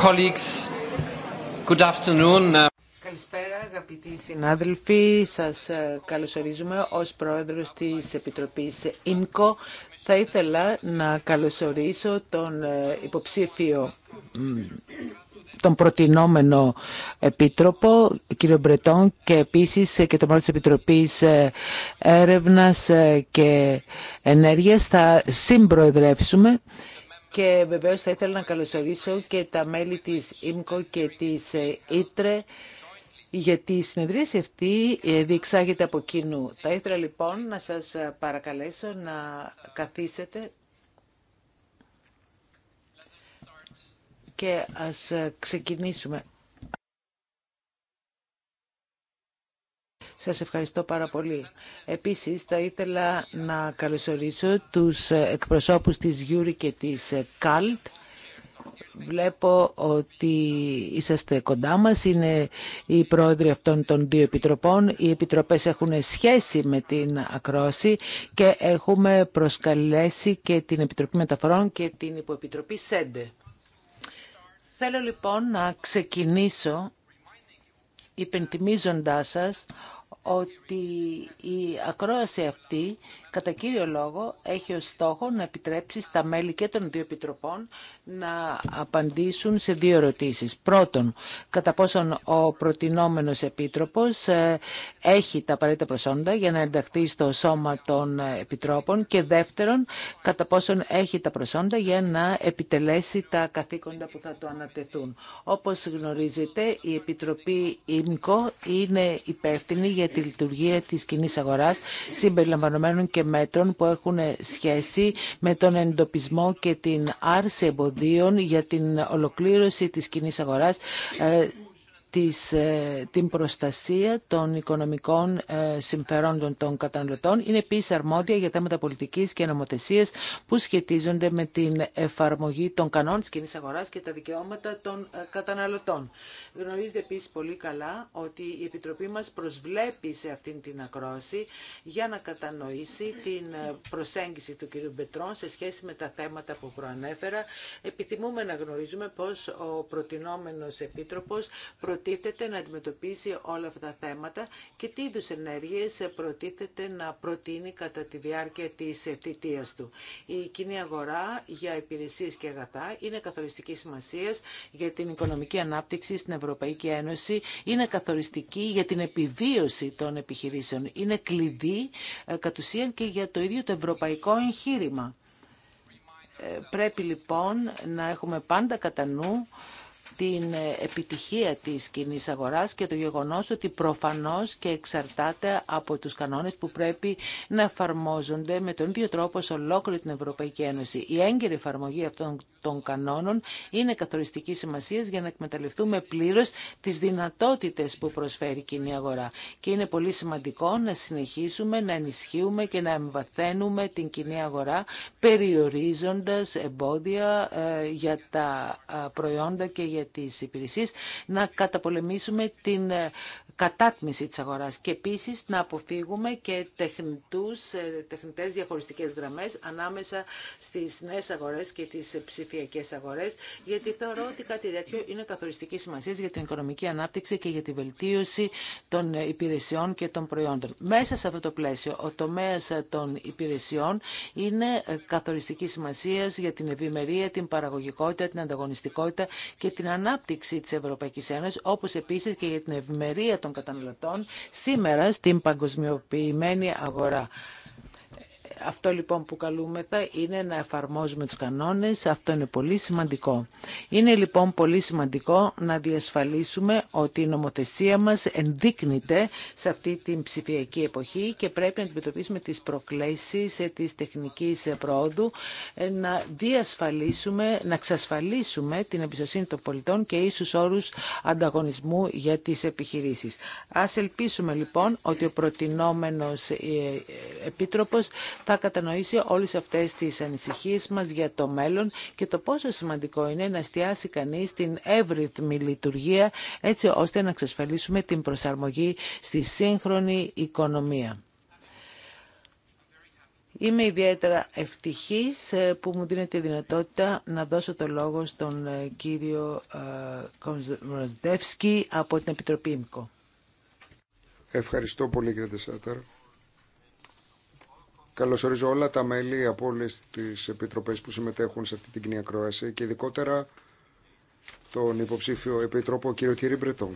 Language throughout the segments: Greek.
Colleagues, good afternoon. Uh, Καλησπέρα αγαπητοί συνάδελφοι, σας ε, καλωσορίζουμε ως πρόεδρος της Επιτροπής ΙΜΚΟ. Θα ήθελα να καλωσορίσω τον ε, υποψήφιο τον προτινόμενο επίτροπο, κύριο Μπρετόν, και επίσης ε, και το μέλο της Επιτροπής Έρευνας και Ενέργειας θα συμπροεδρεύσουμε και βεβαίως θα ήθελα να καλωσορίσω και τα μέλη της ΙΜΚΟ και της ΙΤΡΕ ε, γιατί η συνεδρίαση αυτή ε, διεξάγεται από κοινού. Θα ήθελα λοιπόν να σας ε, παρακαλέσω να καθίσετε και ας ξεκινήσουμε. Σας ευχαριστώ πάρα πολύ. Επίσης, θα ήθελα να καλωσορίσω τους εκπροσώπους της Γιούρη και της ΚΑΛΤ. Βλέπω ότι είσαστε κοντά μας, είναι οι πρόεδροι αυτών των δύο επιτροπών. Οι επιτροπές έχουν σχέση με την ακρόση και έχουμε προσκαλέσει και την Επιτροπή Μεταφορών και την Υποεπιτροπή ΣΕΝΤΕ. Θέλω λοιπόν να ξεκινήσω υπενθυμίζοντάς σας ότι η ακρόαση αυτή κατά κύριο λόγο έχει ως στόχο να επιτρέψει στα μέλη και των δύο επιτροπών να απαντήσουν σε δύο ερωτήσεις. Πρώτον, κατά πόσον ο προτινόμενος επίτροπος ε, έχει τα απαραίτητα προσόντα για να ενταχθεί στο σώμα των ε, επιτρόπων και δεύτερον, κατά πόσον έχει τα προσόντα για να επιτελέσει τα καθήκοντα που θα το ανατεθούν. Όπως γνωρίζετε, η Επιτροπή ΙΜΚΟ είναι υπεύθυνη για τη λειτουργία της κοινή αγοράς συμπεριλαμβανομένων μέτρων που έχουν σχέση με τον εντοπισμό και την άρση εμποδίων για την ολοκλήρωση της κοινής αγοράς ε, ε, την προστασία των οικονομικών ε, συμφερόντων των καταναλωτών. Είναι επίση αρμόδια για θέματα πολιτική και νομοθεσία που σχετίζονται με την εφαρμογή των κανόνων τη κοινή αγορά και τα δικαιώματα των ε, καταναλωτών. Γνωρίζετε επίση πολύ καλά ότι η Επιτροπή μας προσβλέπει σε αυτήν την ακρόση για να κατανοήσει την προσέγγιση του κ. Μπετρών σε σχέση με τα θέματα που προανέφερα. Επιθυμούμε να γνωρίζουμε πώς ο προτινόμενο Επίτροπος προτίθεται να αντιμετωπίσει όλα αυτά τα θέματα και τι είδους ενέργειες προτίθεται να προτείνει κατά τη διάρκεια της θητείας του. Η κοινή αγορά για υπηρεσίες και αγαθά είναι καθοριστική σημασία για την οικονομική ανάπτυξη στην Ευρωπαϊκή Ένωση, είναι καθοριστική για την επιβίωση των επιχειρήσεων, είναι κλειδί ε, κατ' ουσίαν και για το ίδιο το ευρωπαϊκό εγχείρημα. Ε, πρέπει λοιπόν να έχουμε πάντα κατά νου την επιτυχία της κοινή αγοράς και το γεγονός ότι προφανώς και εξαρτάται από τους κανόνες που πρέπει να εφαρμόζονται με τον ίδιο τρόπο σε ολόκληρη την Ευρωπαϊκή Ένωση. Η έγκαιρη εφαρμογή αυτών των κανόνων είναι καθοριστική σημασία για να εκμεταλλευτούμε πλήρω τι δυνατότητε που προσφέρει η κοινή αγορά. Και είναι πολύ σημαντικό να συνεχίσουμε να ενισχύουμε και να εμβαθαίνουμε την κοινή αγορά, περιορίζοντα εμπόδια ε, για τα ε, προϊόντα και για της τις να καταπολεμήσουμε την ε, κατάτμιση της αγοράς και επίσης να αποφύγουμε και τεχνητούς, ε, τεχνητές διαχωριστικές γραμμές ανάμεσα στις νέες αγορές και τις ψηφιακές αγορές γιατί θεωρώ ότι κάτι τέτοιο είναι καθοριστική σημασία για την οικονομική ανάπτυξη και για τη βελτίωση των ε, υπηρεσιών και των προϊόντων. Μέσα σε αυτό το πλαίσιο ο τομέας των υπηρεσιών είναι καθοριστική σημασία για την ευημερία, την παραγωγικότητα, την ανταγωνιστικότητα και την ανάπτυξη της Ευρωπαϊκής Ένωσης, όπως επίσης και για την ευημερία των καταναλωτών σήμερα στην παγκοσμιοποιημένη αγορά. Αυτό λοιπόν που καλούμεθα είναι να εφαρμόζουμε τους κανόνες, αυτό είναι πολύ σημαντικό. Είναι λοιπόν πολύ σημαντικό να διασφαλίσουμε ότι η νομοθεσία μας ενδείκνυται σε αυτή την ψηφιακή εποχή και πρέπει να αντιμετωπίσουμε τις προκλήσεις ε, της τεχνικής πρόοδου, ε, να διασφαλίσουμε, να εξασφαλίσουμε την εμπιστοσύνη των πολιτών και ίσους όρους ανταγωνισμού για τις επιχειρήσεις. Ας ελπίσουμε λοιπόν ότι ο προτινόμενος ε, Επίτροπος θα κατανοήσει όλες αυτές τις ανησυχίες μας για το μέλλον και το πόσο σημαντικό είναι να εστιάσει κανείς την εύρυθμη λειτουργία έτσι ώστε να εξασφαλίσουμε την προσαρμογή στη σύγχρονη οικονομία. Είμαι ιδιαίτερα ευτυχής ε, που μου δίνεται η δυνατότητα να δώσω το λόγο στον ε, κύριο ε, Κονζδεύσκη από την Επιτροπή ΕΜΚΟ. Ευχαριστώ πολύ κύριε Τεσάταρ. Καλωσορίζω όλα τα μέλη από όλε τι επιτροπέ που συμμετέχουν σε αυτή την κοινή ακρόαση και ειδικότερα τον υποψήφιο επιτρόπο κύριο Τιρή Μπρετό.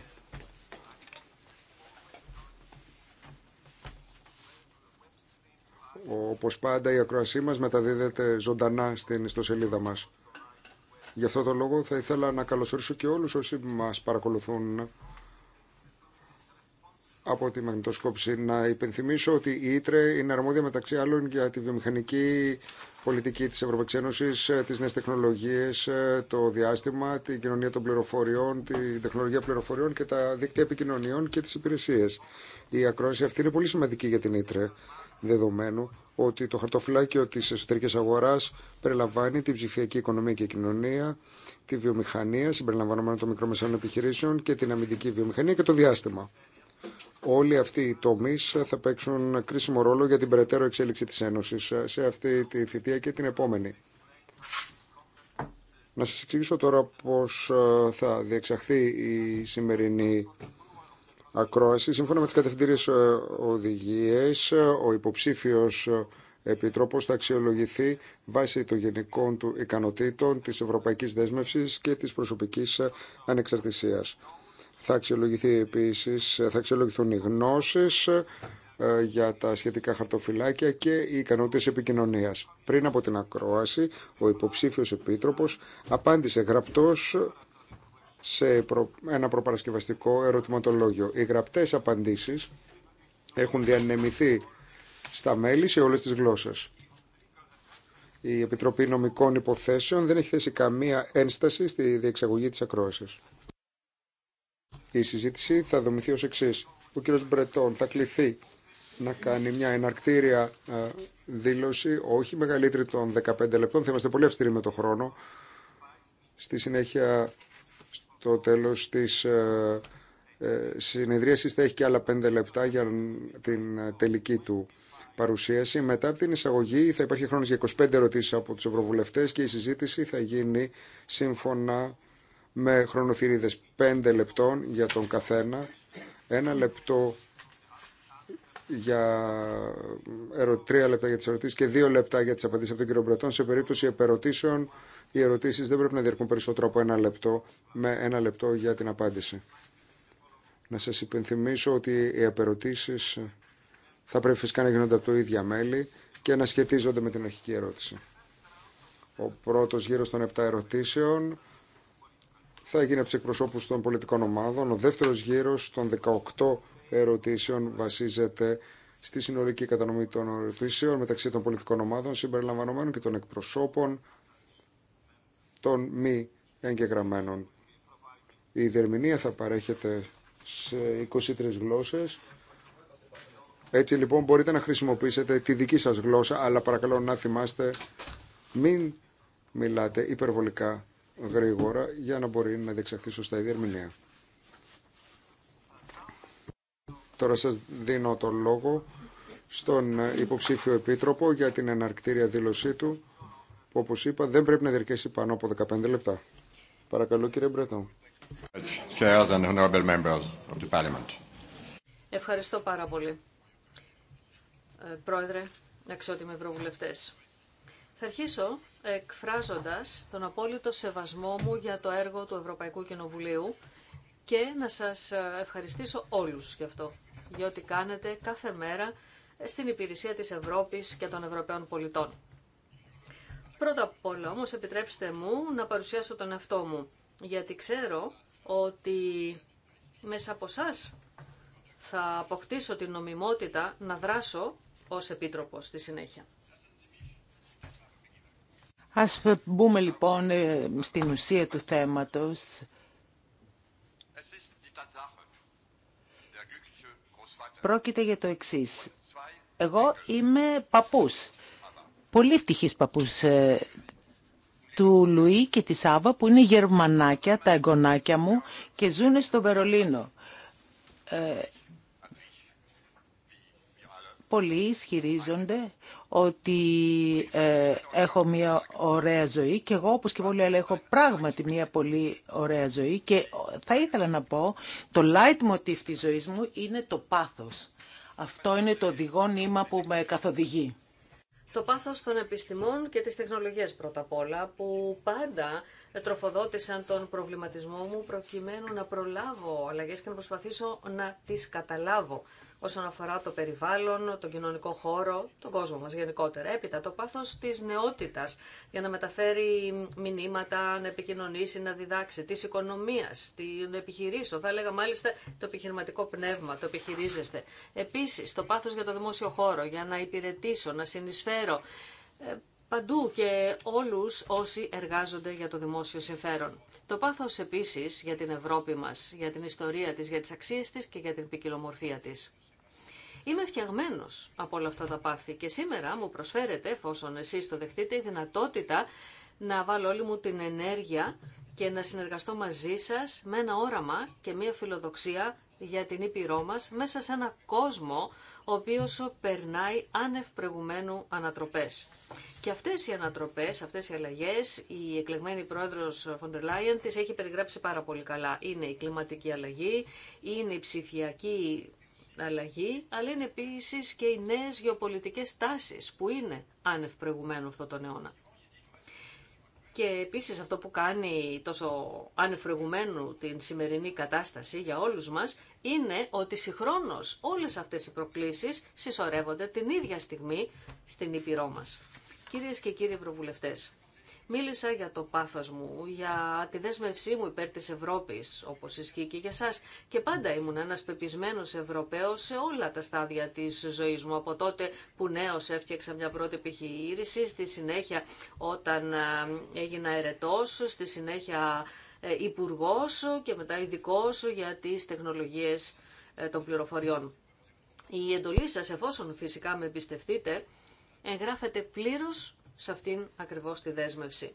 Όπως πάντα η ακροασή μα μεταδίδεται ζωντανά στην ιστοσελίδα μας. Γι' αυτό το λόγο θα ήθελα να καλωσορίσω και όλους όσοι μας παρακολουθούν από τη μαγνητοσκόπηση. Να υπενθυμίσω ότι η ΙΤΡΕ είναι αρμόδια μεταξύ άλλων για τη βιομηχανική πολιτική της Ευρωπαϊκής Ένωσης, ε, τις νέες τεχνολογίες, ε, το διάστημα, την κοινωνία των πληροφοριών, την τεχνολογία πληροφοριών και τα δίκτυα επικοινωνιών και τις υπηρεσίες. Η ακρόαση αυτή είναι πολύ σημαντική για την Ήτρε δεδομένου ότι το χαρτοφυλάκιο της εσωτερικής αγοράς περιλαμβάνει την ψηφιακή οικονομία και κοινωνία, τη βιομηχανία, συμπεριλαμβανομένων των μικρομεσαίων επιχειρήσεων και την αμυντική βιομηχανία και το διάστημα. Όλοι αυτοί οι τομεί θα παίξουν κρίσιμο ρόλο για την περαιτέρω εξέλιξη τη Ένωση σε αυτή τη θητεία και την επόμενη. Να σας εξηγήσω τώρα πώς ε, θα διεξαχθεί η σημερινή ακρόαση. Σύμφωνα με τις κατευθυντήριες ε, οδηγίες, ε, ο υποψήφιος Επιτρόπος θα αξιολογηθεί βάσει των γενικών του ικανοτήτων, της ευρωπαϊκής δέσμευσης και της προσωπικής ανεξαρτησίας. Θα αξιολογηθεί επίσης, θα αξιολογηθούν οι γνώσεις ε, για τα σχετικά χαρτοφυλάκια και οι ικανότητες επικοινωνίας. Πριν από την ακρόαση, ο υποψήφιος επίτροπος απάντησε γραπτός σε ένα προπαρασκευαστικό ερωτηματολόγιο. Οι γραπτές απαντήσεις έχουν διανεμηθεί στα μέλη σε όλες τις γλώσσες. Η Επιτροπή Νομικών Υποθέσεων δεν έχει θέσει καμία ένσταση στη διεξαγωγή της ακρόασης. Η συζήτηση θα δομηθεί ω εξή. Ο κύριος Μπρετόν θα κληθεί να κάνει μια εναρκτήρια ε, δήλωση, όχι μεγαλύτερη των 15 λεπτών, θα είμαστε πολύ αυστηροί με το χρόνο. Στη συνέχεια, στο τέλος της ε, ε, συνεδρίασης θα έχει και άλλα 5 λεπτά για την τελική του παρουσίαση. Μετά από την εισαγωγή θα υπάρχει χρόνος για 25 ερωτήσεις από τους ευρωβουλευτές και η συζήτηση θα γίνει σύμφωνα με χρονοθυρίδες 5 λεπτών για τον καθένα, ένα λεπτό για τρία λεπτά για τις ερωτήσεις και 2 λεπτά για τις απαντήσεις από τον κύριο Μπρετών. Σε περίπτωση επερωτήσεων, οι ερωτήσεις δεν πρέπει να διαρκούν περισσότερο από ένα λεπτό, με ένα λεπτό για την απάντηση. Να σας υπενθυμίσω ότι οι επερωτήσεις θα πρέπει φυσικά να γίνονται από το ίδιο μέλη και να σχετίζονται με την αρχική ερώτηση. Ο πρώτος γύρος των 7 ερωτήσεων θα γίνει από του εκπροσώπου των πολιτικών ομάδων. Ο δεύτερο γύρο των 18 ερωτήσεων βασίζεται στη συνολική κατανομή των ερωτήσεων μεταξύ των πολιτικών ομάδων συμπεριλαμβανομένων και των εκπροσώπων των μη εγγεγραμμένων. Η διερμηνία θα παρέχεται σε 23 γλώσσες. Έτσι λοιπόν μπορείτε να χρησιμοποιήσετε τη δική σας γλώσσα, αλλά παρακαλώ να θυμάστε μην μιλάτε υπερβολικά γρήγορα για να μπορεί να διεξαχθεί σωστά η διερμηνία. Τώρα σας δίνω το λόγο στον υποψήφιο επίτροπο για την εναρκτήρια δήλωσή του που όπως είπα δεν πρέπει να διερκέσει πάνω από 15 λεπτά. Παρακαλώ κύριε Μπρετό. Ευχαριστώ πάρα πολύ. Ε, πρόεδρε, αξιότιμοι ευρωβουλευτές. Θα αρχίσω εκφράζοντας τον απόλυτο σεβασμό μου για το έργο του Ευρωπαϊκού Κοινοβουλίου και να σας ε, ευχαριστήσω όλους γι' αυτό, για ό,τι κάνετε κάθε μέρα στην υπηρεσία της Ευρώπης και των Ευρωπαίων πολιτών. Πρώτα απ' όλα όμως επιτρέψτε μου να παρουσιάσω τον εαυτό μου, γιατί ξέρω ότι μέσα από εσά θα αποκτήσω την νομιμότητα να δράσω ως Επίτροπος στη συνέχεια. Ας μπούμε λοιπόν ε, στην ουσία του θέματος. Πρόκειται για το εξής. Εγώ είμαι παππούς. Πολύ ευτυχής παππούς ε, του Λουί και της Άβα που είναι γερμανάκια, τα εγγονάκια μου και ζουν στο Βερολίνο. Ε, Πολλοί ισχυρίζονται ότι ε, έχω μια ωραία ζωή και εγώ όπως και πολλοί άλλοι έχω πράγματι μια πολύ ωραία ζωή και θα ήθελα να πω το light motif της ζωής μου είναι το πάθος. Αυτό είναι το οδηγό νήμα που με καθοδηγεί. Το πάθος των επιστημών και της τεχνολογίας πρώτα απ' όλα που πάντα τροφοδότησαν τον προβληματισμό μου προκειμένου να προλάβω αλλαγές και να προσπαθήσω να τις καταλάβω όσον αφορά το περιβάλλον, τον κοινωνικό χώρο, τον κόσμο μας γενικότερα. Έπειτα το πάθος της νεότητας για να μεταφέρει μηνύματα, να επικοινωνήσει, να διδάξει, της οικονομίας, την επιχειρήσω, θα έλεγα μάλιστα το επιχειρηματικό πνεύμα, το επιχειρίζεστε. Επίσης το πάθος για το δημόσιο χώρο, για να υπηρετήσω, να συνεισφέρω ε, παντού και όλους όσοι εργάζονται για το δημόσιο συμφέρον. Το πάθος επίσης για την Ευρώπη μας, για την ιστορία της, για τις αξίες της και για την ποικιλομορφία της. Είμαι φτιαγμένο από όλα αυτά τα πάθη και σήμερα μου προσφέρετε, εφόσον εσείς το δεχτείτε, η δυνατότητα να βάλω όλη μου την ενέργεια και να συνεργαστώ μαζί σας με ένα όραμα και μία φιλοδοξία για την Ήπειρό μα μέσα σε ένα κόσμο ο οποίος περνάει άνευ προηγουμένου ανατροπές. Και αυτές οι ανατροπές, αυτές οι αλλαγέ, η εκλεγμένη πρόεδρο Φοντερ Λάιεν τις έχει περιγράψει πάρα πολύ καλά. Είναι η κλιματική αλλαγή, είναι η ψηφιακή αλλαγή, αλλά είναι επίση και οι νέε γεωπολιτικέ τάσει που είναι άνευ προηγουμένου αυτόν τον αιώνα. Και επίσης αυτό που κάνει τόσο άνευ την σημερινή κατάσταση για όλους μας είναι ότι συγχρόνως όλες αυτές οι προκλήσεις συσσωρεύονται την ίδια στιγμή στην Ήπειρό μας. Κυρίες και κύριοι προβουλευτές, Μίλησα για το πάθος μου, για τη δέσμευσή μου υπέρ της Ευρώπης, όπως ισχύει και για σας. Και πάντα ήμουν ένας πεπισμένος Ευρωπαίος σε όλα τα στάδια της ζωής μου. Από τότε που νέος έφτιαξα μια πρώτη επιχείρηση, στη συνέχεια όταν έγινα ερετός, στη συνέχεια ε, υπουργό και μετά ειδικό για τις τεχνολογίες ε, των πληροφοριών. Η εντολή σας, εφόσον φυσικά με εμπιστευτείτε, εγγράφεται πλήρως σε αυτήν ακριβώς τη δέσμευση.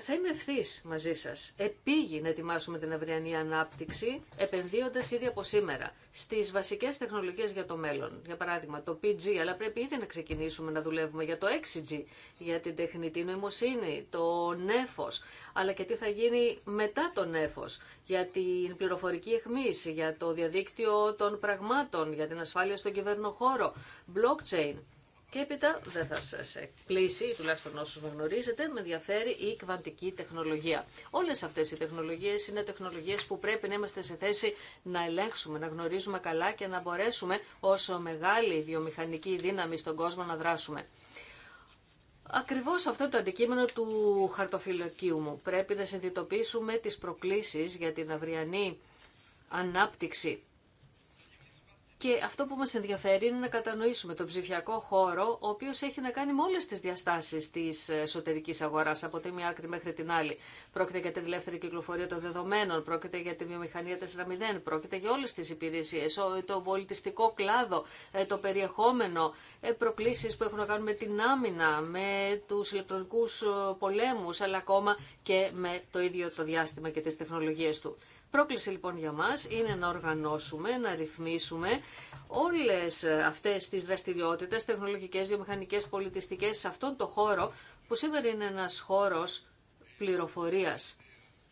Θα είμαι ευθύ μαζί σα. Επίγει να ετοιμάσουμε την αυριανή ανάπτυξη επενδύοντα ήδη από σήμερα στι βασικέ τεχνολογίε για το μέλλον. Για παράδειγμα, το PG, αλλά πρέπει ήδη να ξεκινήσουμε να δουλεύουμε για το 6G, για την τεχνητή νοημοσύνη, το νεφο, αλλά και τι θα γίνει μετά το νεφο, για την πληροφορική αιχμή, για το διαδίκτυο των πραγμάτων, για την ασφάλεια στον κυβερνοχώρο, blockchain. Και έπειτα, δεν θα σα εκπλήσει, τουλάχιστον όσους με γνωρίζετε, με ενδιαφέρει η κβαντική τεχνολογία. Όλες αυτές οι τεχνολογίες είναι τεχνολογίες που πρέπει να είμαστε σε θέση να ελέγξουμε, να γνωρίζουμε καλά και να μπορέσουμε όσο μεγάλη βιομηχανική δύναμη στον κόσμο να δράσουμε. Ακριβώς αυτό το αντικείμενο του χαρτοφυλακίου μου. Πρέπει να συνειδητοποιήσουμε τι προκλήσει για την αυριανή ανάπτυξη και αυτό που μας ενδιαφέρει είναι να κατανοήσουμε τον ψηφιακό χώρο, ο οποίος έχει να κάνει με όλες τις διαστάσεις της εσωτερικής αγοράς, από τη μία άκρη μέχρι την άλλη. Πρόκειται για την ελεύθερη κυκλοφορία των δεδομένων, πρόκειται για τη βιομηχανία 4.0, πρόκειται για όλες τις υπηρεσίες, το πολιτιστικό κλάδο, ε, το περιεχόμενο, ε, προκλήσεις που έχουν να κάνουν με την άμυνα, με τους ηλεκτρονικούς ε, πολέμους, αλλά ακόμα και με το ίδιο το διάστημα και τις τεχνολογίες του. Πρόκληση λοιπόν για μας είναι να οργανώσουμε, να ρυθμίσουμε όλες αυτές τις δραστηριότητες, τεχνολογικές, βιομηχανικές, πολιτιστικές, σε αυτόν τον χώρο που σήμερα είναι ένας χώρος πληροφορίας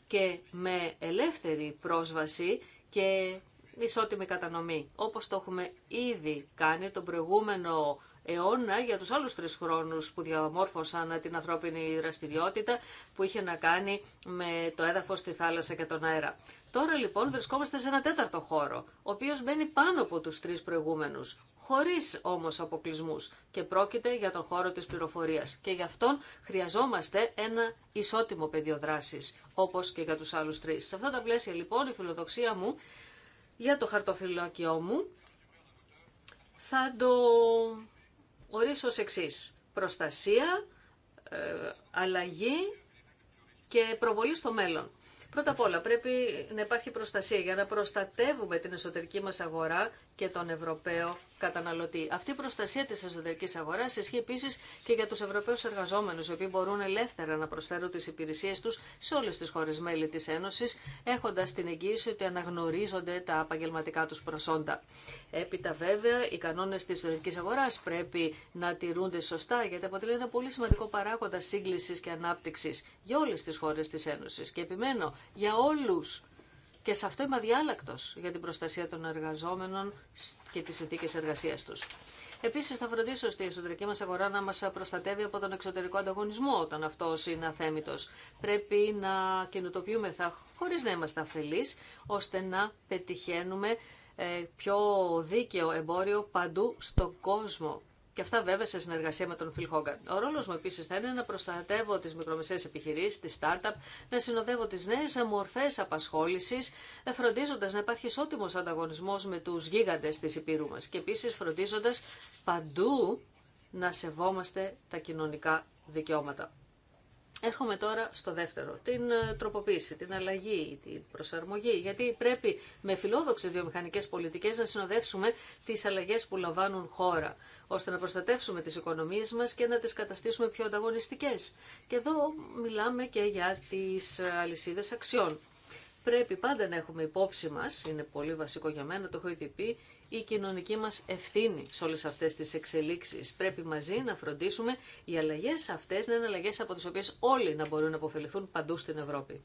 και με ελεύθερη πρόσβαση και ισότιμη κατανομή, όπως το έχουμε ήδη κάνει τον προηγούμενο αιώνα για τους άλλους τρεις χρόνους που διαμόρφωσαν την ανθρώπινη δραστηριότητα που είχε να κάνει με το έδαφος, τη θάλασσα και τον αέρα. Τώρα λοιπόν βρισκόμαστε σε ένα τέταρτο χώρο, ο οποίος μπαίνει πάνω από τους τρεις προηγούμενους, χωρίς όμως αποκλεισμού και πρόκειται για τον χώρο της πληροφορίας. Και γι' αυτόν χρειαζόμαστε ένα ισότιμο πεδίο δράσης, όπως και για τους άλλους τρεις. Σε αυτά τα πλαίσια λοιπόν η φιλοδοξία μου για το χαρτοφυλλόκιό μου θα το ορίσω ως εξής. Προστασία, ε, αλλαγή και προβολή στο μέλλον. Πρώτα απ' όλα πρέπει να υπάρχει προστασία για να προστατεύουμε την εσωτερική μας αγορά και τον Ευρωπαίο καταναλωτή. Αυτή η προστασία τη εσωτερική αγορά ισχύει επίση και για του ευρωπαίου εργαζόμενου, οι οποίοι μπορούν ελεύθερα να προσφέρουν τι υπηρεσίε του σε όλε τι χώρε μέλη τη Ένωση, έχοντα την εγγύηση ότι αναγνωρίζονται τα επαγγελματικά του προσόντα. Έπειτα βέβαια, οι κανόνε τη εσωτερική αγορά πρέπει να τηρούνται σωστά, γιατί αποτελεί ένα πολύ σημαντικό παράγοντα σύγκληση και ανάπτυξη για όλε τι χώρε τη Ένωση. Και επιμένω, για όλου. Και σε αυτό είμαι αδιάλακτο για την προστασία των εργαζόμενων και τι συνθήκε εργασία του. Επίση, θα φροντίσω στη εσωτερική μα αγορά να μα προστατεύει από τον εξωτερικό ανταγωνισμό όταν αυτό είναι αθέμητο. Πρέπει να κινητοποιούμεθα χωρί να είμαστε αφελεί, ώστε να πετυχαίνουμε ε, πιο δίκαιο εμπόριο παντού στον κόσμο. Και αυτά βέβαια σε συνεργασία με τον Φιλ Χόγκαν. Ο ρόλο μου επίση θα είναι να προστατεύω τι μικρομεσαίε επιχειρήσει, τι startup, να συνοδεύω τι νέε μορφέ απασχόληση, ε, φροντίζοντα να υπάρχει ισότιμο ανταγωνισμό με του γίγαντε τη υπήρου μα. Και επίση φροντίζοντα παντού να σεβόμαστε τα κοινωνικά δικαιώματα. Έρχομαι τώρα στο δεύτερο, την ε, τροποποίηση, την αλλαγή, την προσαρμογή, γιατί πρέπει με φιλόδοξε βιομηχανικές πολιτικές να συνοδεύσουμε τις αλλαγέ που λαμβάνουν χώρα ώστε να προστατεύσουμε τις οικονομίες μας και να τις καταστήσουμε πιο ανταγωνιστικές. Και εδώ μιλάμε και για τις αλυσίδες αξιών. Πρέπει πάντα να έχουμε υπόψη μας, είναι πολύ βασικό για μένα, το έχω ήδη πει, η κοινωνική μας ευθύνη σε όλες αυτές τις εξελίξεις. Πρέπει μαζί να φροντίσουμε οι αλλαγές αυτές να είναι αλλαγές από τις οποίες όλοι να μπορούν να αποφεληθούν παντού στην Ευρώπη.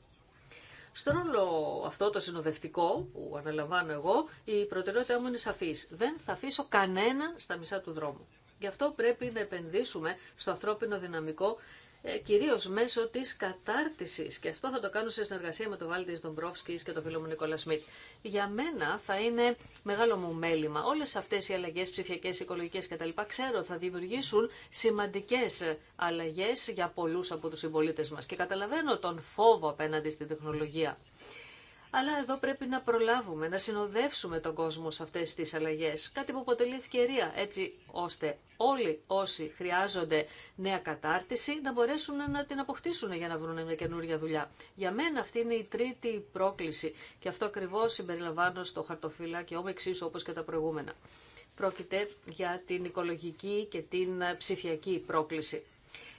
Στον όλο αυτό το συνοδευτικό που αναλαμβάνω εγώ, η προτεραιότητά μου είναι σαφής. Δεν θα αφήσω κανένα στα μισά του δρόμου. Γι' αυτό πρέπει να επενδύσουμε στο ανθρώπινο δυναμικό ε, Κυρίω μέσω της κατάρτισης και αυτό θα το κάνω σε συνεργασία με τον Βάλτη Ντομπρόφσκι και τον φίλο μου Νικόλα Σμιτ. Για μένα θα είναι μεγάλο μου μέλημα. Όλες αυτές οι αλλαγέ ψηφιακέ, οικολογικέ κτλ. ξέρω θα δημιουργήσουν σημαντικές αλλαγέ για πολλούς από τους συμπολίτε μας και καταλαβαίνω τον φόβο απέναντι στην τεχνολογία αλλά εδώ πρέπει να προλάβουμε, να συνοδεύσουμε τον κόσμο σε αυτές τις αλλαγές, κάτι που αποτελεί ευκαιρία, έτσι ώστε όλοι όσοι χρειάζονται νέα κατάρτιση να μπορέσουν να την αποκτήσουν για να βρουν μια καινούργια δουλειά. Για μένα αυτή είναι η τρίτη πρόκληση και αυτό ακριβώ συμπεριλαμβάνω στο και ο εξίσου όπως και τα προηγούμενα. Πρόκειται για την οικολογική και την ψηφιακή πρόκληση.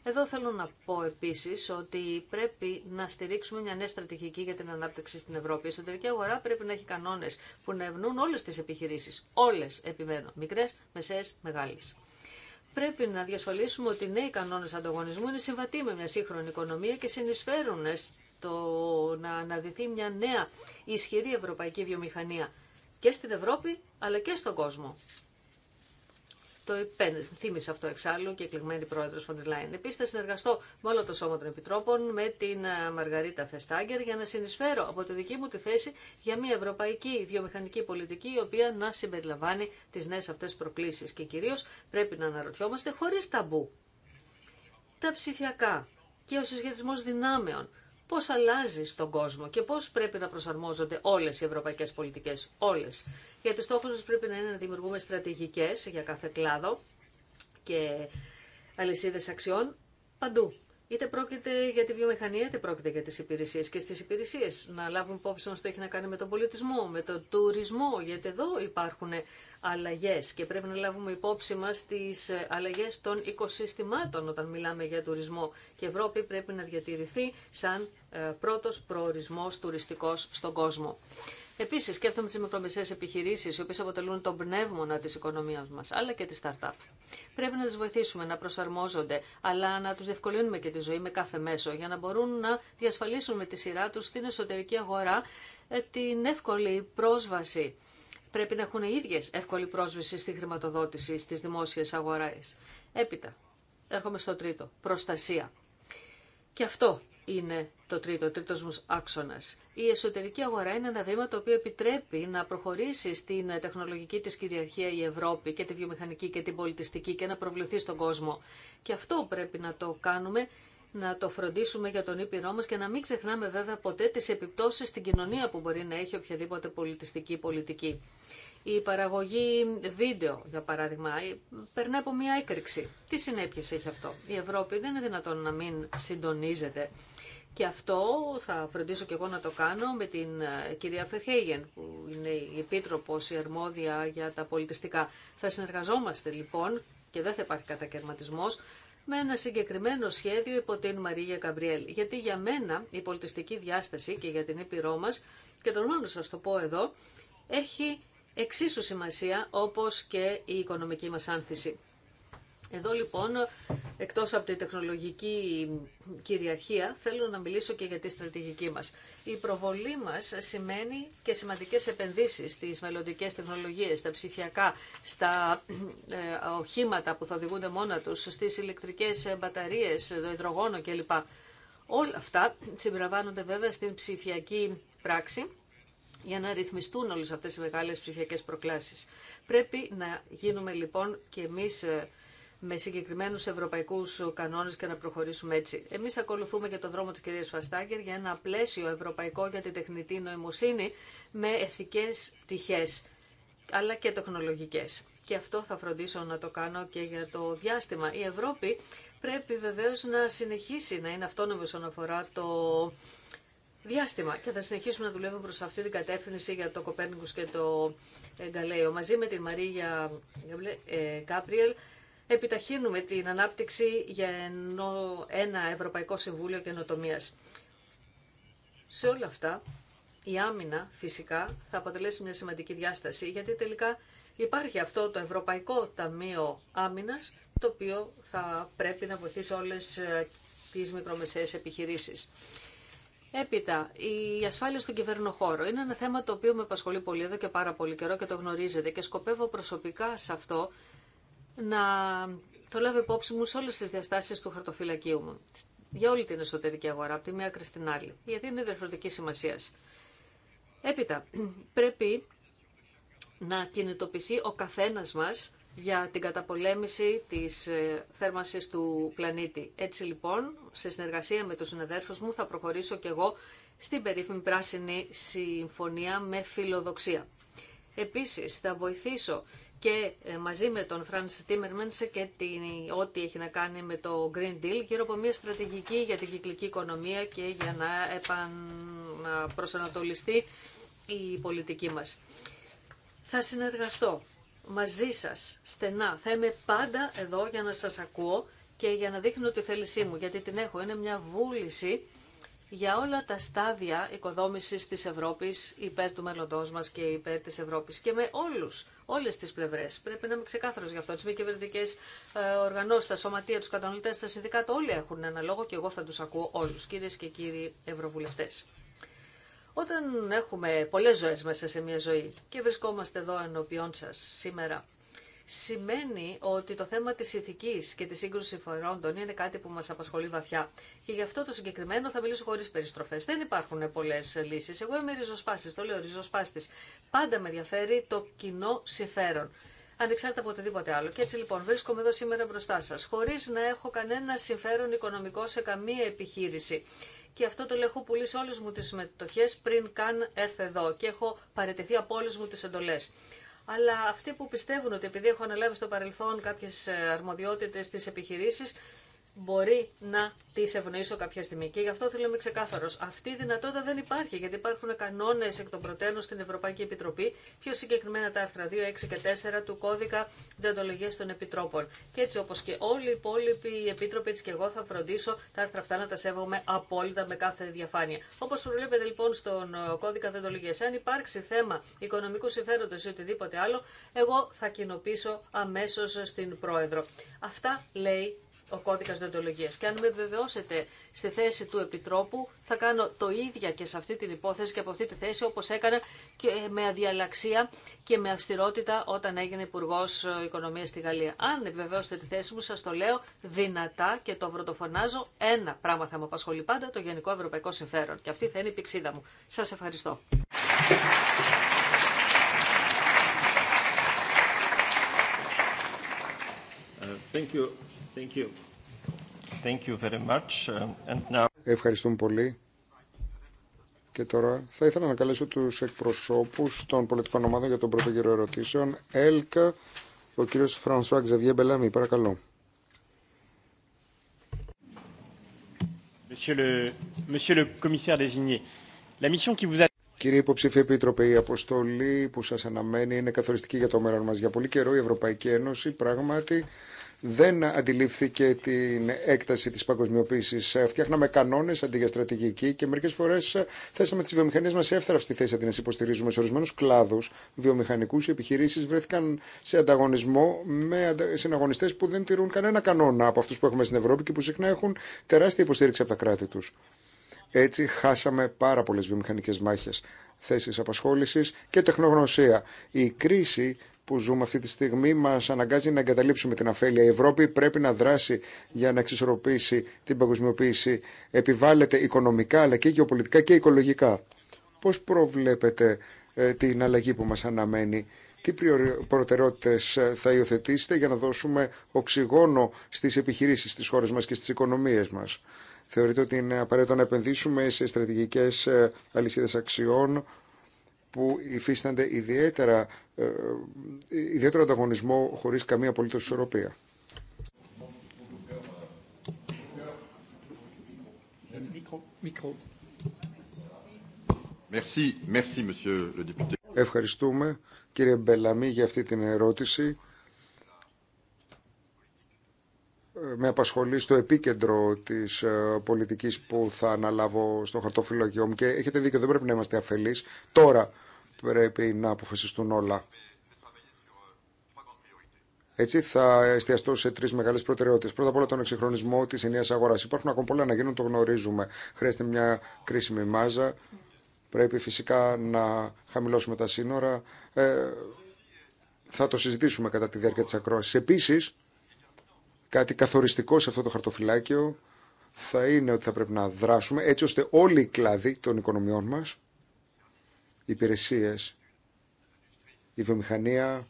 Εδώ θέλω να πω επίσης ότι πρέπει να στηρίξουμε μια νέα στρατηγική για την ανάπτυξη στην Ευρώπη. Η εσωτερική αγορά πρέπει να έχει κανόνες που να ευνούν όλες τις επιχειρήσεις, όλες επιμένω, μικρές, μεσαίες, μεγάλες. Πρέπει να διασφαλίσουμε ότι οι νέοι κανόνε ανταγωνισμού είναι συμβατοί με μια σύγχρονη οικονομία και συνεισφέρουν στο να αναδυθεί μια νέα ισχυρή ευρωπαϊκή βιομηχανία και στην Ευρώπη αλλά και στον κόσμο το Θύμισε αυτό εξάλλου και εκλεγμένη πρόεδρος Φοντερ Λάιν. Επίσης θα συνεργαστώ με όλο το Σώμα των Επιτρόπων, με την ε, Μαργαρίτα Φεστάγκερ για να συνεισφέρω από τη δική μου τη θέση για μια ευρωπαϊκή βιομηχανική πολιτική η οποία να συμπεριλαμβάνει τις νέες αυτές προκλήσεις και κυρίως πρέπει να αναρωτιόμαστε χωρίς ταμπού. Τα ψηφιακά και ο συσχετισμός δυνάμεων πώς αλλάζει στον κόσμο και πώς πρέπει να προσαρμόζονται όλες οι ευρωπαϊκές πολιτικές, όλες. Γιατί στόχος μας πρέπει να είναι να δημιουργούμε στρατηγικές για κάθε κλάδο και αλυσίδες αξιών παντού. Είτε πρόκειται για τη βιομηχανία, είτε πρόκειται για τι υπηρεσίε και στις υπηρεσίε, Να λάβουν υπόψη μα το έχει να κάνει με τον πολιτισμό, με τον τουρισμό, γιατί εδώ υπάρχουν αλλαγές και πρέπει να λάβουμε υπόψη μας τις αλλαγές των οικοσύστημάτων όταν μιλάμε για τουρισμό και η Ευρώπη πρέπει να διατηρηθεί σαν ε, πρώτος προορισμός τουριστικός στον κόσμο. Επίσης, σκέφτομαι τις μικρομεσαίες επιχειρήσεις, οι οποίες αποτελούν τον πνεύμονα της οικονομίας μας, αλλά και τη startup. Πρέπει να τις βοηθήσουμε να προσαρμόζονται, αλλά να τους διευκολύνουμε και τη ζωή με κάθε μέσο, για να μπορούν να διασφαλίσουν με τη σειρά τους στην εσωτερική αγορά ε, την εύκολη πρόσβαση πρέπει να έχουν οι ίδιες εύκολη πρόσβαση στη χρηματοδότηση στις δημόσιες αγορές. Έπειτα, έρχομαι στο τρίτο, προστασία. Και αυτό είναι το τρίτο, τρίτος μου άξονας. Η εσωτερική αγορά είναι ένα βήμα το οποίο επιτρέπει να προχωρήσει στην τεχνολογική της κυριαρχία η Ευρώπη και τη βιομηχανική και την πολιτιστική και να προβληθεί στον κόσμο. Και αυτό πρέπει να το κάνουμε να το φροντίσουμε για τον ήπειρό μας και να μην ξεχνάμε βέβαια ποτέ τις επιπτώσεις στην κοινωνία που μπορεί να έχει οποιαδήποτε πολιτιστική πολιτική. Η παραγωγή βίντεο, για παράδειγμα, ε, περνάει από μια έκρηξη. Τι συνέπειες έχει αυτό. Η Ευρώπη δεν είναι δυνατόν να μην συντονίζεται. Και αυτό θα φροντίσω και εγώ να το κάνω με την ε, κυρία Φερχέγεν, που είναι η επίτροπος, η αρμόδια για τα πολιτιστικά. Θα συνεργαζόμαστε λοιπόν και δεν θα υπάρχει κατακαιρματισμός με ένα συγκεκριμένο σχέδιο υπό την Μαρία Καμπριέλ. Γιατί για μένα η πολιτιστική διάσταση και για την Ήπειρό μα και τον μόνο σας το πω εδώ, έχει εξίσου σημασία όπως και η οικονομική μας άνθηση. Εδώ λοιπόν, εκτός από τη τεχνολογική κυριαρχία, θέλω να μιλήσω και για τη στρατηγική μας. Η προβολή μας σημαίνει και σημαντικές επενδύσεις στις μελλοντικέ τεχνολογίες, στα ψηφιακά, στα ε, οχήματα που θα οδηγούνται μόνα τους, στις ηλεκτρικές ε, μπαταρίες, ε, το υδρογόνο κλπ. Όλα αυτά συμπεριλαμβάνονται βέβαια στην ψηφιακή πράξη για να ρυθμιστούν όλες αυτές οι μεγάλες ψηφιακές προκλάσεις. Πρέπει να γίνουμε λοιπόν και εμείς ε, με συγκεκριμένους ευρωπαϊκούς κανόνες και να προχωρήσουμε έτσι. Εμείς ακολουθούμε και τον δρόμο της κυρίας Φαστάγκερ για ένα πλαίσιο ευρωπαϊκό για την τεχνητή νοημοσύνη με εθικές τυχές, αλλά και τεχνολογικές. Και αυτό θα φροντίσω να το κάνω και για το διάστημα. Η Ευρώπη πρέπει βεβαίως να συνεχίσει να είναι αυτόνομη όσον αφορά το διάστημα και θα συνεχίσουμε να δουλεύουμε προς αυτή την κατεύθυνση για το Κοπέρνικους και το Γκαλέιο. Μαζί με την Μαρία Γκάπριελ ε, επιταχύνουμε την ανάπτυξη για ένα Ευρωπαϊκό Συμβούλιο Καινοτομία. Σε όλα αυτά, η άμυνα φυσικά θα αποτελέσει μια σημαντική διάσταση, γιατί τελικά υπάρχει αυτό το Ευρωπαϊκό Ταμείο Άμυνας, το οποίο θα πρέπει να βοηθήσει όλες ε, τις μικρομεσαίες επιχειρήσεις. Έπειτα, η ασφάλεια στον κυβερνοχώρο είναι ένα θέμα το οποίο με απασχολεί πολύ εδώ και πάρα πολύ καιρό και το γνωρίζετε και σκοπεύω προσωπικά σε αυτό να το λάβω υπόψη μου σε όλες τις διαστάσεις του χαρτοφυλακίου μου. Για όλη την εσωτερική αγορά, από τη μία άκρη στην άλλη. Γιατί είναι διαφορετική σημασία. Έπειτα, πρέπει να κινητοποιηθεί ο καθένας μας για την καταπολέμηση της ε, θέρμανσης του πλανήτη. Έτσι λοιπόν, σε συνεργασία με τους συναδέρφους μου, θα προχωρήσω κι εγώ στην περίφημη πράσινη συμφωνία με φιλοδοξία. Επίσης, θα βοηθήσω και ε, μαζί με τον Φρανς Τίμερμενς και ό,τι έχει να κάνει με το Green Deal γύρω από μια στρατηγική για την κυκλική οικονομία και για να, επαν, προσανατολιστεί η πολιτική μας. Θα συνεργαστώ μαζί σας στενά. Θα είμαι πάντα εδώ για να σας ακούω και για να δείχνω τη θέλησή μου, γιατί την έχω. Είναι μια βούληση για όλα τα στάδια οικοδόμησης της Ευρώπης υπέρ του μέλλοντός μας και υπέρ της Ευρώπης και με όλους, όλες τις πλευρές. Πρέπει να είμαι ξεκάθαρος γι' αυτό. Τις μη κυβερνητικέ ε, οργανώσεις, τα σωματεία, τους κατανοητές, τα συνδικάτα, όλοι έχουν ένα λόγο και εγώ θα τους ακούω όλους, κυρίες και κύριοι ευρωβουλευτές. Όταν έχουμε πολλές ζωές μέσα σε μια ζωή και βρισκόμαστε εδώ ενώπιόν σας σήμερα, σημαίνει ότι το θέμα της ηθικής και της σύγκρουσης συμφερόντων είναι κάτι που μας απασχολεί βαθιά. Και γι' αυτό το συγκεκριμένο θα μιλήσω χωρίς περιστροφές. Δεν υπάρχουν πολλές λύσεις. Εγώ είμαι ριζοσπάστης, το λέω ριζοσπάστης. Πάντα με ενδιαφέρει το κοινό συμφέρον. Ανεξάρτητα από οτιδήποτε άλλο. Και έτσι λοιπόν βρίσκομαι εδώ σήμερα μπροστά σα. Χωρί να έχω κανένα συμφέρον οικονομικό σε καμία επιχείρηση και αυτό το λέω έχω πουλήσει όλε μου τι μετοχέ πριν καν έρθω εδώ και έχω παραιτηθεί από όλε μου τι εντολέ αλλά αυτοί που πιστεύουν ότι επειδή έχω αναλάβει στο παρελθόν κάποιες ε, αρμοδιότητες στις επιχειρήσεις μπορεί να τι ευνοήσω κάποια στιγμή. Και γι' αυτό θέλω να είμαι ξεκάθαρο. Αυτή η δυνατότητα δεν υπάρχει, γιατί υπάρχουν κανόνε εκ των προτέρων στην Ευρωπαϊκή Επιτροπή, πιο συγκεκριμένα τα άρθρα 2, 6 και 4 του κώδικα διοντολογία των επιτρόπων. Και έτσι όπω και όλοι οι υπόλοιποι οι επίτροποι, έτσι και εγώ θα φροντίσω τα άρθρα αυτά να τα σέβομαι απόλυτα με κάθε διαφάνεια. Όπω προβλέπετε λοιπόν στον ε, κώδικα διοντολογία, αν υπάρξει θέμα οικονομικού συμφέροντο ή οτιδήποτε άλλο, εγώ θα κοινοποιήσω αμέσω στην Πρόεδρο. Αυτά λέει ο κώδικας διοντολογίας. Και αν με βεβαιώσετε στη θέση του Επιτρόπου, θα κάνω το ίδια και σε αυτή την υπόθεση και από αυτή τη θέση, όπως έκανα και με αδιαλαξία και με αυστηρότητα όταν έγινε υπουργό Οικονομίας στη Γαλλία. Αν βεβαιώσετε τη θέση μου, σας το λέω δυνατά και το βροτοφωνάζω. Ένα πράγμα θα μου απασχολεί πάντα, το γενικό ευρωπαϊκό συμφέρον. Και αυτή θα είναι η πηξίδα μου. Σας ευχαριστώ. Ε, thank you. Uh, Ευχαριστούμε πολύ. Και τώρα θα ήθελα να καλέσω τους εκπροσώπους των πολιτικών ομάδων για τον πρώτο γύρο ερωτήσεων. ΕΛΚΑ, ο κύριο Φρανσουά Ξεβιέ Μπελάμι, παρακαλώ. Κύριε Υποψήφιε Επίτροπε, η αποστολή που σας αναμένει είναι καθοριστική για το μέλλον μας. Για πολύ καιρό η Ευρωπαϊκή Ένωση πράγματι δεν αντιλήφθηκε την έκταση της παγκοσμιοποίησης. Φτιάχναμε κανόνες αντί για στρατηγική και μερικές φορές θέσαμε τις βιομηχανίες μας σε εύθραυστη θέση αντί να υποστηρίζουμε. Σε ορισμένους κλάδους βιομηχανικούς οι επιχειρήσεις βρέθηκαν σε ανταγωνισμό με συναγωνιστές που δεν τηρούν κανένα κανόνα από αυτούς που έχουμε στην Ευρώπη και που συχνά έχουν τεράστια υποστήριξη από τα κράτη τους. Έτσι χάσαμε πάρα πολλέ βιομηχανικές μάχες, θέσεις απασχόλησης και τεχνογνωσία. Η κρίση που ζούμε αυτή τη στιγμή μα αναγκάζει να εγκαταλείψουμε την αφέλεια. Η Ευρώπη πρέπει να δράσει για να εξισορροπήσει την παγκοσμιοποίηση. Επιβάλλεται οικονομικά αλλά και γεωπολιτικά και οικολογικά. Πώ προβλέπετε ε, την αλλαγή που μα αναμένει. Τι προτεραιότητες ε, θα υιοθετήσετε για να δώσουμε οξυγόνο στι επιχειρήσει τη χώρα μα και στις οικονομίε μα. Θεωρείτε ότι είναι απαραίτητο να επενδύσουμε σε στρατηγικές ε, αλυσίδες αξιών που υφίστανται ιδιαίτερα, ε, ιδιαίτερο ανταγωνισμό χωρίς καμία απολύτως ισορροπία. Ευχαριστούμε κύριε Μπελαμή για αυτή την ερώτηση. με απασχολεί στο επίκεντρο της ε, πολιτικής που θα αναλάβω στο χαρτοφυλακείο μου και έχετε δίκιο, δεν πρέπει να είμαστε αφελείς. Τώρα πρέπει να αποφασιστούν όλα. Έτσι θα εστιαστώ σε τρει μεγάλε προτεραιότητε. Πρώτα απ' όλα τον εξυγχρονισμό τη ενιαία αγορά. Υπάρχουν ακόμα πολλά να γίνουν, το γνωρίζουμε. Χρειάζεται μια κρίσιμη μάζα. Πρέπει φυσικά να χαμηλώσουμε τα σύνορα. Ε, θα το συζητήσουμε κατά τη διάρκεια τη ακρόαση. Επίση, κάτι καθοριστικό σε αυτό το χαρτοφυλάκιο θα είναι ότι θα πρέπει να δράσουμε έτσι ώστε όλοι οι κλάδοι των οικονομιών μας, οι υπηρεσίες, η βιομηχανία,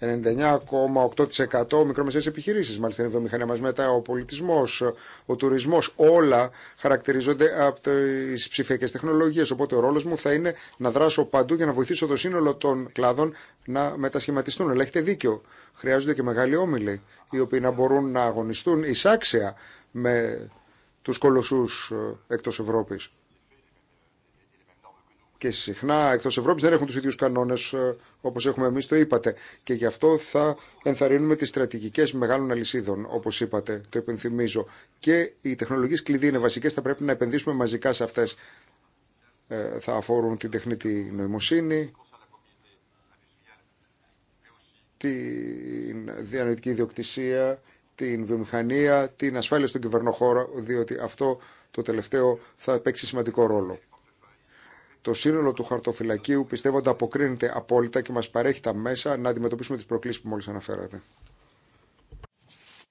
99,8% μικρομεσαίες επιχειρήσεις, μάλιστα είναι η βιομηχανία μας μετά, ο πολιτισμός, ο τουρισμός, όλα χαρακτηρίζονται από τις ψηφιακές τεχνολογίες, οπότε ο ρόλος μου θα είναι να δράσω παντού για να βοηθήσω το σύνολο των κλάδων να μετασχηματιστούν. Αλλά έχετε δίκιο, χρειάζονται και μεγάλοι όμιλοι, οι οποίοι να μπορούν να αγωνιστούν εισάξια με τους κολοσσούς ε, εκτός Ευρώπης και συχνά εκτό Ευρώπη δεν έχουν του ίδιου κανόνε ε, όπω έχουμε εμεί το είπατε και γι' αυτό θα ενθαρρύνουμε τι στρατηγικέ μεγάλων αλυσίδων όπω είπατε, το υπενθυμίζω. και οι τεχνολογίε κλειδί είναι βασικέ, θα πρέπει να επενδύσουμε μαζικά σε αυτέ. Ε, θα αφορούν την τεχνητή νοημοσύνη την διανοητική ιδιοκτησία την βιομηχανία, την ασφάλεια στον χώρο, διότι αυτό το τελευταίο θα παίξει σημαντικό ρόλο. Το σύνολο του χαρτοφυλακίου πιστεύω ότι αποκρίνεται απόλυτα και μας παρέχει τα μέσα να αντιμετωπίσουμε τις προκλήσεις που μόλις αναφέρατε.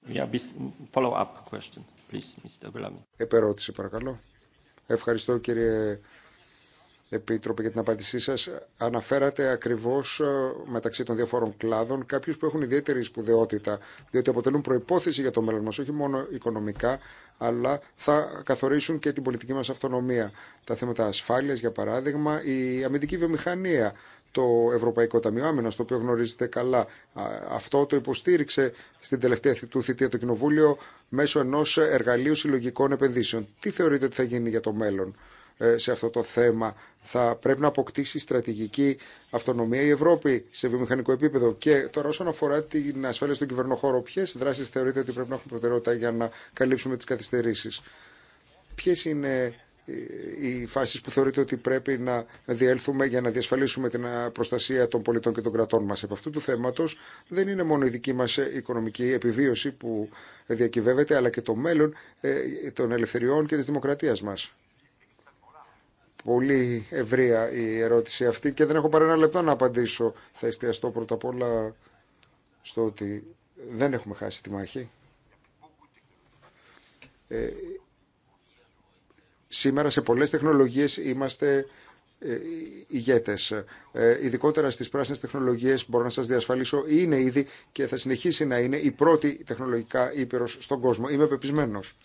Yeah, follow up question, please, Mr. Επερώτηση παρακαλώ. Ευχαριστώ κύριε Επίτροπε, για την απάντησή σας. Αναφέρατε ακριβώς ε, μεταξύ των διαφόρων κλάδων κάποιους που έχουν ιδιαίτερη σπουδαιότητα, διότι αποτελούν προϋπόθεση για το μέλλον μας, όχι μόνο οικονομικά, αλλά θα καθορίσουν και την πολιτική μας αυτονομία. Τα θέματα ασφάλειας, για παράδειγμα, η αμυντική βιομηχανία, το Ευρωπαϊκό Ταμείο Άμυνας, το οποίο γνωρίζετε καλά. Αυτό το υποστήριξε στην τελευταία του θητεία το Κοινοβούλιο μέσω ενός εργαλείου συλλογικών επενδύσεων. Τι θεωρείτε ότι θα γίνει για το μέλλον. Ε, σε αυτό το θέμα. Θα πρέπει να αποκτήσει στρατηγική αυτονομία η Ευρώπη σε βιομηχανικό επίπεδο. Και τώρα, όσον αφορά την ασφάλεια στον κυβερνοχώρο, ποιε δράσει θεωρείτε ότι πρέπει να έχουν προτεραιότητα για να καλύψουμε τι καθυστερήσει. Ποιε είναι ε, οι φάσει που θεωρείτε ότι πρέπει να διέλθουμε για να διασφαλίσουμε την ε, προστασία των πολιτών και των κρατών μα Επ' αυτού του θέματο, δεν είναι μόνο η δική μα οικονομική επιβίωση που διακυβεύεται, αλλά και το μέλλον των ελευθεριών και τη δημοκρατία μα πολύ ευρεία η ερώτηση αυτή και δεν έχω παρά ένα λεπτό να απαντήσω. Θα εστιαστώ πρώτα απ' όλα στο ότι δεν έχουμε χάσει τη μάχη. Ε, σήμερα σε πολλές τεχνολογίες είμαστε ε, ηγέτες. Ε, ειδικότερα στις πράσινες τεχνολογίες μπορώ να σας διασφαλίσω είναι ήδη και θα συνεχίσει να είναι η πρώτη τεχνολογικά ήπειρος στον κόσμο. Είμαι πεπισμένος.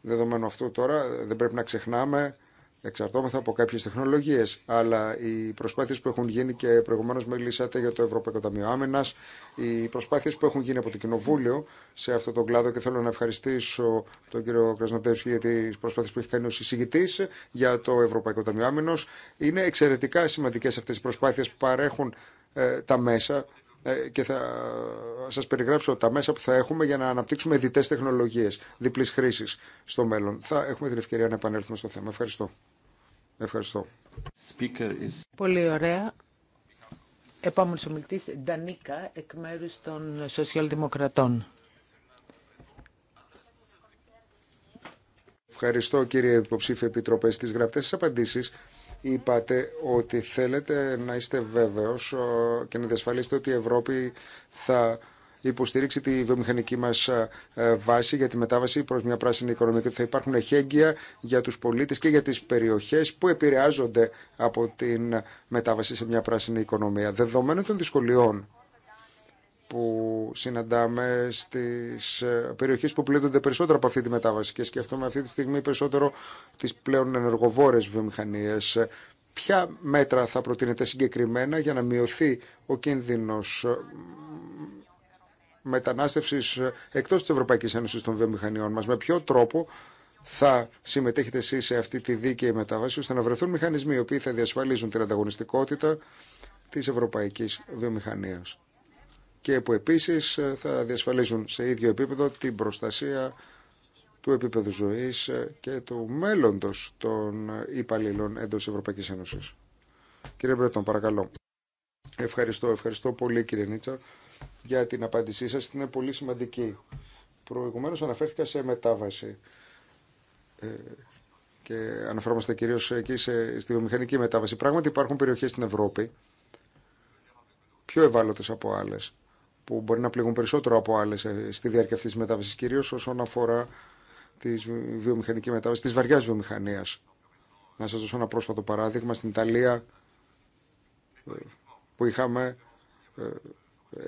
Δεδομένου αυτό τώρα δεν πρέπει να ξεχνάμε εξαρτώμεθα από κάποιες τεχνολογίες, αλλά οι προσπάθειες που έχουν γίνει και προηγουμένως μιλήσατε για το Ευρωπαϊκό Ταμείο Άμενας, οι προσπάθειες που έχουν γίνει από το Κοινοβούλιο σε αυτό τον κλάδο και θέλω να ευχαριστήσω τον κύριο Κρασνοτεύσκη για τις προσπάθειες που έχει κάνει ο συζητητής για το Ευρωπαϊκό Ταμείο Άμενος. Είναι εξαιρετικά σημαντικές αυτές οι προσπάθειες που παρέχουν ε, τα μέσα ε, και θα σας περιγράψω τα μέσα που θα έχουμε για να αναπτύξουμε διτέ τεχνολογίες διπλής χρήση στο μέλλον. Θα έχουμε την ευκαιρία να επανέλθουμε στο θέμα. Ευχαριστώ. Ευχαριστώ. Πολύ ωραία. Επόμενος ομιλητή Ντανίκα, εκ μέρου των Σοσιαλδημοκρατών. Ευχαριστώ κύριε υποψήφιο επιτροπέ τις γραπτές απαντήσεις είπατε ότι θέλετε να είστε βέβαιος ε, και να διασφαλίσετε ότι η Ευρώπη θα υποστηρίξει τη βιομηχανική μας ε, ε, βάση για τη μετάβαση προς μια πράσινη οικονομία και ότι θα υπάρχουν εχέγγυα για τους πολίτες και για τις περιοχές που επηρεάζονται από την μετάβαση σε μια πράσινη οικονομία. Δεδομένων των δυσκολιών που συναντάμε στις ε, περιοχές που πλήττονται περισσότερο από αυτή τη μετάβαση και σκεφτούμε αυτή τη στιγμή περισσότερο τις πλέον ενεργοβόρες βιομηχανίες. Ποια μέτρα θα προτείνετε συγκεκριμένα για να μειωθεί ο κίνδυνος ε, μετανάστευσης ε, εκτός της Ευρωπαϊκής Ένωσης των βιομηχανιών μας. Με ποιο τρόπο θα συμμετέχετε εσείς σε αυτή τη δίκαιη μετάβαση ώστε να βρεθούν μηχανισμοί οι οποίοι θα διασφαλίζουν την ανταγωνιστικότητα της Ευρωπαϊκή Βιομηχανία και που επίσης ε, θα διασφαλίσουν σε ίδιο επίπεδο την προστασία του επίπεδου ζωής ε, και του μέλλοντος των υπαλλήλων εντός Ευρωπαϊκής Ένωσης. Κύριε Μπρέτον, παρακαλώ. Ευχαριστώ, ευχαριστώ πολύ κύριε Νίτσα για την απάντησή σας. Είναι πολύ σημαντική. Προηγουμένως αναφέρθηκα σε μετάβαση ε, και αναφερόμαστε κυρίως εκεί σε, στη βιομηχανική μετάβαση. Πράγματι υπάρχουν περιοχές στην Ευρώπη πιο ευάλωτες από άλλες που μπορεί να πληγούν περισσότερο από άλλες ε, στη διάρκεια αυτή τη μετάβασης, κυρίως όσον αφορά τη βιομηχανική μετάβαση, τη βαριά βιομηχανία, Να σα δώσω ένα πρόσφατο παράδειγμα. Στην Ιταλία ε, που είχαμε ε,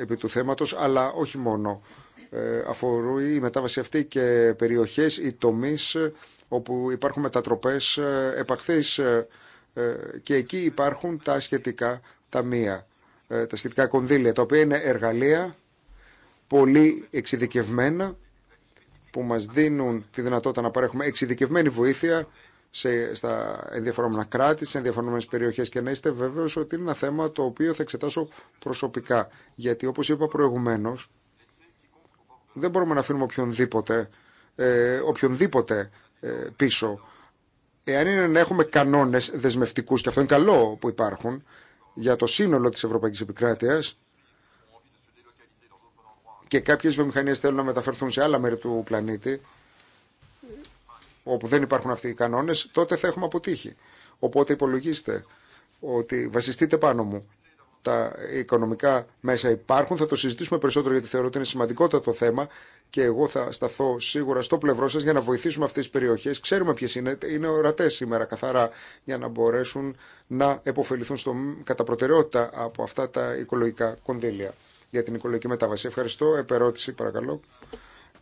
επί του θέματος, αλλά όχι μόνο. αφορούν η μετάβαση αυτή και περιοχές ή τομείς όπου υπάρχουν μετατροπές επαχθείς και εκεί υπάρχουν τα σχετικά ταμεία. Ε, τα σχετικά κονδύλια, τα οποία είναι εργαλεία πολύ εξειδικευμένα που μας δίνουν τη δυνατότητα να παρέχουμε εξειδικευμένη βοήθεια σε, στα ενδιαφερόμενα κράτη, σε ενδιαφερόμενε περιοχές και να είστε βέβαιος ότι είναι ένα θέμα το οποίο θα εξετάσω προσωπικά. Γιατί όπως είπα προηγουμενω δεν μπορούμε να αφήνουμε οποιονδήποτε, ε, οποιονδήποτε ε, πίσω. Εάν είναι να έχουμε κανονε δεσμευτικου και αυτό είναι καλό που υπάρχουν, για το σύνολο της Ευρωπαϊκής Επικράτειας και κάποιες βιομηχανίες θέλουν να μεταφερθούν σε άλλα μέρη του πλανήτη όπου δεν υπάρχουν αυτοί οι κανόνες, τότε θα έχουμε αποτύχει. Οπότε υπολογίστε ότι βασιστείτε πάνω μου τα οικονομικά μέσα υπάρχουν. Θα το συζητήσουμε περισσότερο γιατί θεωρώ ότι είναι σημαντικότατο το θέμα και εγώ θα σταθώ σίγουρα στο πλευρό σας για να βοηθήσουμε αυτές τις περιοχές. Ξέρουμε ποιε είναι, είναι ορατές σήμερα καθαρά για να μπορέσουν να επωφεληθούν στο, κατά προτεραιότητα από αυτά τα οικολογικά κονδύλια για την οικολογική μετάβαση. Ευχαριστώ. Επερώτηση παρακαλώ.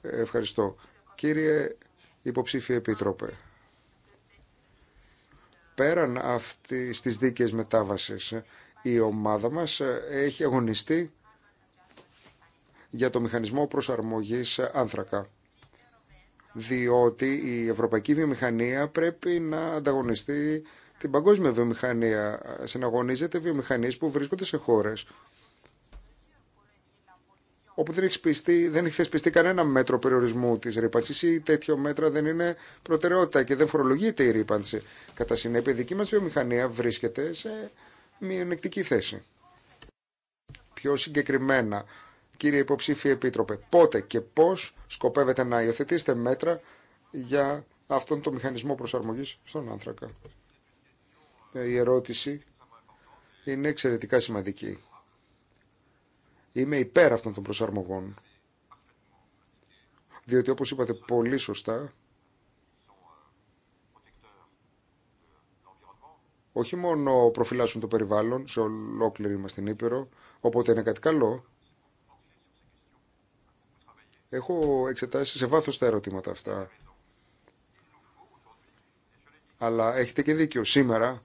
Ε, ευχαριστώ. Κύριε υποψήφιε επίτροπε, πέραν αυτή τη δίκαιη μετάβαση, η ομάδα μας ε, έχει αγωνιστεί για το μηχανισμό προσαρμογής ε, άνθρακα. Διότι η ευρωπαϊκή βιομηχανία πρέπει να ανταγωνιστεί την παγκόσμια βιομηχανία. Συναγωνίζεται βιομηχανίες που βρίσκονται σε χώρες όπου δεν έχει, δεν έχει θεσπιστεί κανένα μέτρο περιορισμού τη ρήπανση ή τέτοιο μέτρα δεν είναι προτεραιότητα και δεν φορολογείται η ρήπανση. Κατά συνέπεια, η δική μα βιομηχανία βρίσκεται σε μειονεκτική θέση. Πιο συγκεκριμένα, κύριε υποψήφιε επίτροπε, πότε και πώς σκοπεύετε να υιοθετήσετε μέτρα για αυτόν τον μηχανισμό προσαρμογής στον άνθρακα. Ε, η ερώτηση είναι εξαιρετικά σημαντική. Είμαι υπέρ αυτών των προσαρμογών. Διότι όπως είπατε πολύ σωστά, όχι μόνο προφυλάσσουν το περιβάλλον σε ολόκληρη μας την Ήπειρο, οπότε είναι κάτι καλό. Έχω εξετάσει σε βάθος τα ερωτήματα αυτά. Αλλά έχετε και δίκιο. Σήμερα,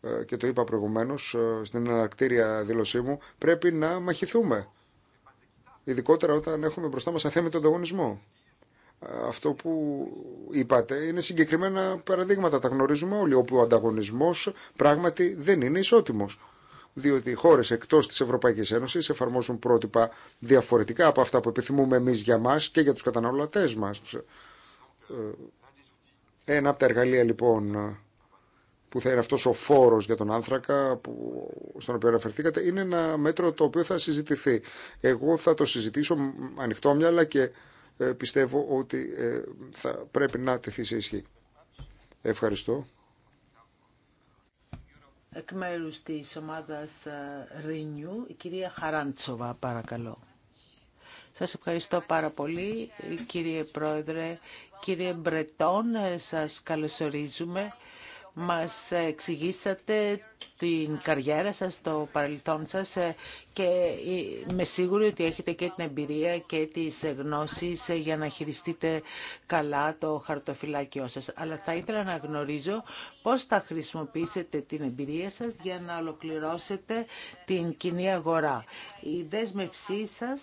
ε, και το είπα προηγουμένως ε, στην αναρκτήρια δήλωσή μου, πρέπει να μαχηθούμε. Ειδικότερα όταν έχουμε μπροστά μας αθέμητο ανταγωνισμό αυτό που είπατε είναι συγκεκριμένα παραδείγματα, τα γνωρίζουμε όλοι, όπου ο ανταγωνισμός πράγματι δεν είναι ισότιμος. Διότι οι χώρες εκτός της Ευρωπαϊκής Ένωσης εφαρμόζουν πρότυπα διαφορετικά από αυτά που επιθυμούμε εμείς για μας και για τους καταναλωτές μας. Ε, ένα από τα εργαλεία λοιπόν που θα είναι αυτός ο φόρο για τον άνθρακα που, στον οποίο αναφερθήκατε είναι ένα μέτρο το οποίο θα συζητηθεί. Εγώ θα το συζητήσω ανοιχτό μυαλά και ε, πιστεύω ότι ε, θα πρέπει να τεθεί σε ισχύ. Ευχαριστώ. Εκ μέρου τη ομάδα Ρινιού, ε, η κυρία Χαράντσοβα, παρακαλώ. Σας ευχαριστώ πάρα πολύ, κύριε Πρόεδρε. Κύριε Μπρετόν, σας καλωσορίζουμε. Μας εξηγήσατε την καριέρα σας, το παρελθόν σας ε, και ε, είμαι σίγουρη ότι έχετε και την εμπειρία και τις ε, γνώσεις για να χειριστείτε καλά το χαρτοφυλάκιό σας. Αλλά θα ήθελα να γνωρίζω πώς θα χρησιμοποιήσετε την εμπειρία σας για να ολοκληρώσετε την κοινή αγορά. Η δέσμευσή σας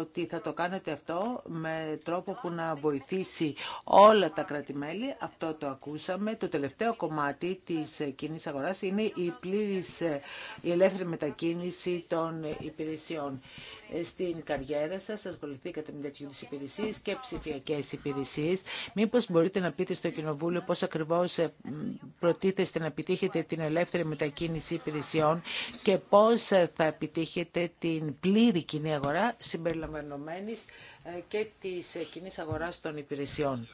ότι θα το κάνετε αυτό με τρόπο που να βοηθήσει όλα τα κρατημέλη, αυτό το ακούσαμε. Το τελευταίο κομμάτι της κοινή αγοράς είναι η πλήρης ε, η ελεύθερη μετακίνηση των υπηρεσιών. Ε, στην καριέρα σας ασχοληθήκατε με τέτοιες υπηρεσίες και ψηφιακές υπηρεσίες. Μήπως μπορείτε να πείτε στο Κοινοβούλιο πώς ακριβώς ε, προτίθεστε να επιτύχετε την ελεύθερη μετακίνηση υπηρεσιών και πώς θα επιτύχετε την πλήρη κοινή αγορά συμπεριλαμβανομένης και της κοινή αγοράς των υπηρεσιών.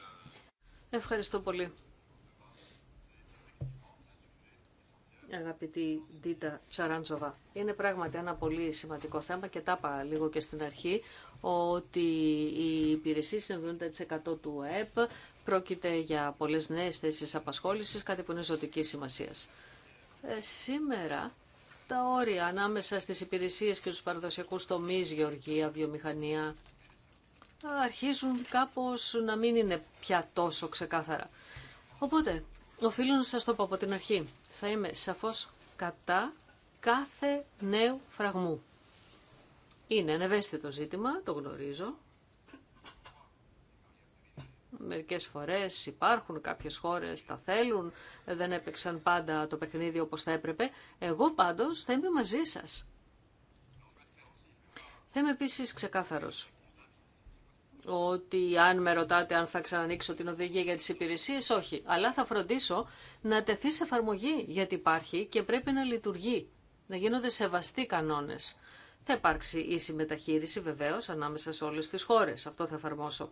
Ευχαριστώ πολύ. αγαπητή Ντίτα Τσαράντζοβα. Είναι πράγματι ένα πολύ σημαντικό θέμα και τα είπα λίγο και στην αρχή ότι οι υπηρεσίες είναι 70% του ΕΕΠ, πρόκειται για πολλές νέες θέσεις απασχόλησης, κάτι που είναι ζωτική σημασία. Ε, σήμερα τα όρια ανάμεσα στις υπηρεσίες και τους παραδοσιακούς τομείς, γεωργία, βιομηχανία, αρχίζουν κάπως να μην είναι πια τόσο ξεκάθαρα. Οπότε, οφείλω να σας το πω από την αρχή θα είμαι σαφώς κατά κάθε νέου φραγμού. Είναι ένα ευαίσθητο ζήτημα, το γνωρίζω. Μερικές φορές υπάρχουν, κάποιες χώρες τα θέλουν, δεν έπαιξαν πάντα το παιχνίδι όπως θα έπρεπε. Εγώ πάντως θα είμαι μαζί σας. Θα είμαι επίσης ξεκάθαρος ότι αν με ρωτάτε αν θα ξανανοίξω την οδηγία για τις υπηρεσίες, όχι. Αλλά θα φροντίσω να τεθεί σε εφαρμογή, γιατί υπάρχει και πρέπει να λειτουργεί, να γίνονται σεβαστοί κανόνες. Θα υπάρξει ίση μεταχείριση βεβαίως ανάμεσα σε όλες τις χώρες. Αυτό θα εφαρμόσω.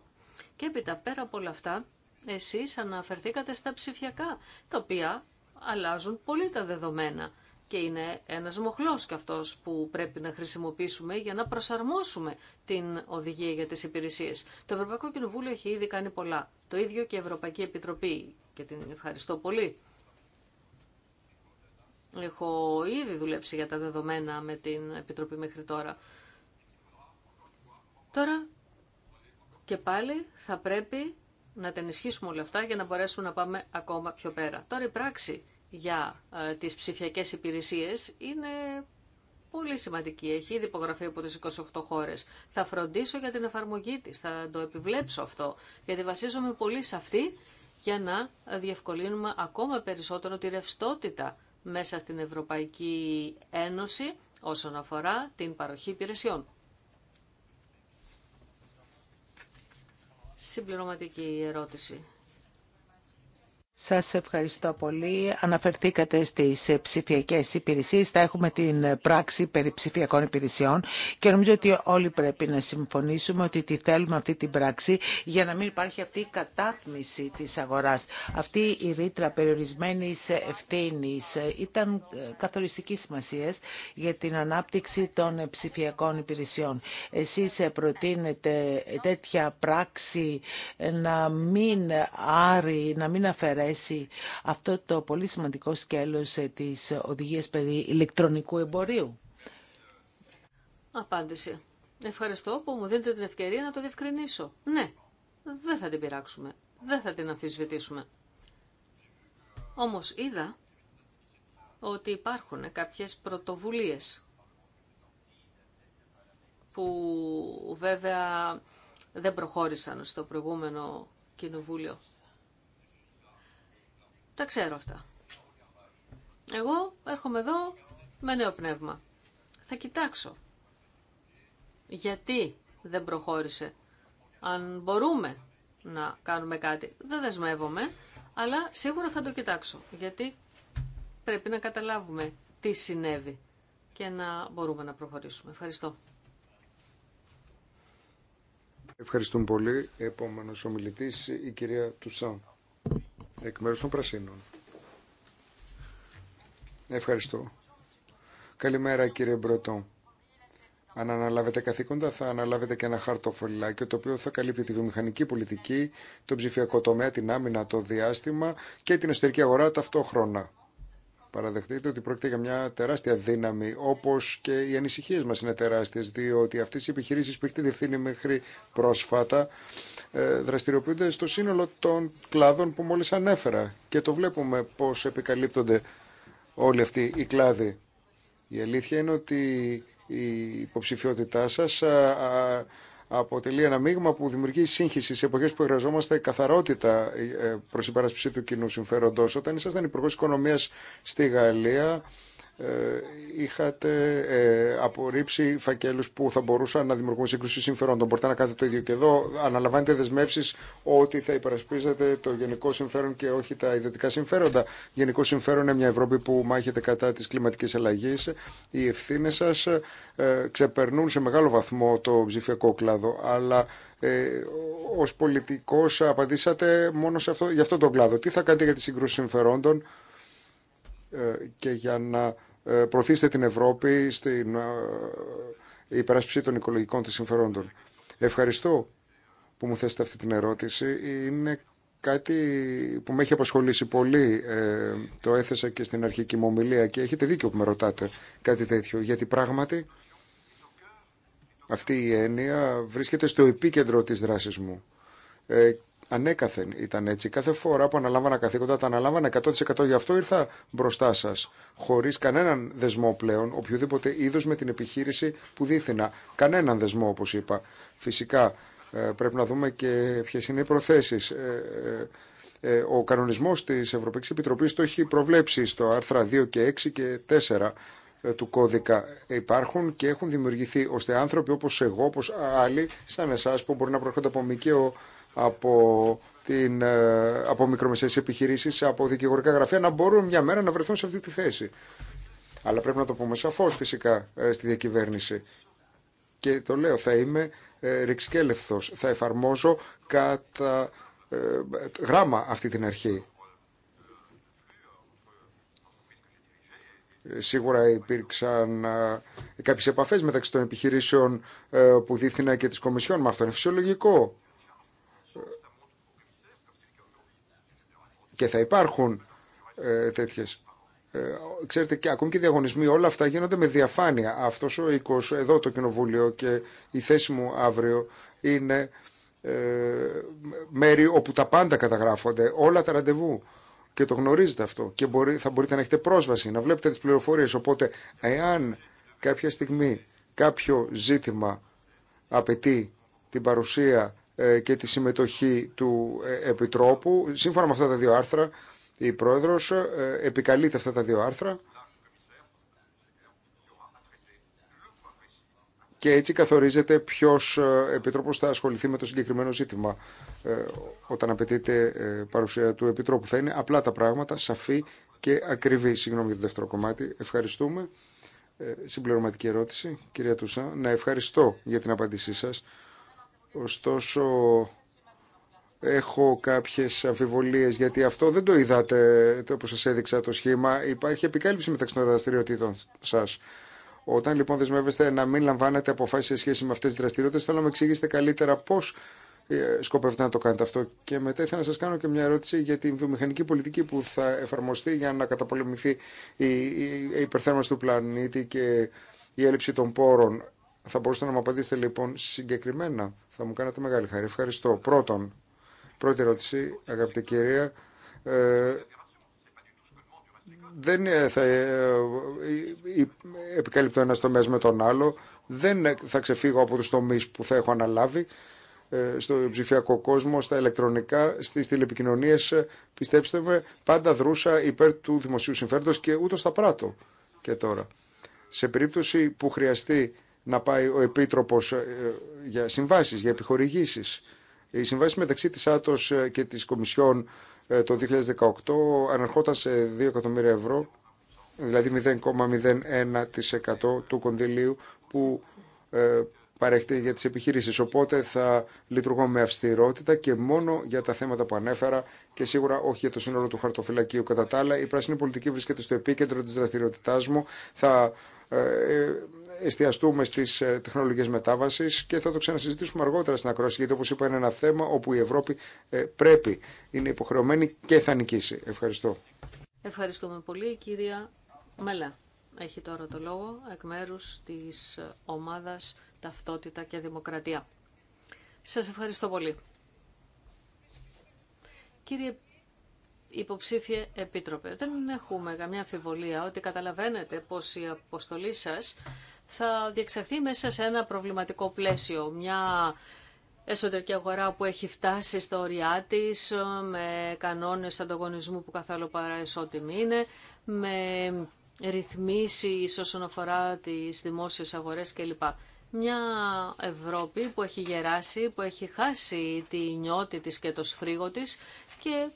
Και έπειτα πέρα από όλα αυτά, εσείς αναφερθήκατε στα ψηφιακά, τα οποία αλλάζουν πολύ τα δεδομένα και είναι ένας μοχλός και αυτός που πρέπει να χρησιμοποιήσουμε για να προσαρμόσουμε την οδηγία για τις υπηρεσίες. Το Ευρωπαϊκό Κοινοβούλιο έχει ήδη κάνει πολλά. Το ίδιο και η Ευρωπαϊκή Επιτροπή και την ευχαριστώ πολύ. Έχω ήδη δουλέψει για τα δεδομένα με την Επιτροπή μέχρι τώρα. Τώρα και πάλι θα πρέπει να τα ενισχύσουμε όλα αυτά για να μπορέσουμε να πάμε ακόμα πιο πέρα. Τώρα η πράξη για ε, τις ψηφιακές υπηρεσίες είναι πολύ σημαντική. Έχει ήδη υπογραφεί από τις 28 χώρες. Θα φροντίσω για την εφαρμογή της, θα το επιβλέψω αυτό, γιατί βασίζομαι πολύ σε αυτή για να διευκολύνουμε ακόμα περισσότερο τη ρευστότητα μέσα στην Ευρωπαϊκή Ένωση όσον αφορά την παροχή υπηρεσιών. Συμπληρωματική ερώτηση. Σας ευχαριστώ πολύ. Αναφερθήκατε στις ψηφιακές υπηρεσίες. Θα έχουμε την πράξη περί ψηφιακών υπηρεσιών και νομίζω ότι όλοι πρέπει να συμφωνήσουμε ότι τη θέλουμε αυτή την πράξη για να μην υπάρχει αυτή η κατάθμιση της αγοράς. Αυτή η ρήτρα περιορισμένης ευθύνη ήταν ε, καθοριστική σημασία για την ανάπτυξη των ψηφιακών υπηρεσιών. Εσείς προτείνετε τέτοια πράξη να μην άρει, να μην αφαιρέσει αυτό το πολύ σημαντικό σκέλος ε, της οδηγίας περί ηλεκτρονικού εμπορίου. Απάντηση. Ευχαριστώ που μου δίνετε την ευκαιρία να το διευκρινίσω. Ναι, δεν θα την πειράξουμε. Δεν θα την αμφισβητήσουμε. Όμως είδα ότι υπάρχουν κάποιες πρωτοβουλίες που βέβαια δεν προχώρησαν στο προηγούμενο κοινοβούλιο. Τα ξέρω αυτά. Εγώ έρχομαι εδώ με νέο πνεύμα. Θα κοιτάξω. Γιατί δεν προχώρησε. Αν μπορούμε να κάνουμε κάτι, δεν δεσμεύομαι, αλλά σίγουρα θα το κοιτάξω. Γιατί πρέπει να καταλάβουμε τι συνέβη και να μπορούμε να προχωρήσουμε. Ευχαριστώ. Ευχαριστούμε πολύ. Επόμενος ομιλητής, η κυρία Τουσάν εκ μέρους των Πρασίνων. Ευχαριστώ. Καλημέρα κύριε Μπροτό. Αν αναλάβετε καθήκοντα θα αναλάβετε και ένα χαρτοφυλάκι, το οποίο θα καλύπτει τη βιομηχανική πολιτική, τον ψηφιακό τομέα, την άμυνα, το διάστημα και την εσωτερική αγορά ταυτόχρονα παραδεχτείτε ότι πρόκειται για μια τεράστια δύναμη, όπω και οι ανησυχίε μα είναι τεράστιε, διότι αυτέ οι επιχειρήσει που έχετε διευθύνει μέχρι πρόσφατα ε, δραστηριοποιούνται στο σύνολο των κλάδων που μόλι ανέφερα. Και το βλέπουμε πώ επικαλύπτονται όλοι αυτοί οι κλάδοι. Η αλήθεια είναι ότι η υποψηφιότητά σας αποτελεί ένα μείγμα που δημιουργεί σύγχυση σε εποχέ που χρειαζόμαστε καθαρότητα ε, ε, προ υπερασπιση του κοινού συμφέροντο. Όταν ήσασταν υπουργό οικονομία στη Γαλλία, ε, είχατε ε, απορρίψει φακέλου που θα μπορούσαν να δημιουργούν σύγκρουση συμφερόντων. Μπορείτε να κάνετε το ίδιο και εδώ. Αναλαμβάνετε δεσμεύσει ότι θα υπερασπίζετε το γενικό συμφέρον και όχι τα ιδιωτικά συμφέροντα. Γενικό συμφέρον είναι μια Ευρώπη που μάχεται κατά τη κλιματική αλλαγή. Οι ευθύνε σα ε, ξεπερνούν σε μεγάλο βαθμό το ψηφιακό κλάδο. Αλλά ε, ω πολιτικό απαντήσατε μόνο σε αυτό, για αυτόν τον κλάδο. Τι θα κάνετε για τη σύγκρουση συμφερόντων ε, και για να ε, προωθήστε την Ευρώπη στην ε, υπεράσπιση των οικολογικών της συμφερόντων. Ευχαριστώ που μου θέσετε αυτή την ερώτηση. Είναι κάτι που με έχει απασχολήσει πολύ. Ε, το έθεσα και στην αρχική μου ομιλία και έχετε δίκιο που με ρωτάτε κάτι τέτοιο. Γιατί πράγματι αυτή η έννοια βρίσκεται στο επίκεντρο της δράσης μου. Ανέκαθεν ήταν έτσι. Κάθε φορά που αναλάμβανα καθήκοντα, τα αναλάμβανα 100%. Γι' αυτό ήρθα μπροστά σα, χωρί κανέναν δεσμό πλέον, οποιοδήποτε είδο με την επιχείρηση που δίθυνα. Κανέναν δεσμό, όπω είπα. Φυσικά ε, πρέπει να δούμε και ποιε είναι οι προθέσει. Ε, ε, ο κανονισμό τη Ευρωπαϊκή Επιτροπή το έχει προβλέψει στο άρθρα 2 και 6 και 4 του κώδικα υπάρχουν και έχουν δημιουργηθεί ώστε άνθρωποι όπως εγώ, όπως άλλοι, σαν εσά που μπορεί να προέρχονται από από, την, ε, από μικρομεσαίες επιχειρήσεις, από δικηγορικά γραφεία να μπορούν μια μέρα να βρεθούν σε αυτή τη θέση. Αλλά πρέπει να το πούμε σαφώ φυσικά ε, στη διακυβέρνηση. Και το λέω, θα είμαι ε, ρηξικέλευθος, θα εφαρμόζω κατά γράμμα αυτή την αρχή. Σίγουρα υπήρξαν κάποιες επαφές μεταξύ των επιχειρήσεων που διεύθυνα και της Κομισιόν. μα αυτό είναι φυσιολογικό. και θα υπάρχουν ε, τέτοιες. Ε, ξέρετε, και, ακόμη και διαγωνισμοί, όλα αυτά γίνονται με διαφάνεια. αυτό ο οίκο, εδώ το κοινοβούλιο και η θέση μου αύριο είναι ε, μέρη όπου τα πάντα καταγράφονται, όλα τα ραντεβού. Και το γνωρίζετε αυτό και μπορεί, θα μπορείτε να έχετε πρόσβαση, να βλέπετε τις πληροφορίες. Οπότε, εάν κάποια στιγμή κάποιο ζήτημα απαιτεί την παρουσία ε, και τη συμμετοχή του ε, Επιτρόπου. Σύμφωνα με αυτά τα δύο άρθρα, η Πρόεδρος ε, επικαλείται αυτά τα δύο άρθρα και έτσι καθορίζεται ποιος Επιτρόπος θα ασχοληθεί με το συγκεκριμένο ζήτημα όταν απαιτείται παρουσία του Επιτρόπου. Θα είναι απλά τα πράγματα, σαφή και ακριβή. Συγγνώμη για το δεύτερο κομμάτι. Ευχαριστούμε. Συμπληρωματική ερώτηση, κυρία Τουσά. Να ευχαριστώ για την απάντησή σας. Ωστόσο, έχω κάποιες αμφιβολίες γιατί αυτό δεν το είδατε το σα σας έδειξα το σχήμα. Υπάρχει επικάλυψη μεταξύ των δραστηριοτήτων σας. Όταν λοιπόν δεσμεύεστε να μην λαμβάνετε αποφάσεις σε σχέση με αυτές τις δραστηριότητες, θέλω να με εξηγήσετε καλύτερα πώς ε, σκοπεύετε να το κάνετε αυτό. Και μετά ήθελα να σας κάνω και μια ερώτηση για την βιομηχανική πολιτική που θα εφαρμοστεί για να καταπολεμηθεί η υπερθέρμανση του πλανήτη και η έλλειψη των πόρων. Θα μπορούσατε να μου απαντήσετε λοιπόν συγκεκριμένα. Θα μου κάνατε μεγάλη χαρή. Ευχαριστώ. Πρώτον, πρώτη ερώτηση, αγαπητή κυρία. Ε, δεν ε, θα ε, επικαλύπτω ένα τομέα με τον άλλο. Δεν θα ξεφύγω από τους τομείς που θα έχω αναλάβει στο ψηφιακό κόσμο, στα ηλεκτρονικά, στις τηλεπικοινωνίες. Πιστέψτε με, πάντα δρούσα υπέρ του δημοσίου συμφέροντος και ούτως θα πράττω και τώρα. Σε περίπτωση που χρειαστεί να πάει ο Επίτροπος ε, για συμβάσεις, για επιχορηγήσεις. Οι συμβάσει μεταξύ της Άτος ε, και της Κομισιόν ε, το 2018 αναρχόταν σε 2 εκατομμύρια ευρώ, δηλαδή 0,01% του κονδυλίου που παρέχεται για τις επιχειρήσεις. Οπότε θα λειτουργώ με αυστηρότητα και μόνο για τα θέματα που ανέφερα και σίγουρα όχι για το σύνολο του χαρτοφυλακίου. Κατά τα άλλα, η πράσινη πολιτική βρίσκεται στο επίκεντρο της δραστηριότητάς μου. Θα ε, ε, εστιαστούμε στι ε, τεχνολογικέ μετάβαση και θα το ξανασυζητήσουμε αργότερα στην ακρόαση. Γιατί, όπω είπα, είναι ένα θέμα όπου η Ευρώπη πρέπει, είναι υποχρεωμένη και θα νικήσει. Ευχαριστώ. Ευχαριστούμε πολύ, κυρία Μελά. Έχει τώρα το λόγο εκ μέρου τη ομάδα Ταυτότητα και Δημοκρατία. Σα ευχαριστώ πολύ. Κύριε Υποψήφιε Επίτροπε, δεν έχουμε καμιά αμφιβολία ότι καταλαβαίνετε πως η αποστολή σας θα διεξαχθεί μέσα σε ένα προβληματικό πλαίσιο, μια εσωτερική αγορά που έχει φτάσει στα ωριά τη, με κανόνες ανταγωνισμού που καθόλου παρά ισότιμοι είναι, με ρυθμίσεις όσον αφορά τις δημόσιες αγορές κλπ. Μια Ευρώπη που έχει γεράσει, που έχει χάσει τη νιώτη της και το σφρίγο της και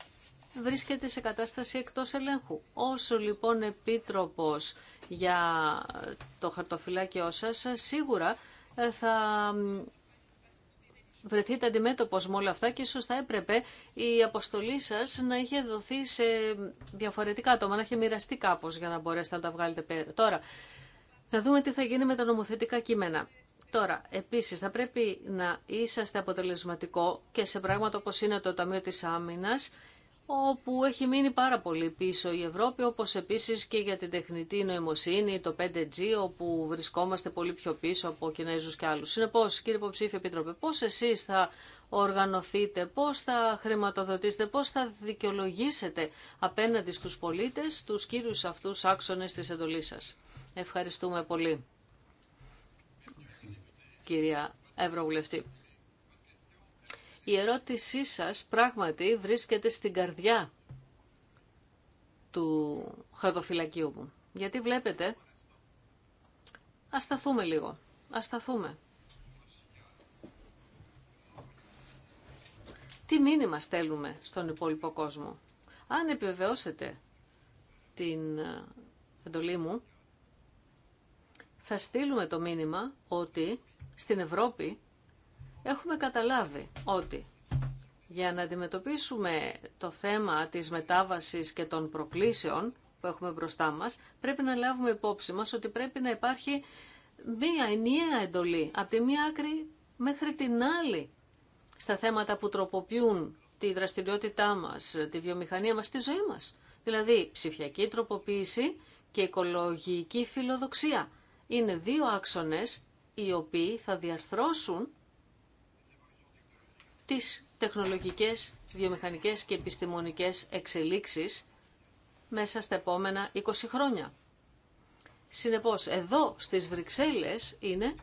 βρίσκεται σε κατάσταση εκτός ελέγχου. Όσο λοιπόν επίτροπος για το χαρτοφυλάκιό σας, σίγουρα ε, θα βρεθείτε αντιμέτωπος με όλα αυτά και ίσως θα έπρεπε η αποστολή σας να είχε δοθεί σε διαφορετικά άτομα, να είχε μοιραστεί κάπως για να μπορέσετε να τα βγάλετε πέρα. Τώρα, να δούμε τι θα γίνει με τα νομοθετικά κείμενα. Τώρα, επίσης, θα πρέπει να είσαστε αποτελεσματικό και σε πράγματα όπως είναι το Ταμείο της Άμυνας, όπου έχει μείνει πάρα πολύ πίσω η Ευρώπη, όπως επίσης και για την τεχνητή νοημοσύνη, το 5G, όπου βρισκόμαστε πολύ πιο πίσω από Κινέζους και άλλους. Συνεπώς, κύριε Υποψήφιο Επίτροπε, πώς εσείς θα οργανωθείτε, πώς θα χρηματοδοτήσετε, πώς θα δικαιολογήσετε απέναντι στους πολίτες τους κύριους αυτούς άξονες της εντολής σας. Ευχαριστούμε πολύ, κύριε Ευρωβουλευτή. Η ερώτησή σας πράγματι βρίσκεται στην καρδιά του χαρτοφυλακίου μου. Γιατί βλέπετε, ας σταθούμε λίγο, ας σταθούμε. Τι μήνυμα στέλνουμε στον υπόλοιπο κόσμο. Αν επιβεβαιώσετε την ε, εντολή μου, θα στείλουμε το μήνυμα ότι στην Ευρώπη Έχουμε καταλάβει ότι για να αντιμετωπίσουμε το θέμα της μετάβασης και των προκλήσεων που έχουμε μπροστά μας, πρέπει να λάβουμε υπόψη μας ότι πρέπει να υπάρχει μία ενιαία εντολή, από τη μία άκρη μέχρι την άλλη, στα θέματα που τροποποιούν τη δραστηριότητά μας, τη βιομηχανία μας, τη ζωή μας. Δηλαδή ψηφιακή τροποποίηση και οικολογική φιλοδοξία. Είναι δύο άξονες οι οποίοι θα διαρθρώσουν τις τεχνολογικές, βιομηχανικές και επιστημονικές εξελίξεις μέσα στα επόμενα 20 χρόνια. Συνεπώς, εδώ στις Βρυξέλλες είναι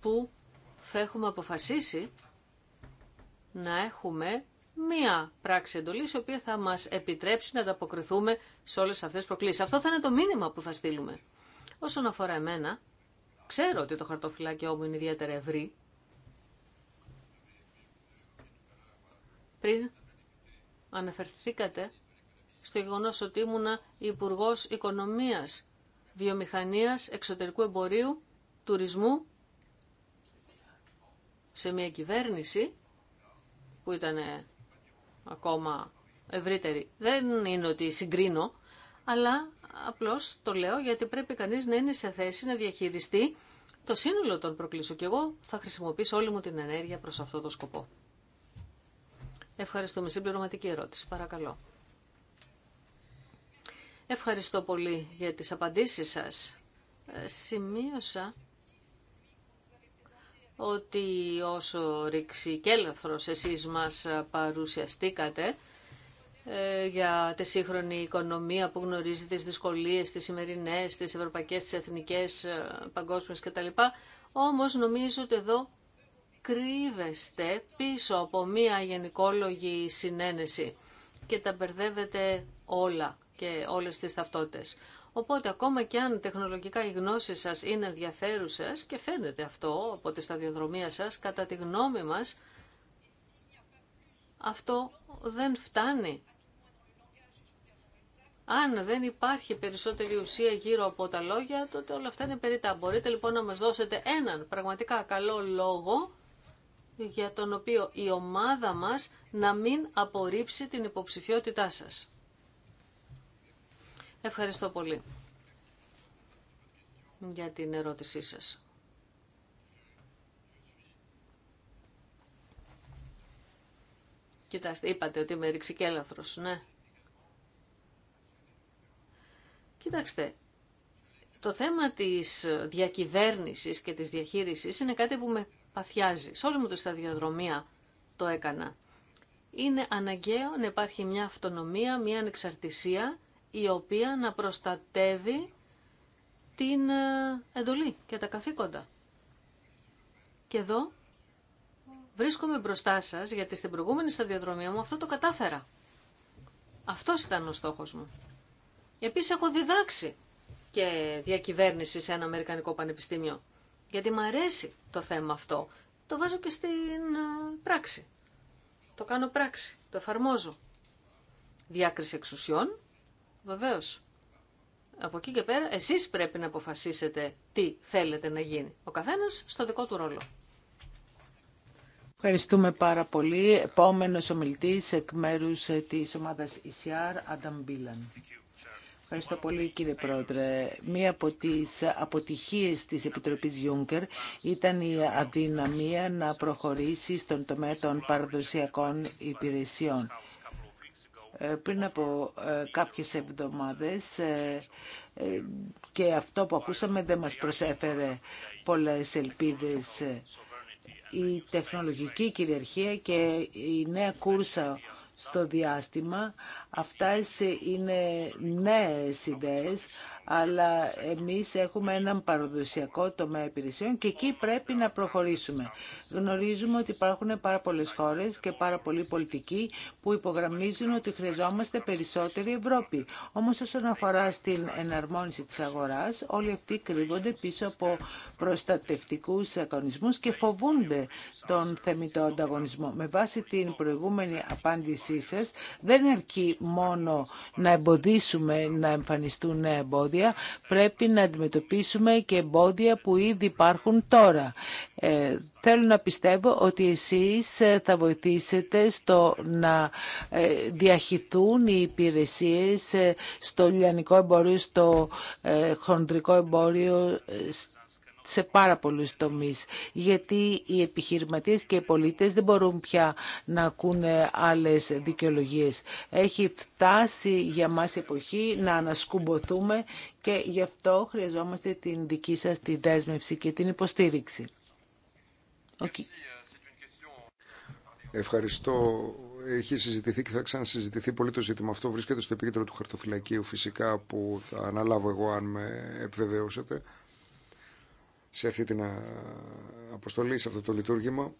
που θα έχουμε αποφασίσει να έχουμε μία πράξη εντολή, η οποία θα μας επιτρέψει να ανταποκριθούμε σε όλες αυτές τις προκλήσεις. Αυτό θα είναι το μήνυμα που θα στείλουμε. Όσον αφορά εμένα, ξέρω ότι το χαρτοφυλάκιό μου είναι ιδιαίτερα ευρύ Πριν αναφερθήκατε στο γεγονός ότι ήμουνα υπουργό Οικονομίας, Βιομηχανίας, Εξωτερικού Εμπορίου, Τουρισμού σε μια κυβέρνηση που ήταν ε, ακόμα ευρύτερη. Δεν είναι ότι συγκρίνω, αλλά απλώς το λέω γιατί πρέπει κανείς να είναι σε θέση να διαχειριστεί το σύνολο των προκλήσεων και εγώ θα χρησιμοποιήσω όλη μου την ενέργεια προς αυτό το σκοπό. Ευχαριστούμε. Συμπληρωματική ερώτηση, παρακαλώ. Ευχαριστώ πολύ για τις απαντήσεις σας. Ε, σημείωσα ότι όσο και έλαφρος εσείς μας παρουσιαστήκατε ε, για τη σύγχρονη οικονομία που γνωρίζει τις δυσκολίες, τις σημερινές, τις ευρωπαϊκές, τις εθνικές, ε, παγκόσμιες κτλ. Όμως νομίζω ότι εδώ κρύβεστε πίσω από μία γενικόλογη συνένεση και τα μπερδεύετε όλα και όλες τις ταυτότητες. Οπότε ακόμα και αν τεχνολογικά οι γνώσεις σας είναι ενδιαφέρουσες και φαίνεται αυτό από τη σταδιοδρομία σας, κατά τη γνώμη μας αυτό δεν φτάνει. Αν δεν υπάρχει περισσότερη ουσία γύρω από τα λόγια, τότε όλα αυτά είναι περίτα. Μπορείτε λοιπόν να μας δώσετε έναν πραγματικά καλό λόγο για τον οποίο η ομάδα μας να μην απορρίψει την υποψηφιότητά σας. Ευχαριστώ πολύ για την ερώτησή σας. Κοιτάστε, είπατε ότι είμαι ρηξικέλαθρος, ναι. Κοιτάξτε, το θέμα της διακυβέρνησης και της διαχείρισης είναι κάτι που με παθιάζει. Σε όλη μου τη σταδιοδρομία το έκανα. Είναι αναγκαίο να υπάρχει μια αυτονομία, μια ανεξαρτησία η οποία να προστατεύει την ε, εντολή και τα καθήκοντα. Και εδώ βρίσκομαι μπροστά σας γιατί στην προηγούμενη σταδιοδρομία μου αυτό το κατάφερα. Αυτό ήταν ο στόχος μου. Επίσης έχω διδάξει και διακυβέρνηση σε ένα Αμερικανικό Πανεπιστήμιο γιατί μου αρέσει το θέμα αυτό. Το βάζω και στην ε, πράξη. Το κάνω πράξη, το εφαρμόζω. Διάκριση εξουσιών, βεβαίως. Από εκεί και πέρα, εσείς πρέπει να αποφασίσετε τι θέλετε να γίνει. Ο καθένας στο δικό του ρόλο. Ευχαριστούμε πάρα πολύ. Επόμενος ομιλητής εκ μέρους ε, της ομάδας ECR, Adam Μπίλαν. Ευχαριστώ πολύ κύριε Πρόεδρε. Μία από τις αποτυχίες της Επιτροπής Juncker ήταν η αδυναμία να προχωρήσει στον τομέα των παραδοσιακών υπηρεσιών. Ε, πριν από ε, κάποιες εβδομάδες ε, και αυτό που ακούσαμε δεν μας προσέφερε πολλές ελπίδες. Η τεχνολογική κυριαρχία και η νέα κούρσα στο διάστημα. Αυτά είναι νέες ιδέες, αλλά εμείς έχουμε έναν παραδοσιακό τομέα υπηρεσιών και εκεί πρέπει να προχωρήσουμε. Γνωρίζουμε ότι υπάρχουν πάρα πολλές χώρες και πάρα πολλοί πολιτικοί που υπογραμμίζουν ότι χρειαζόμαστε περισσότερη Ευρώπη. Όμως όσον αφορά στην εναρμόνιση της αγοράς, όλοι αυτοί κρύβονται πίσω από προστατευτικούς αγωνισμούς και φοβούνται τον θεμητό ανταγωνισμό. Με βάση την προηγούμενη απάντησή σας, δεν αρκεί μόνο να εμποδίσουμε να εμφανιστούν εμπόδια, πρέπει να αντιμετωπίσουμε και εμπόδια που ήδη υπάρχουν τώρα. Ε, θέλω να πιστεύω ότι εσείς ε, θα βοηθήσετε στο να ε, διαχυθούν οι υπηρεσίες ε, στο λιανικό εμπόριο, στο χοντρικό εμπόριο, σε πάρα πολλούς τομείς, γιατί οι επιχειρηματίες και οι πολίτες δεν μπορούν πια να ακούνε άλλες δικαιολογίες. Έχει φτάσει για μας εποχή να ανασκουμποθούμε και γι' αυτό χρειαζόμαστε την δική σας τη δέσμευση και την υποστήριξη. Ευχαριστώ. Έχει συζητηθεί και θα ξανασυζητηθεί πολύ το ζήτημα αυτό. Βρίσκεται στο επίκεντρο του χαρτοφυλακίου φυσικά που θα αναλάβω εγώ αν με επιβεβαιώσετε σε αυτή την αποστολή, σε αυτό το λειτουργήμα.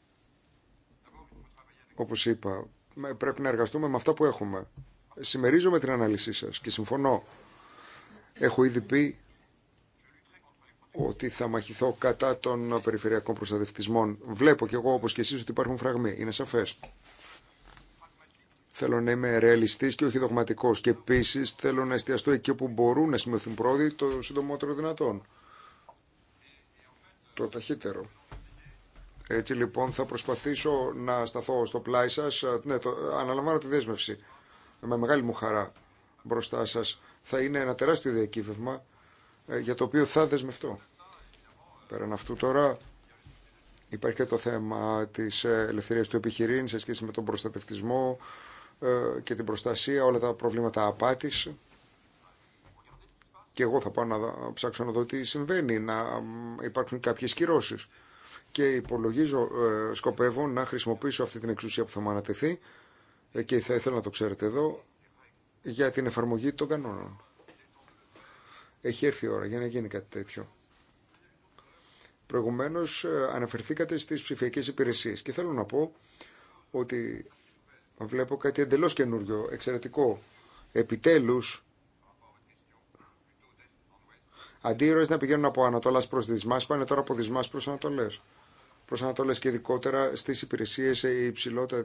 Όπως είπα, πρέπει να εργαστούμε με αυτά που έχουμε. Συμμερίζομαι την ανάλυση σας και συμφωνώ. Έχω ήδη πει ότι θα μαχηθώ κατά των περιφερειακών προστατευτισμών. Βλέπω κι εγώ, όπως και εσείς, ότι υπάρχουν φραγμοί. Είναι σαφές. Θέλω να είμαι ρεαλιστή και όχι δογματικό. Και επίση θέλω να εστιαστώ εκεί όπου μπορούν να σημειωθούν πρόοδοι το συντομότερο δυνατόν το ταχύτερο. Έτσι λοιπόν θα προσπαθήσω να σταθώ στο πλάι σας. Ναι, το, αναλαμβάνω τη δέσμευση με μεγάλη μου χαρά μπροστά σας. Θα είναι ένα τεράστιο διακύβευμα ε, για το οποίο θα δεσμευτώ. Πέραν αυτού τώρα υπάρχει και το θέμα της ε, ελευθερίας του επιχειρήν σε σχέση με τον προστατευτισμό ε, και την προστασία, όλα τα προβλήματα απάτης και εγώ θα πάω να ψάξω να δω τι συμβαίνει, να υπάρξουν κάποιες κυρώσει. Και υπολογίζω, ε, σκοπεύω να χρησιμοποιήσω αυτή την εξουσία που θα μου ανατεθεί ε, και θα ήθελα να το ξέρετε εδώ, για την εφαρμογή των κανόνων. Έχει έρθει η ώρα για να γίνει κάτι τέτοιο. Προηγουμένως ε, αναφερθήκατε στις ψηφιακές υπηρεσίε. και θέλω να πω ότι βλέπω κάτι εντελώ καινούριο, εξαιρετικό. Επιτέλους Αντί να πηγαίνουν από Ανατολά προ Δυσμά, πάνε τώρα από Δυσμά προ Ανατολέ. Προ Ανατολέ και ειδικότερα στι υπηρεσίε ε, υψηλοτερη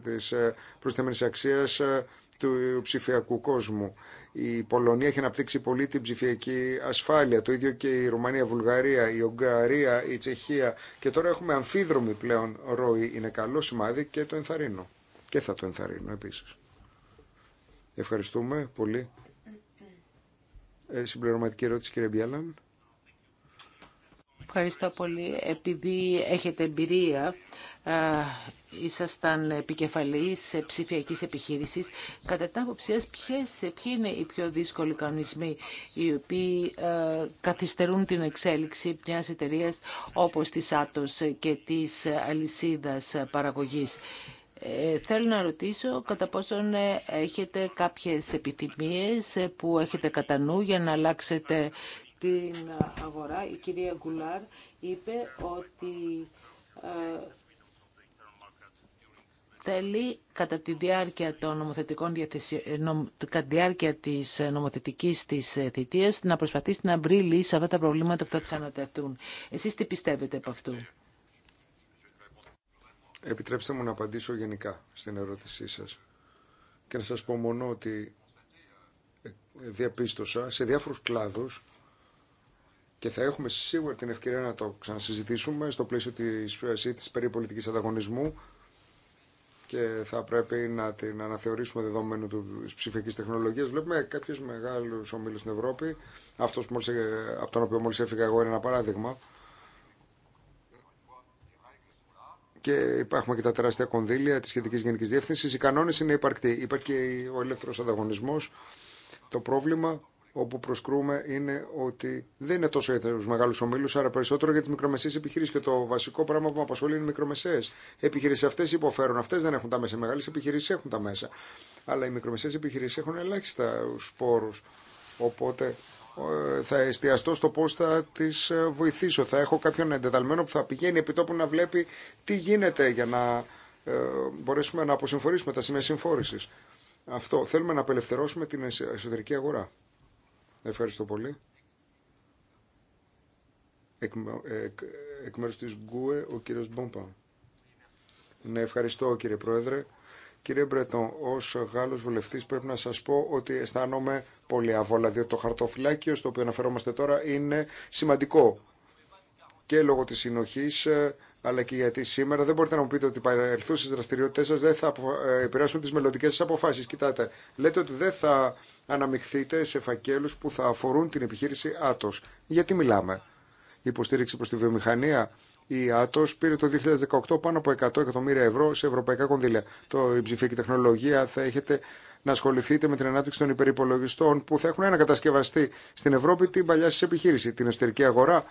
προσθέμενη αξία ε, του ψηφιακού κόσμου. Η Πολωνία έχει αναπτύξει πολύ την ψηφιακή ασφάλεια, το ίδιο και η Ρουμανία, η Βουλγαρία, η Ουγγαρία, η Τσεχία και τώρα έχουμε αμφίδρομη πλέον ροή. Είναι καλό σημάδι και το ενθαρρύνω. Και θα το ενθαρρύνω επίση. Ευχαριστούμε πολύ. Ε, συμπληρωματική ερώτηση κύριε Μπιέλαν. Ευχαριστώ πολύ. Επειδή έχετε εμπειρία, ε, ήσασταν επικεφαλής ψηφιακής επιχείρησης. Κατά την άποψή ποιοι είναι οι πιο δύσκολοι κανονισμοί οι οποίοι ε, καθυστερούν την εξέλιξη μιας εταιρεία όπως της Άτος και της αλυσίδας παραγωγής. Ε, θέλω να ρωτήσω κατά πόσον έχετε κάποιες επιθυμίες που έχετε κατά νου για να αλλάξετε την αγορά. Η κυρία Γκουλάρ είπε ότι ε, θέλει κατά τη διάρκεια, των νομοθετικών κατά τη διάρκεια της νομοθετικής της ε, θητείας να προσπαθήσει να βρει λύση σε αυτά τα προβλήματα που θα ξανατεθούν. Εσείς τι πιστεύετε από αυτού. Επιτρέψτε μου να απαντήσω γενικά στην ερώτησή σας και να σας πω μόνο ότι ε, διαπίστωσα σε διάφορους κλάδους και θα έχουμε σίγουρα την ευκαιρία να το ξανασυζητήσουμε στο πλαίσιο της περιπολιτικής περί ανταγωνισμού και θα πρέπει να την αναθεωρήσουμε δεδομένου τη ψηφιακή τεχνολογία. Βλέπουμε κάποιου μεγάλου ομίλου στην Ευρώπη. Αυτό ε, από τον οποίο μόλι έφυγα εγώ είναι ένα παράδειγμα. Και υπάρχουν και τα τεράστια κονδύλια τη σχετική γενική διεύθυνση. Οι κανόνε είναι υπαρκτοί. Υπάρχει και ο ελεύθερο ανταγωνισμό. Το πρόβλημα όπου προσκρούμε είναι ότι δεν είναι τόσο για του μεγάλου ομίλου, άρα περισσότερο για τι μικρομεσαίε επιχειρήσει. Και το βασικό πράγμα που με απασχολεί είναι οι μικρομεσαίε. Επιχειρήσει αυτέ υποφέρουν, αυτέ δεν έχουν τα μέσα. Οι μεγάλε επιχειρήσει έχουν τα μέσα. Αλλά οι μικρομεσαίε επιχειρήσει έχουν ελάχιστα πόρου. Οπότε ε, θα εστιαστώ στο πώ θα τι ε, βοηθήσω. Θα έχω κάποιον εντεταλμένο που θα πηγαίνει επί τόπου να βλέπει τι γίνεται για να ε, μπορέσουμε να αποσυμφορήσουμε τα σημεία συμφόρηση. Αυτό. Θέλουμε να απελευθερώσουμε την εσωτερική αγορά. Ευχαριστώ πολύ. Εκ, ε, εκ, εκ μέρους της Γκουε, ο κύριος Μπόμπα. Ναι, ευχαριστώ κύριε Πρόεδρε. Κύριε Μπρετόν, ω Γάλλο βουλευτή πρέπει να σα πω ότι αισθάνομαι πολύ αβόλα, διότι το χαρτοφυλάκιο στο οποίο αναφερόμαστε τώρα είναι σημαντικό και λόγω της συνοχής ε, αλλά και γιατί σήμερα δεν μπορείτε να μου πείτε ότι οι παρελθούσε δραστηριότητε σα δεν θα ε, επηρεάσουν τι μελλοντικέ σα αποφάσει. Κοιτάτε, λέτε ότι δεν θα αναμειχθείτε σε φακέλου που θα αφορούν την επιχείρηση ΑΤΟ. Γιατί μιλάμε. υποστήριξη προ τη βιομηχανία. Η Άτος πήρε το 2018 πάνω από 100 εκατομμύρια ευρώ σε ευρωπαϊκά κονδύλια. Το, η ψηφιακή τεχνολογία θα έχετε να ασχοληθείτε με την ανάπτυξη των υπερυπολογιστών που θα έχουν ένα κατασκευαστή στην Ευρώπη την παλιά σα επιχείρηση, την εσωτερική αγορά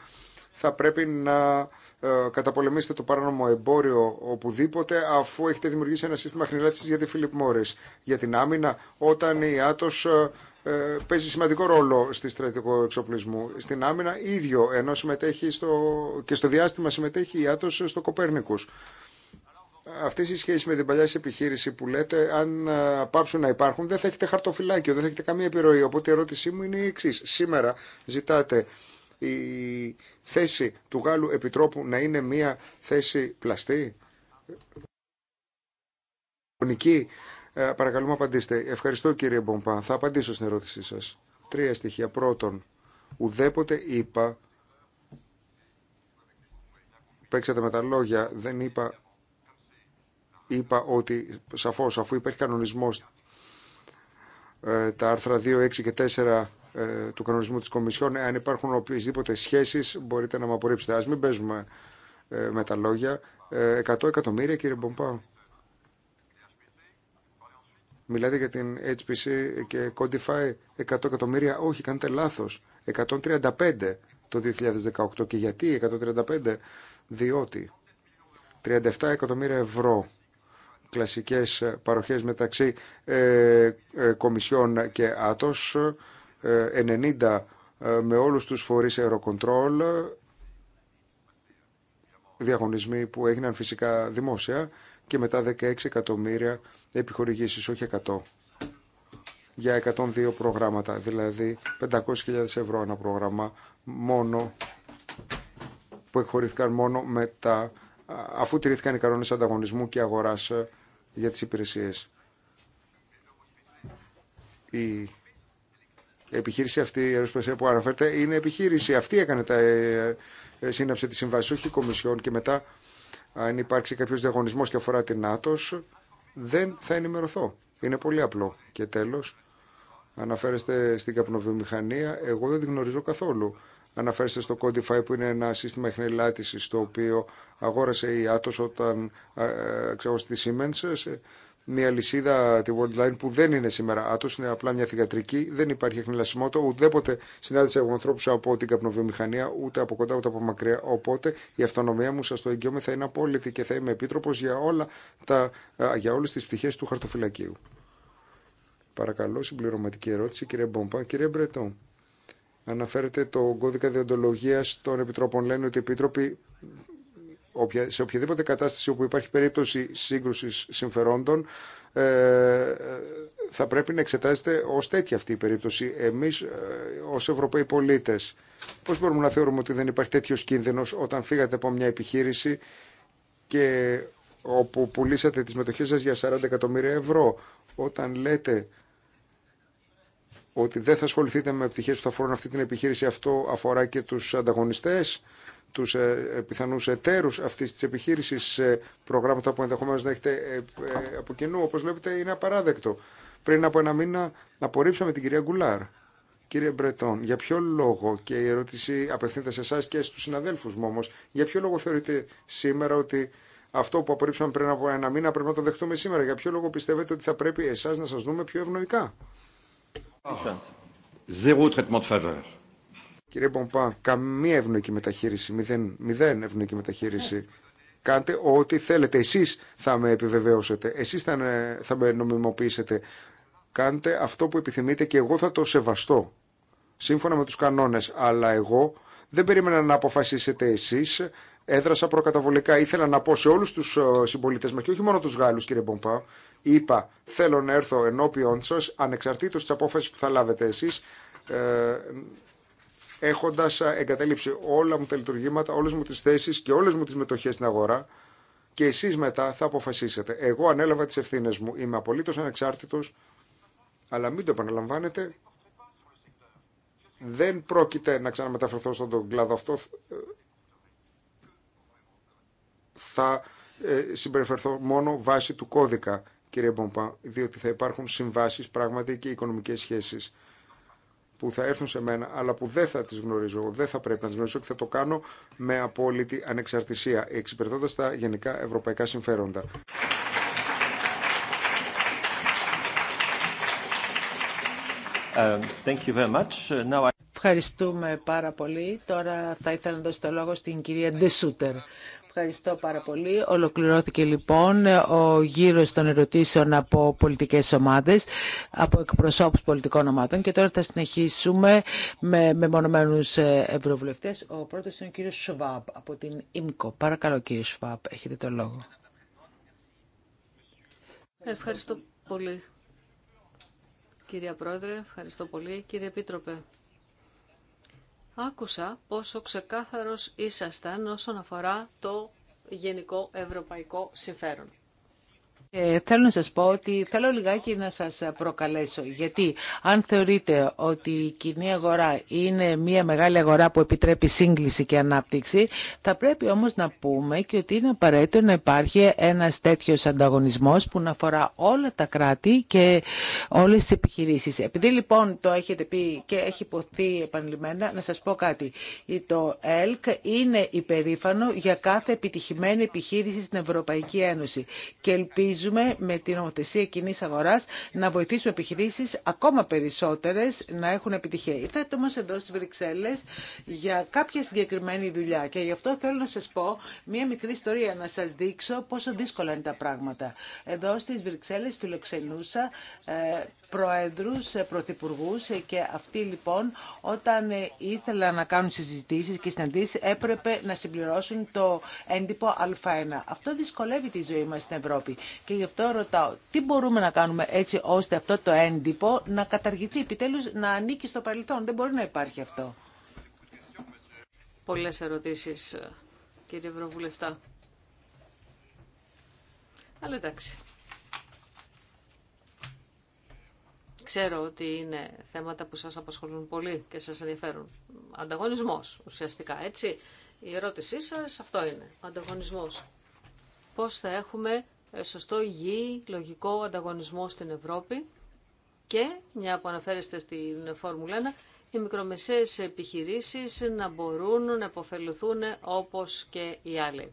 θα πρέπει να ε, καταπολεμήσετε το παράνομο εμπόριο οπουδήποτε, αφού έχετε δημιουργήσει ένα σύστημα χνηλάτιση για τη Φίλιπ Μόρι. Για την άμυνα, όταν η Άτο ε, ε, παίζει σημαντικό ρόλο στη στρατηγικό εξοπλισμό. Στην άμυνα, ίδιο, ενώ συμμετέχει στο, και στο διάστημα συμμετέχει η Άτο στο Κοπέρνικου. Αυτή η σχέση με την παλιά επιχείρηση που λέτε, αν πάψουν να υπάρχουν, δεν θα έχετε χαρτοφυλάκιο, δεν θα έχετε καμία επιρροή. Οπότε η ερώτησή μου είναι η εξή. Σήμερα ζητάτε η θέση του Γάλλου Επιτρόπου να είναι μια θέση πλαστή. Ε, παρακαλούμε απαντήστε. Ευχαριστώ κύριε Μπομπά. Θα απαντήσω στην ερώτησή σας. Τρία στοιχεία. Πρώτον, ουδέποτε είπα, παίξατε με τα λόγια, δεν είπα, είπα ότι σαφώς αφού υπάρχει κανονισμός ε, τα άρθρα 2, 6 και 4 ε, του κανονισμού της Κομισιόν. Αν υπάρχουν οποιασδήποτε σχέσεις μπορείτε να με απορρίψετε. Ας μην παίζουμε ε, με τα λόγια. 100 ε, εκατομμύρια κύριε Μπομπά. Μιλάτε για την HPC και Codify 100 εκατομμύρια. Όχι, κάνετε λάθος. 135 το 2018. Και γιατί 135. Διότι 37 εκατομμύρια ευρώ κλασικές παροχές μεταξύ ε, Κομισιόν και Άτος 90 ε, με όλους τους φορείς αεροκοντρόλ, διαγωνισμοί που έγιναν φυσικά δημόσια και μετά 16 εκατομμύρια επιχορηγήσεις, όχι 100 για 102 προγράμματα, δηλαδή 500.000 ευρώ ένα πρόγραμμα μόνο που εκχωρήθηκαν μόνο μετά αφού τηρήθηκαν οι κανόνες ανταγωνισμού και αγοράς ε, για τις υπηρεσίες. Η επιχείρηση αυτή, η αεροσπασία που αναφέρεται, είναι επιχείρηση. Αυτή έκανε τα ε, ε, σύναψη τη συμβάση, όχι η Κομισιόν και μετά αν υπάρξει κάποιο διαγωνισμό και αφορά την ΝΑΤΟΣ, δεν θα ενημερωθώ. Είναι πολύ απλό. Και τέλος, αναφέρεστε στην καπνοβιομηχανία, εγώ δεν την γνωρίζω καθόλου. Αναφέρεστε στο Codify που είναι ένα σύστημα εχνηλάτησης το οποίο αγόρασε η Άτος όταν ε, ξέρω τη Siemens μια λυσίδα, τη World Line, που δεν είναι σήμερα άτο, είναι απλά μια θηγατρική, δεν υπάρχει ούτε Ουδέποτε συνάντησα εγώ ανθρώπου από την καπνοβιομηχανία, ούτε από κοντά ούτε από μακριά. Οπότε η αυτονομία μου, σα το εγγυώμαι, θα είναι απόλυτη και θα είμαι επίτροπο για, όλα τα, για όλε τι πτυχέ του χαρτοφυλακίου. Παρακαλώ, συμπληρωματική ερώτηση, κύριε Μπομπά, κύριε Μπρετό, Αναφέρετε το κώδικα διοντολογία των επιτρόπων. Λένε ότι οι επίτροποι σε οποιαδήποτε κατάσταση όπου υπάρχει περίπτωση σύγκρουσης συμφερόντων ε, θα πρέπει να εξετάζεται ως τέτοια αυτή η περίπτωση. Εμείς ε, ως Ευρωπαίοι πολίτες πώς μπορούμε να θεωρούμε ότι δεν υπάρχει τέτοιος κίνδυνος όταν φύγατε από μια επιχείρηση και όπου πουλήσατε τις μετοχές σας για 40 εκατομμύρια ευρώ όταν λέτε ότι δεν θα ασχοληθείτε με πτυχές που θα αφορούν αυτή την επιχείρηση αυτό αφορά και τους ανταγωνιστές τους ε, ε, πιθανούς εταίρους αυτής της επιχείρησης ε, προγράμματα που ενδεχομένως να έχετε από κοινού, όπως βλέπετε, είναι απαράδεκτο. Πριν από ένα μήνα απορρίψαμε την κυρία Γκουλάρ. Κύριε Μπρετόν, για ποιο λόγο, και η ερώτηση απευθύνεται σε εσά και στους συναδέλφους μου όμως, για ποιο λόγο θεωρείτε σήμερα ότι αυτό που απορρίψαμε πριν από ένα μήνα πρέπει να το δεχτούμε σήμερα. Για ποιο λόγο πιστεύετε ότι θα πρέπει εσάς να σας δούμε πιο ευνοϊκά. traitement de faveur. Κύριε Μπομπά, καμία ευνοϊκή μεταχείριση, μηδέν, μηδέν ευνοϊκή μεταχείριση. Κάντε ό,τι θέλετε. Εσείς θα με επιβεβαιώσετε, εσείς θα, με νομιμοποιήσετε. Κάντε αυτό που επιθυμείτε και εγώ θα το σεβαστώ. Σύμφωνα με τους κανόνες, αλλά εγώ δεν περίμενα να αποφασίσετε εσείς. Έδρασα προκαταβολικά. Ήθελα να πω σε όλους τους ε, συμπολίτες μας και όχι μόνο τους Γάλλους, κύριε Μπομπά. Είπα, θέλω να έρθω ενώπιον σας, ανεξαρτήτως της απόφασης που θα λάβετε εσείς, ε, έχοντα ε, εγκαταλείψει όλα μου τα λειτουργήματα, όλε μου τι θέσει και όλε μου τι μετοχέ στην αγορά. Και εσεί μετά θα αποφασίσετε. Εγώ ανέλαβα τι ευθύνε μου. Είμαι απολύτω ανεξάρτητο. Αλλά μην το επαναλαμβάνετε. Δεν πρόκειται να ξαναμεταφερθώ στον κλάδο αυτό. Ε, θα ε, συμπεριφερθώ μόνο βάσει του κώδικα, κύριε Μπομπά, διότι θα υπάρχουν συμβάσεις, πράγματι και οικονομικές σχέσεις που θα έρθουν σε μένα, αλλά που δεν θα τις γνωρίζω, δεν θα πρέπει να τις γνωρίζω και θα το κάνω με απόλυτη ανεξαρτησία, εξυπηρετώντας τα γενικά ευρωπαϊκά συμφέροντα. Um, uh, Ευχαριστούμε πάρα πολύ. Τώρα θα ήθελα να δώσω το λόγο στην κυρία Ντεσούτερ Ευχαριστώ πάρα πολύ. Ολοκληρώθηκε λοιπόν ο γύρος των ερωτήσεων από πολιτικές ομάδες, από εκπροσώπους πολιτικών ομάδων και τώρα θα συνεχίσουμε με μεμονωμένους ε, ευρωβουλευτές. Ο πρώτος είναι ο κύριος Σουβάπ από την ΙΜΚΟ. Παρακαλώ κύριε Σουβάπ, έχετε το λόγο. Ευχαριστώ πολύ. κύριε Πρόεδρε, ευχαριστώ πολύ. Κύριε Επίτροπε, Άκουσα πόσο ξεκάθαρος ήσασταν όσον αφορά το γενικό ευρωπαϊκό συμφέρον. Και θέλω να σας πω ότι θέλω λιγάκι να σας προκαλέσω, γιατί αν θεωρείτε ότι η κοινή αγορά είναι μια μεγάλη αγορά που επιτρέπει σύγκληση και ανάπτυξη, θα πρέπει όμως να πούμε και ότι είναι απαραίτητο να υπάρχει ένας τέτοιος ανταγωνισμός που να αφορά όλα τα κράτη και όλες τις επιχειρήσεις. Επειδή λοιπόν το έχετε πει και έχει υποθεί επανειλημμένα, να σας πω κάτι. Το ΕΛΚ είναι υπερήφανο για κάθε επιτυχημένη επιχείρηση στην Ευρωπαϊκή Ένωση και ελπίζουμε με την νομοθεσία κοινή αγορά να βοηθήσουμε επιχειρήσει ακόμα περισσότερε να έχουν επιτυχία. Ήρθατε όμω εδώ στι Βρυξέλλε για κάποια συγκεκριμένη δουλειά και γι' αυτό θέλω να σα πω μία μικρή ιστορία, να σα δείξω πόσο δύσκολα είναι τα πράγματα. Εδώ στι Βρυξέλλε φιλοξενούσα ε, προέδρου ε, πρωθυπουργού ε, και αυτοί λοιπόν όταν ήθελαν να κάνουν συζητήσει και συναντήσει έπρεπε να συμπληρώσουν το έντυπο Α1. Αυτό δυσκολεύει τη ζωή μα στην Ευρώπη και και γι' αυτό ρωτάω, τι μπορούμε να κάνουμε έτσι ώστε αυτό το έντυπο να καταργηθεί επιτέλους, να ανήκει στο παρελθόν. Δεν μπορεί να υπάρχει αυτό. Πολλές ερωτήσεις, κύριε Ευρωβουλευτά. Αλλά εντάξει. Ξέρω ότι είναι θέματα που σας απασχολούν πολύ και σας ενδιαφέρουν. Ανταγωνισμός, ουσιαστικά, έτσι. Η ερώτησή σας αυτό είναι. ανταγωνισμός. Πώς θα έχουμε σωστό, υγιή, λογικό ανταγωνισμό στην Ευρώπη και, μια που αναφέρεστε στην Φόρμουλα 1, οι μικρομεσαίες επιχειρήσεις να μπορούν να υποφελουθούν όπως και οι άλλοι.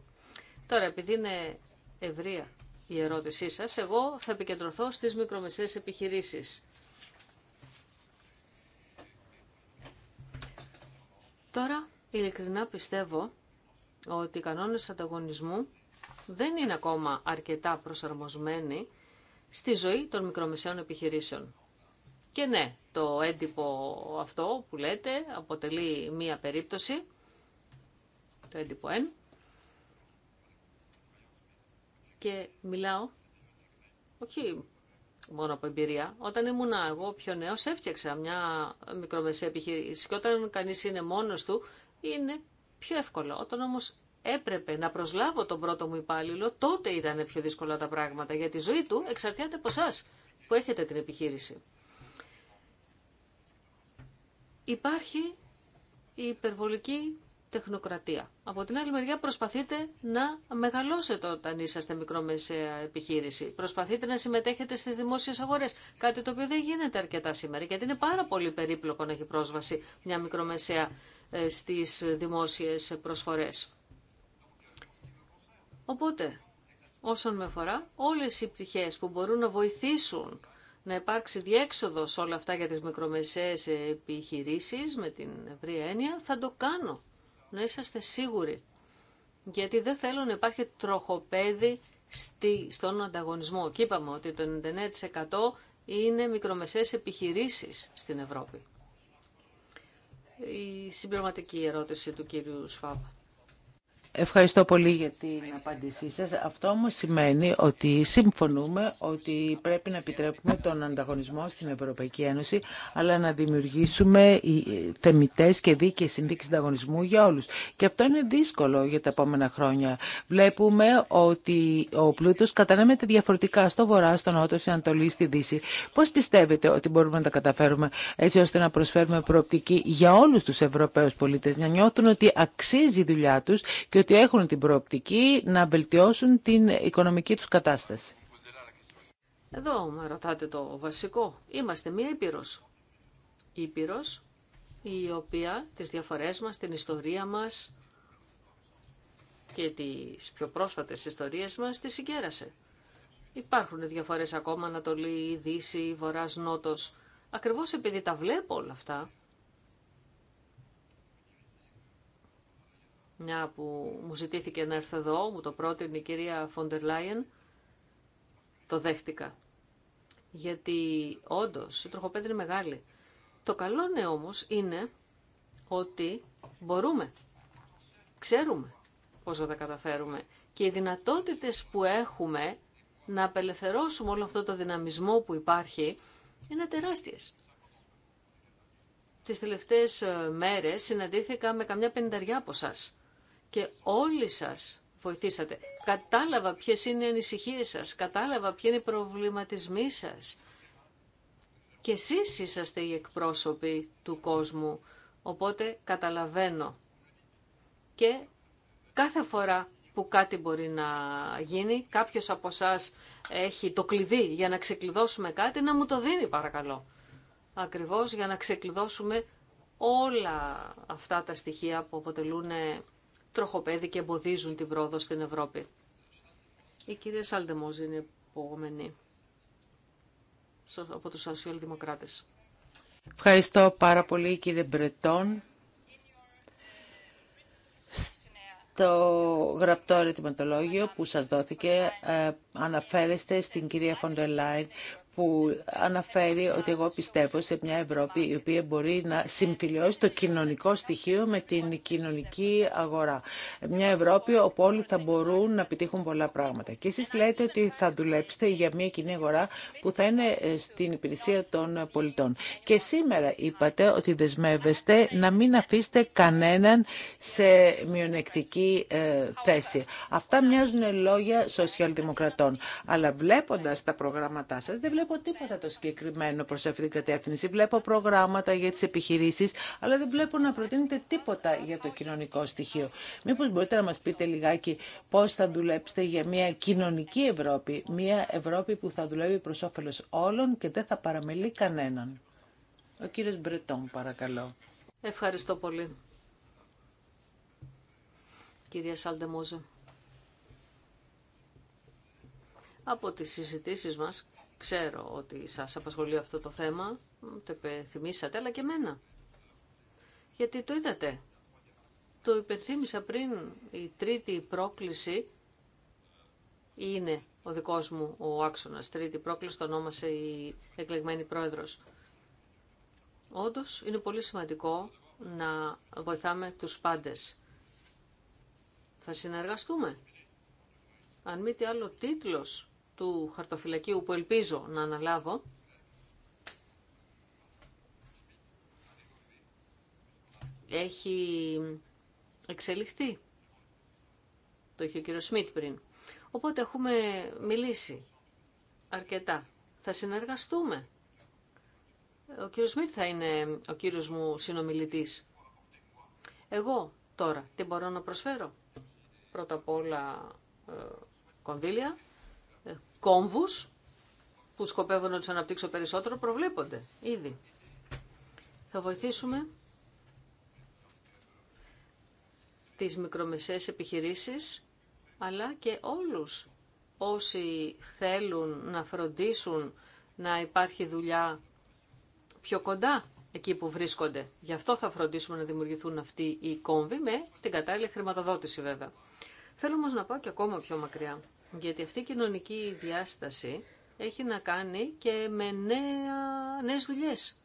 Τώρα, επειδή είναι ευρεία η ερώτησή σας, εγώ θα επικεντρωθώ στις μικρομεσαίες επιχειρήσεις. Τώρα, ειλικρινά πιστεύω ότι οι κανόνες ανταγωνισμού δεν είναι ακόμα αρκετά προσαρμοσμένη στη ζωή των μικρομεσαίων επιχειρήσεων. Και ναι, το έντυπο αυτό που λέτε αποτελεί μία περίπτωση, το έντυπο 1, και μιλάω, όχι μόνο από εμπειρία, όταν ήμουν εγώ πιο νέος έφτιαξα μια μικρομεσαία επιχείρηση και όταν κανείς είναι μόνος του είναι πιο εύκολο. Όταν όμως έπρεπε να προσλάβω τον πρώτο μου υπάλληλο, τότε ήταν πιο δύσκολα τα πράγματα, γιατί η ζωή του εξαρτιάται από εσά που έχετε την επιχείρηση. Υπάρχει η υπερβολική τεχνοκρατία. Από την άλλη μεριά προσπαθείτε να μεγαλώσετε όταν είσαστε μικρομεσαία επιχείρηση. Προσπαθείτε να συμμετέχετε στις δημόσιες αγορές, κάτι το οποίο δεν γίνεται αρκετά σήμερα, γιατί είναι πάρα πολύ περίπλοκο να έχει πρόσβαση μια μικρομεσαία ε, στις δημόσιες προσφορές. Οπότε, όσον με αφορά, όλες οι πτυχές που μπορούν να βοηθήσουν να υπάρξει διέξοδος όλα αυτά για τις μικρομεσαίες επιχειρήσεις με την ευρία έννοια, θα το κάνω. Να είσαστε σίγουροι. Γιατί δεν θέλω να υπάρχει τροχοπέδι στον ανταγωνισμό. Και είπαμε ότι το 99% είναι μικρομεσαίες επιχειρήσεις στην Ευρώπη. Η συμπληρωματική ερώτηση του κύριου Σφάβα. Ευχαριστώ πολύ για την απάντησή σας. Αυτό όμω σημαίνει ότι συμφωνούμε ότι πρέπει να επιτρέπουμε τον ανταγωνισμό στην Ευρωπαϊκή Ένωση, αλλά να δημιουργήσουμε θεμητέ και δίκαιε συνθήκε ανταγωνισμού για όλους. Και αυτό είναι δύσκολο για τα επόμενα χρόνια. Βλέπουμε ότι ο πλούτος κατανέμεται διαφορετικά στο βορρά, στο νότο, στην Ανατολή, στη Δύση. Πώς πιστεύετε ότι μπορούμε να τα καταφέρουμε έτσι ώστε να προσφέρουμε προοπτική για όλους τους Ευρωπαίους πολίτες, να νιώθουν ότι αξίζει η δουλειά τους διότι έχουν την προοπτική να βελτιώσουν την οικονομική τους κατάσταση. Εδώ με ρωτάτε το βασικό. Είμαστε μία Ήπειρος. Ήπειρος η οποία τις διαφορές μας, την ιστορία μας και τις πιο πρόσφατες ιστορίες μας τις συγκέρασε. Υπάρχουν διαφορές ακόμα Ανατολή, Δύση, Βορράς, Νότος. Ακριβώς επειδή τα βλέπω όλα αυτά, μια που μου ζητήθηκε να έρθω εδώ, μου το πρότεινε η κυρία Φοντερ Λάιεν, το δέχτηκα. Γιατί όντως η τροχοπέδρα είναι μεγάλη. Το καλό είναι όμως είναι ότι μπορούμε, ξέρουμε πώς θα τα καταφέρουμε και οι δυνατότητες που έχουμε να απελευθερώσουμε όλο αυτό το δυναμισμό που υπάρχει είναι τεράστιες. Τις τελευταίες ε, μέρες συναντήθηκα με καμιά πενταριά από και όλοι σας βοηθήσατε. Κατάλαβα ποιες είναι οι ανησυχίες σας, κατάλαβα ποιοι είναι οι προβληματισμοί σας. Και εσείς είσαστε οι εκπρόσωποι του κόσμου, οπότε καταλαβαίνω. Και κάθε φορά που κάτι μπορεί να γίνει, κάποιος από εσά έχει το κλειδί για να ξεκλειδώσουμε κάτι, να μου το δίνει παρακαλώ. Ακριβώς για να ξεκλειδώσουμε όλα αυτά τα στοιχεία που αποτελούν τροχοπέδι και εμποδίζουν την πρόοδο στην Ευρώπη. Η κυρία Σαλντεμόζ είναι επόμενη από τους σοσιαλδημοκράτες. Ευχαριστώ πάρα πολύ κύριε Μπρετόν. Το γραπτό ερωτηματολόγιο που σας δόθηκε ε, αναφέρεστε στην κυρία Φοντελάιν που αναφέρει ότι εγώ πιστεύω σε μια Ευρώπη η οποία μπορεί να συμφιλειώσει το κοινωνικό στοιχείο με την κοινωνική αγορά. Μια Ευρώπη όπου όλοι θα μπορούν να επιτύχουν πολλά πράγματα. Και εσείς λέτε ότι θα δουλέψετε για μια κοινή αγορά που θα είναι ε, στην υπηρεσία των πολιτών. Και σήμερα είπατε ότι δεσμεύεστε να μην αφήσετε κανέναν σε μειονεκτική ε, θέση. Αυτά μοιάζουν λόγια σοσιαλδημοκρατών. Αλλά βλέποντας τα προγράμματά σας δεν βλέπω τίποτα το συγκεκριμένο προς αυτή την κατεύθυνση. Βλέπω προγράμματα για τις επιχειρήσεις, αλλά δεν βλέπω να προτείνετε τίποτα για το κοινωνικό στοιχείο. Μήπως μπορείτε να μας πείτε λιγάκι πώς θα δουλέψετε για μια κοινωνική Ευρώπη, μια Ευρώπη που θα δουλεύει προς όφελος όλων και δεν θα παραμελεί κανέναν. Ο κύριος Μπρετόν, παρακαλώ. Ευχαριστώ πολύ. Κυρία Σαλντεμόζε. Από τις συζητήσεις μας Ξέρω ότι σας απασχολεί αυτό το θέμα, το υπενθυμίσατε, αλλά και εμένα. Γιατί το είδατε. Το υπενθύμισα πριν η τρίτη πρόκληση είναι ο δικός μου ο άξονας. Τρίτη πρόκληση το ονόμασε η εκλεγμένη πρόεδρος. Όντως είναι πολύ σημαντικό να βοηθάμε τους πάντες. Θα συνεργαστούμε. Αν μη τι άλλο τίτλος του χαρτοφυλακίου που ελπίζω να αναλάβω, έχει εξελιχθεί. Το είχε ο κύριο Σμιτ πριν. Οπότε έχουμε μιλήσει αρκετά. Θα συνεργαστούμε. Ο κύριος Σμιτ θα είναι ο κύριος μου συνομιλητής. Εγώ τώρα τι μπορώ να προσφέρω. Πρώτα απ' όλα ε, κονδύλια, κόμβους που σκοπεύω να τους αναπτύξω περισσότερο προβλέπονται ήδη. Θα βοηθήσουμε τις μικρομεσαίες επιχειρήσεις αλλά και όλους όσοι θέλουν να φροντίσουν να υπάρχει δουλειά πιο κοντά εκεί που βρίσκονται. Γι' αυτό θα φροντίσουμε να δημιουργηθούν αυτοί οι κόμβοι με την κατάλληλη χρηματοδότηση βέβαια. Θέλω όμως να πάω και ακόμα πιο μακριά. Γιατί αυτή η κοινωνική διάσταση έχει να κάνει και με νέα, νέες δουλειές.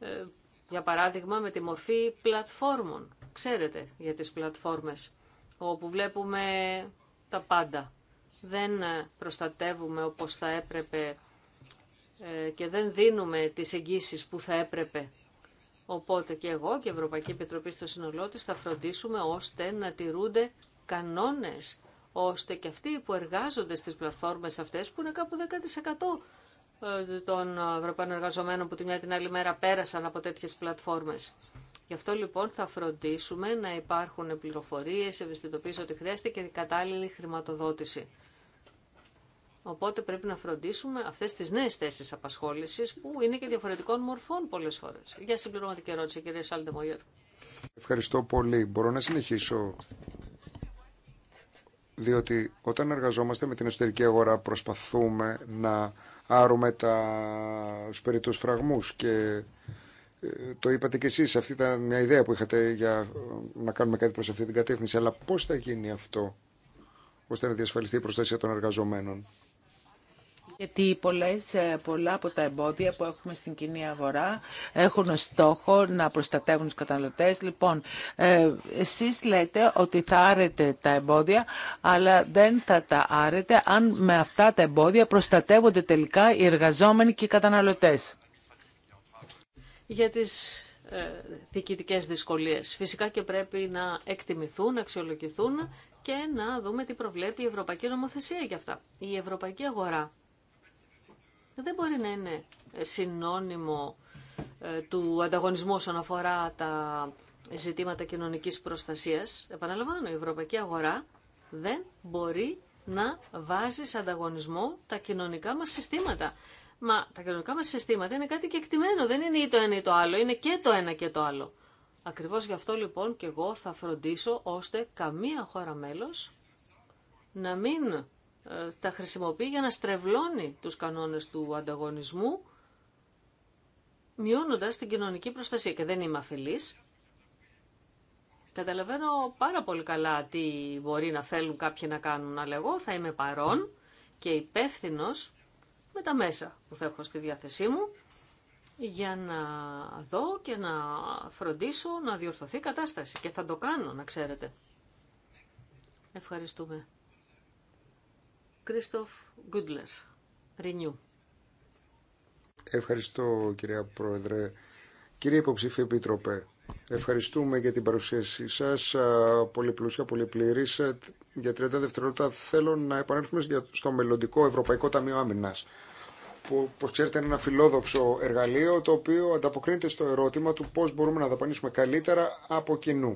Ε, για παράδειγμα με τη μορφή πλατφόρμων. Ξέρετε για τις πλατφόρμες όπου βλέπουμε τα πάντα. Δεν ε, προστατεύουμε όπως θα έπρεπε ε, και δεν δίνουμε τις εγγύσεις που θα έπρεπε. Οπότε και εγώ και η Ευρωπαϊκή Επιτροπή στο σύνολό της θα φροντίσουμε ώστε να τηρούνται κανόνες ώστε και αυτοί που εργάζονται στις πλατφόρμες αυτές, που είναι κάπου 10% ε, των Ευρωπαίων εργαζομένων που τη μια την άλλη μέρα πέρασαν από τέτοιες πλατφόρμες. Γι' αυτό λοιπόν θα φροντίσουμε να υπάρχουν πληροφορίες, ευαισθητοποίηση ότι χρειάζεται και κατάλληλη χρηματοδότηση. Οπότε πρέπει να φροντίσουμε αυτέ τι νέε θέσει απασχόληση που είναι και διαφορετικών μορφών πολλέ φορέ. Για συμπληρωματική ερώτηση, κύριε Σάλντε Μόγερ. Ευχαριστώ πολύ. Μπορώ να συνεχίσω διότι όταν εργαζόμαστε με την εσωτερική αγορά προσπαθούμε να άρουμε τα σπεριτούς φραγμούς και ε, το είπατε κι εσείς, αυτή ήταν μια ιδέα που είχατε για ε, να κάνουμε κάτι προς αυτή την κατεύθυνση, αλλά πώς θα γίνει αυτό ώστε να διασφαλιστεί η προστασία των εργαζομένων. Γιατί πολλές, ε, πολλά από τα εμπόδια που έχουμε στην κοινή αγορά έχουν ως στόχο να προστατεύουν τους καταναλωτές. Λοιπόν, ε, εσείς λέτε ότι θα άρετε τα εμπόδια, αλλά δεν θα τα άρετε αν με αυτά τα εμπόδια προστατεύονται τελικά οι εργαζόμενοι και οι καταναλωτές. Για τις ε, διοικητικές δυσκολίες. Φυσικά και πρέπει να εκτιμηθούν, να αξιολογηθούν και να δούμε τι προβλέπει η Ευρωπαϊκή Νομοθεσία για αυτά. Η Ευρωπαϊκή Αγορά δεν μπορεί να είναι ε, συνώνυμο ε, του ανταγωνισμού όσον αφορά τα ζητήματα κοινωνικής προστασίας. Επαναλαμβάνω, η ευρωπαϊκή αγορά δεν μπορεί να βάζει σε ανταγωνισμό τα κοινωνικά μας συστήματα. Μα τα κοινωνικά μας συστήματα είναι κάτι κεκτημένο, δεν είναι ή το ένα ή το άλλο, είναι και το ένα και το άλλο. Ακριβώς γι' αυτό λοιπόν και εγώ θα φροντίσω ώστε καμία χώρα μέλος να μην ε, τα χρησιμοποιεί για να στρεβλώνει τους κανόνες του ανταγωνισμού, μειώνοντας την κοινωνική προστασία. Και δεν είμαι αφελής. Καταλαβαίνω πάρα πολύ καλά τι μπορεί να θέλουν κάποιοι να κάνουν, αλλά εγώ θα είμαι παρόν και υπεύθυνο με τα μέσα που θα έχω στη διάθεσή μου για να δω και να φροντίσω να διορθωθεί η κατάσταση. Και θα το κάνω, να ξέρετε. Ευχαριστούμε. Κρίστοφ Γκούντλερ, Renew. Ευχαριστώ κυρία Πρόεδρε. Κύριε υποψήφι Επίτροπε, ευχαριστούμε για την παρουσίασή σας, πολύ πλούσια, πολύ πλήρης. Για 30 δευτερόλεπτα θέλω να επανέλθουμε στο μελλοντικό Ευρωπαϊκό Ταμείο Άμυνας που, όπω ξέρετε, είναι ένα φιλόδοξο εργαλείο το οποίο ανταποκρίνεται στο ερώτημα του πώ μπορούμε να δαπανίσουμε καλύτερα από κοινού.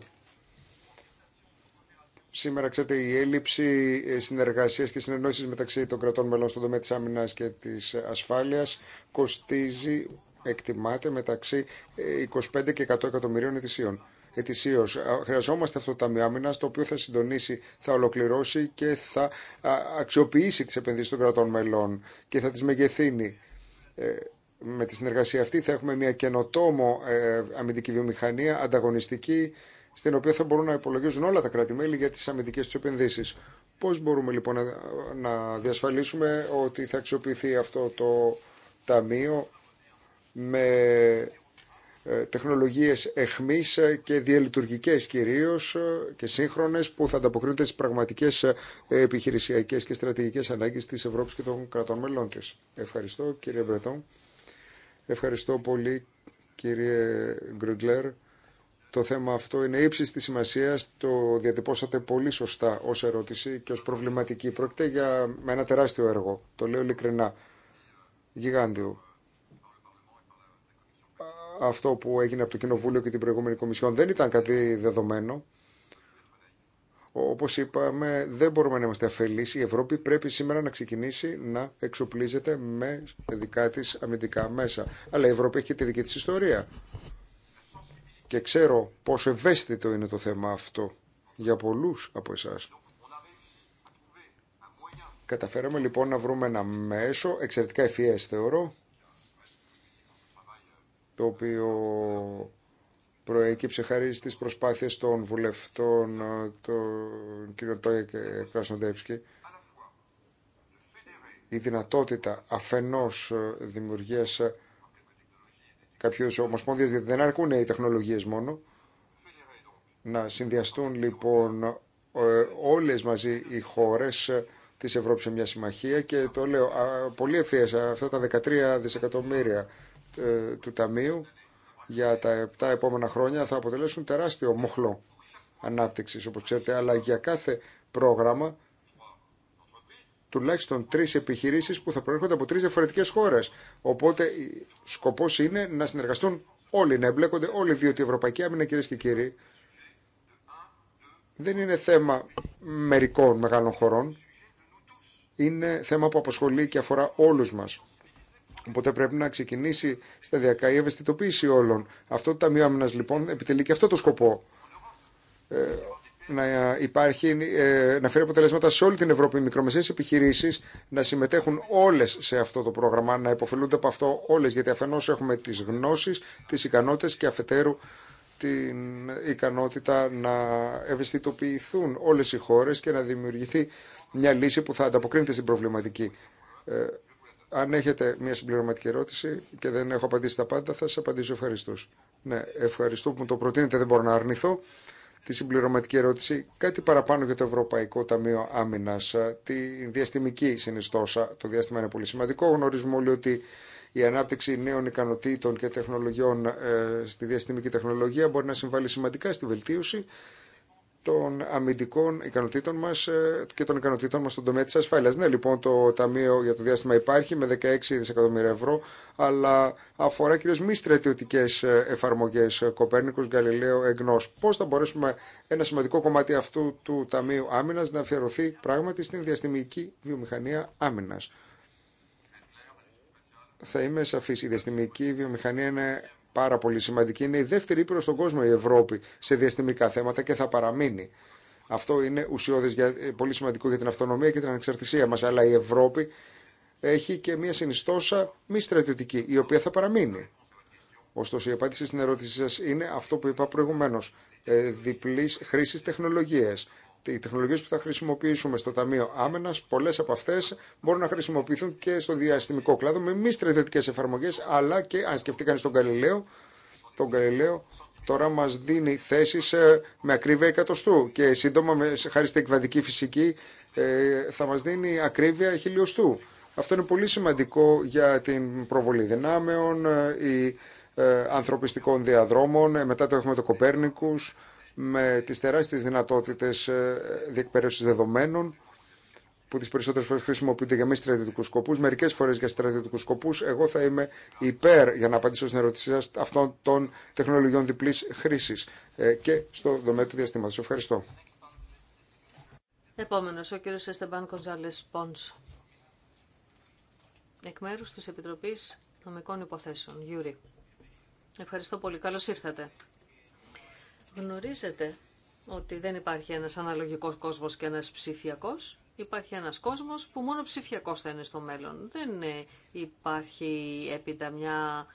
Σήμερα, ξέρετε, η έλλειψη ε, συνεργασίας και συνεννόησης μεταξύ των κρατών μελών στον τομέα της άμυνας και της ε, ασφάλειας κοστίζει, εκτιμάται, μεταξύ 25 ε, και 100 εκατομμυρίων ετησίων. Ετησίως. Χρειαζόμαστε αυτό το Ταμείο Άμυνα, το οποίο θα συντονίσει, θα ολοκληρώσει και θα αξιοποιήσει τι επενδύσει των κρατών μελών και θα τι μεγεθύνει. Με τη συνεργασία αυτή θα έχουμε μια καινοτόμο αμυντική βιομηχανία, ανταγωνιστική, στην οποία θα μπορούν να υπολογίζουν όλα τα κράτη-μέλη για τι αμυντικέ του επενδύσει. Πώ μπορούμε λοιπόν να διασφαλίσουμε ότι θα αξιοποιηθεί αυτό το ταμείο με ε, τεχνολογίες εχμής και διαλειτουργικές κυρίως και σύγχρονες που θα ανταποκρίνονται στις πραγματικές επιχειρησιακές και στρατηγικές ανάγκες της Ευρώπης και των κρατών μελών της. Ευχαριστώ κύριε Μπρετόν. Ευχαριστώ πολύ κύριε Γκρουγκλέρ το θέμα αυτό είναι ύψη τη σημασία. Το διατυπώσατε πολύ σωστά ω ερώτηση και ω προβληματική. Πρόκειται για ένα τεράστιο έργο. Το λέω ειλικρινά. Γιγάντιο. Αυτό που έγινε από το Κοινοβούλιο και την προηγούμενη Κομισιόν δεν ήταν κάτι δεδομένο. Όπως είπαμε, δεν μπορούμε να είμαστε αφελείς. Η Ευρώπη πρέπει σήμερα να ξεκινήσει να εξοπλίζεται με δικά της αμυντικά μέσα. Αλλά η Ευρώπη έχει και τη δική της ιστορία και ξέρω πόσο ευαίσθητο είναι το θέμα αυτό για πολλούς από εσάς. Καταφέραμε λοιπόν να βρούμε ένα μέσο, εξαιρετικά ευφυές θεωρώ, το οποίο προέκυψε χάρη στις προσπάθειες των βουλευτών, ε, των κ. Τόια και Κράσνοντέψκη, η δυνατότητα αφενός ε, δημιουργίας ε, κάποιε ομοσπονδίε, γιατί δεν αρκούν οι τεχνολογίε μόνο. Να συνδυαστούν λοιπόν ε, όλες μαζί οι χώρες ε, της Ευρώπης σε μια συμμαχία και το λέω πολύ ευθείας αυτά τα 13 δισεκατομμύρια ε, του Ταμείου για τα 7 επόμενα χρόνια θα αποτελέσουν τεράστιο μοχλό ανάπτυξης όπως ξέρετε αλλά για κάθε πρόγραμμα τουλάχιστον τρει επιχειρήσει που θα προέρχονται από τρει διαφορετικέ χώρε. Οπότε σκοπό είναι να συνεργαστούν όλοι, να εμπλέκονται όλοι, διότι η Ευρωπαϊκή Άμυνα, κυρίε και κύριοι, δεν είναι θέμα μερικών μεγάλων χωρών. Είναι θέμα που απασχολεί και αφορά όλους μας. Οπότε πρέπει να ξεκινήσει σταδιακά η ευαισθητοποίηση όλων. Αυτό το Ταμείο Άμυνα λοιπόν επιτελεί και αυτό το σκοπό. Ε, να, υπάρχει, ε, να φέρει αποτελέσματα σε όλη την Ευρώπη. Οι μικρομεσαίες επιχειρήσεις να συμμετέχουν όλες σε αυτό το πρόγραμμα, να υποφελούνται από αυτό όλες, γιατί αφενός έχουμε τις γνώσεις, τις ικανότητες και αφετέρου την ικανότητα να ευαισθητοποιηθούν όλες οι χώρες και να δημιουργηθεί μια λύση που θα ανταποκρίνεται στην προβληματική. Ε, αν έχετε μια συμπληρωματική ερώτηση και δεν έχω απαντήσει τα πάντα, θα σας απαντήσω ευχαριστώ. Ναι, ευχαριστώ που μου το προτείνετε, δεν μπορώ να αρνηθώ τη συμπληρωματική ερώτηση, κάτι παραπάνω για το Ευρωπαϊκό Ταμείο Άμυνα, ε, τη διαστημική συνιστόσα. Το διάστημα είναι πολύ σημαντικό. Γνωρίζουμε όλοι ότι η ανάπτυξη νέων ικανοτήτων και τεχνολογιών ε, στη διαστημική τεχνολογία μπορεί να συμβάλλει σημαντικά στη βελτίωση των αμυντικών ικανοτήτων μας ε, και των ικανοτήτων μας στον τομέα της ασφάλειας. Ναι, λοιπόν, το Ταμείο για το Διάστημα υπάρχει με 16 δισεκατομμύρια ευρώ, αλλά αφορά κυρίως μη στρατιωτικέ ε, εφαρμογές Κοπέρνικος, Γαλιλαίου, Εγνός. Πώς θα μπορέσουμε ένα σημαντικό κομμάτι αυτού του Ταμείου Άμυνας να αφιερωθεί πράγματι στην διαστημική βιομηχανία άμυνας. Θα είμαι σαφής, η διαστημική βιομηχανία είναι πάρα πολύ σημαντική. Είναι η δεύτερη ήπειρο στον κόσμο η Ευρώπη σε διαστημικά θέματα και θα παραμείνει. Αυτό είναι ουσιώδες για, ε, πολύ σημαντικό για την αυτονομία και την ανεξαρτησία μας. Αλλά η Ευρώπη έχει και μια συνιστόσα μη στρατιωτική, η οποία θα παραμείνει. Ωστόσο, η απάντηση στην ερώτησή σας είναι αυτό που είπα προηγουμένως. Ε, διπλής χρήσης τεχνολογίας οι τεχνολογίε που θα χρησιμοποιήσουμε στο Ταμείο Άμενα, πολλέ από αυτέ μπορούν να χρησιμοποιηθούν και στο διαστημικό κλάδο με μη στρατιωτικέ εφαρμογές, αλλά και αν σκεφτεί κανεί τον τον Γαλιλαίο τώρα μα δίνει θέσει ε, με ακρίβεια εκατοστού και σύντομα χάρη στην εκβατική φυσική ε, θα μα δίνει ακρίβεια χιλιοστού. Αυτό είναι πολύ σημαντικό για την προβολή δυνάμεων, ε, η ανθρωπιστικών διαδρόμων, μετά το έχουμε το Κοπέρνικους, με τις τεράστιες δυνατότητες ε, διεκπαιρέωσης δεδομένων που τις περισσότερες φορές χρησιμοποιούνται για μη στρατιωτικούς σκοπούς, μερικές φορές για στρατιωτικούς σκοπούς. Εγώ θα είμαι υπέρ, για να απαντήσω στην ερώτησή σας, αυτών των τεχνολογιών διπλής χρήσης ε, και στο δομέα του διαστήματος. Ευχαριστώ. Επόμενος, ο κύριος Εστεμπάν Κονζάλες Πόντς. Εκ μέρους της Επιτροπής Νομικών Υποθέσεων, Γιούρι. Ευχαριστώ πολύ. Καλώς ήρθατε. Γνωρίζετε ότι δεν υπάρχει ένας αναλογικός κόσμος και ένας ψηφιακός. Υπάρχει ένας κόσμος που μόνο ψηφιακός θα είναι στο μέλλον. Δεν υπάρχει έπειτα μια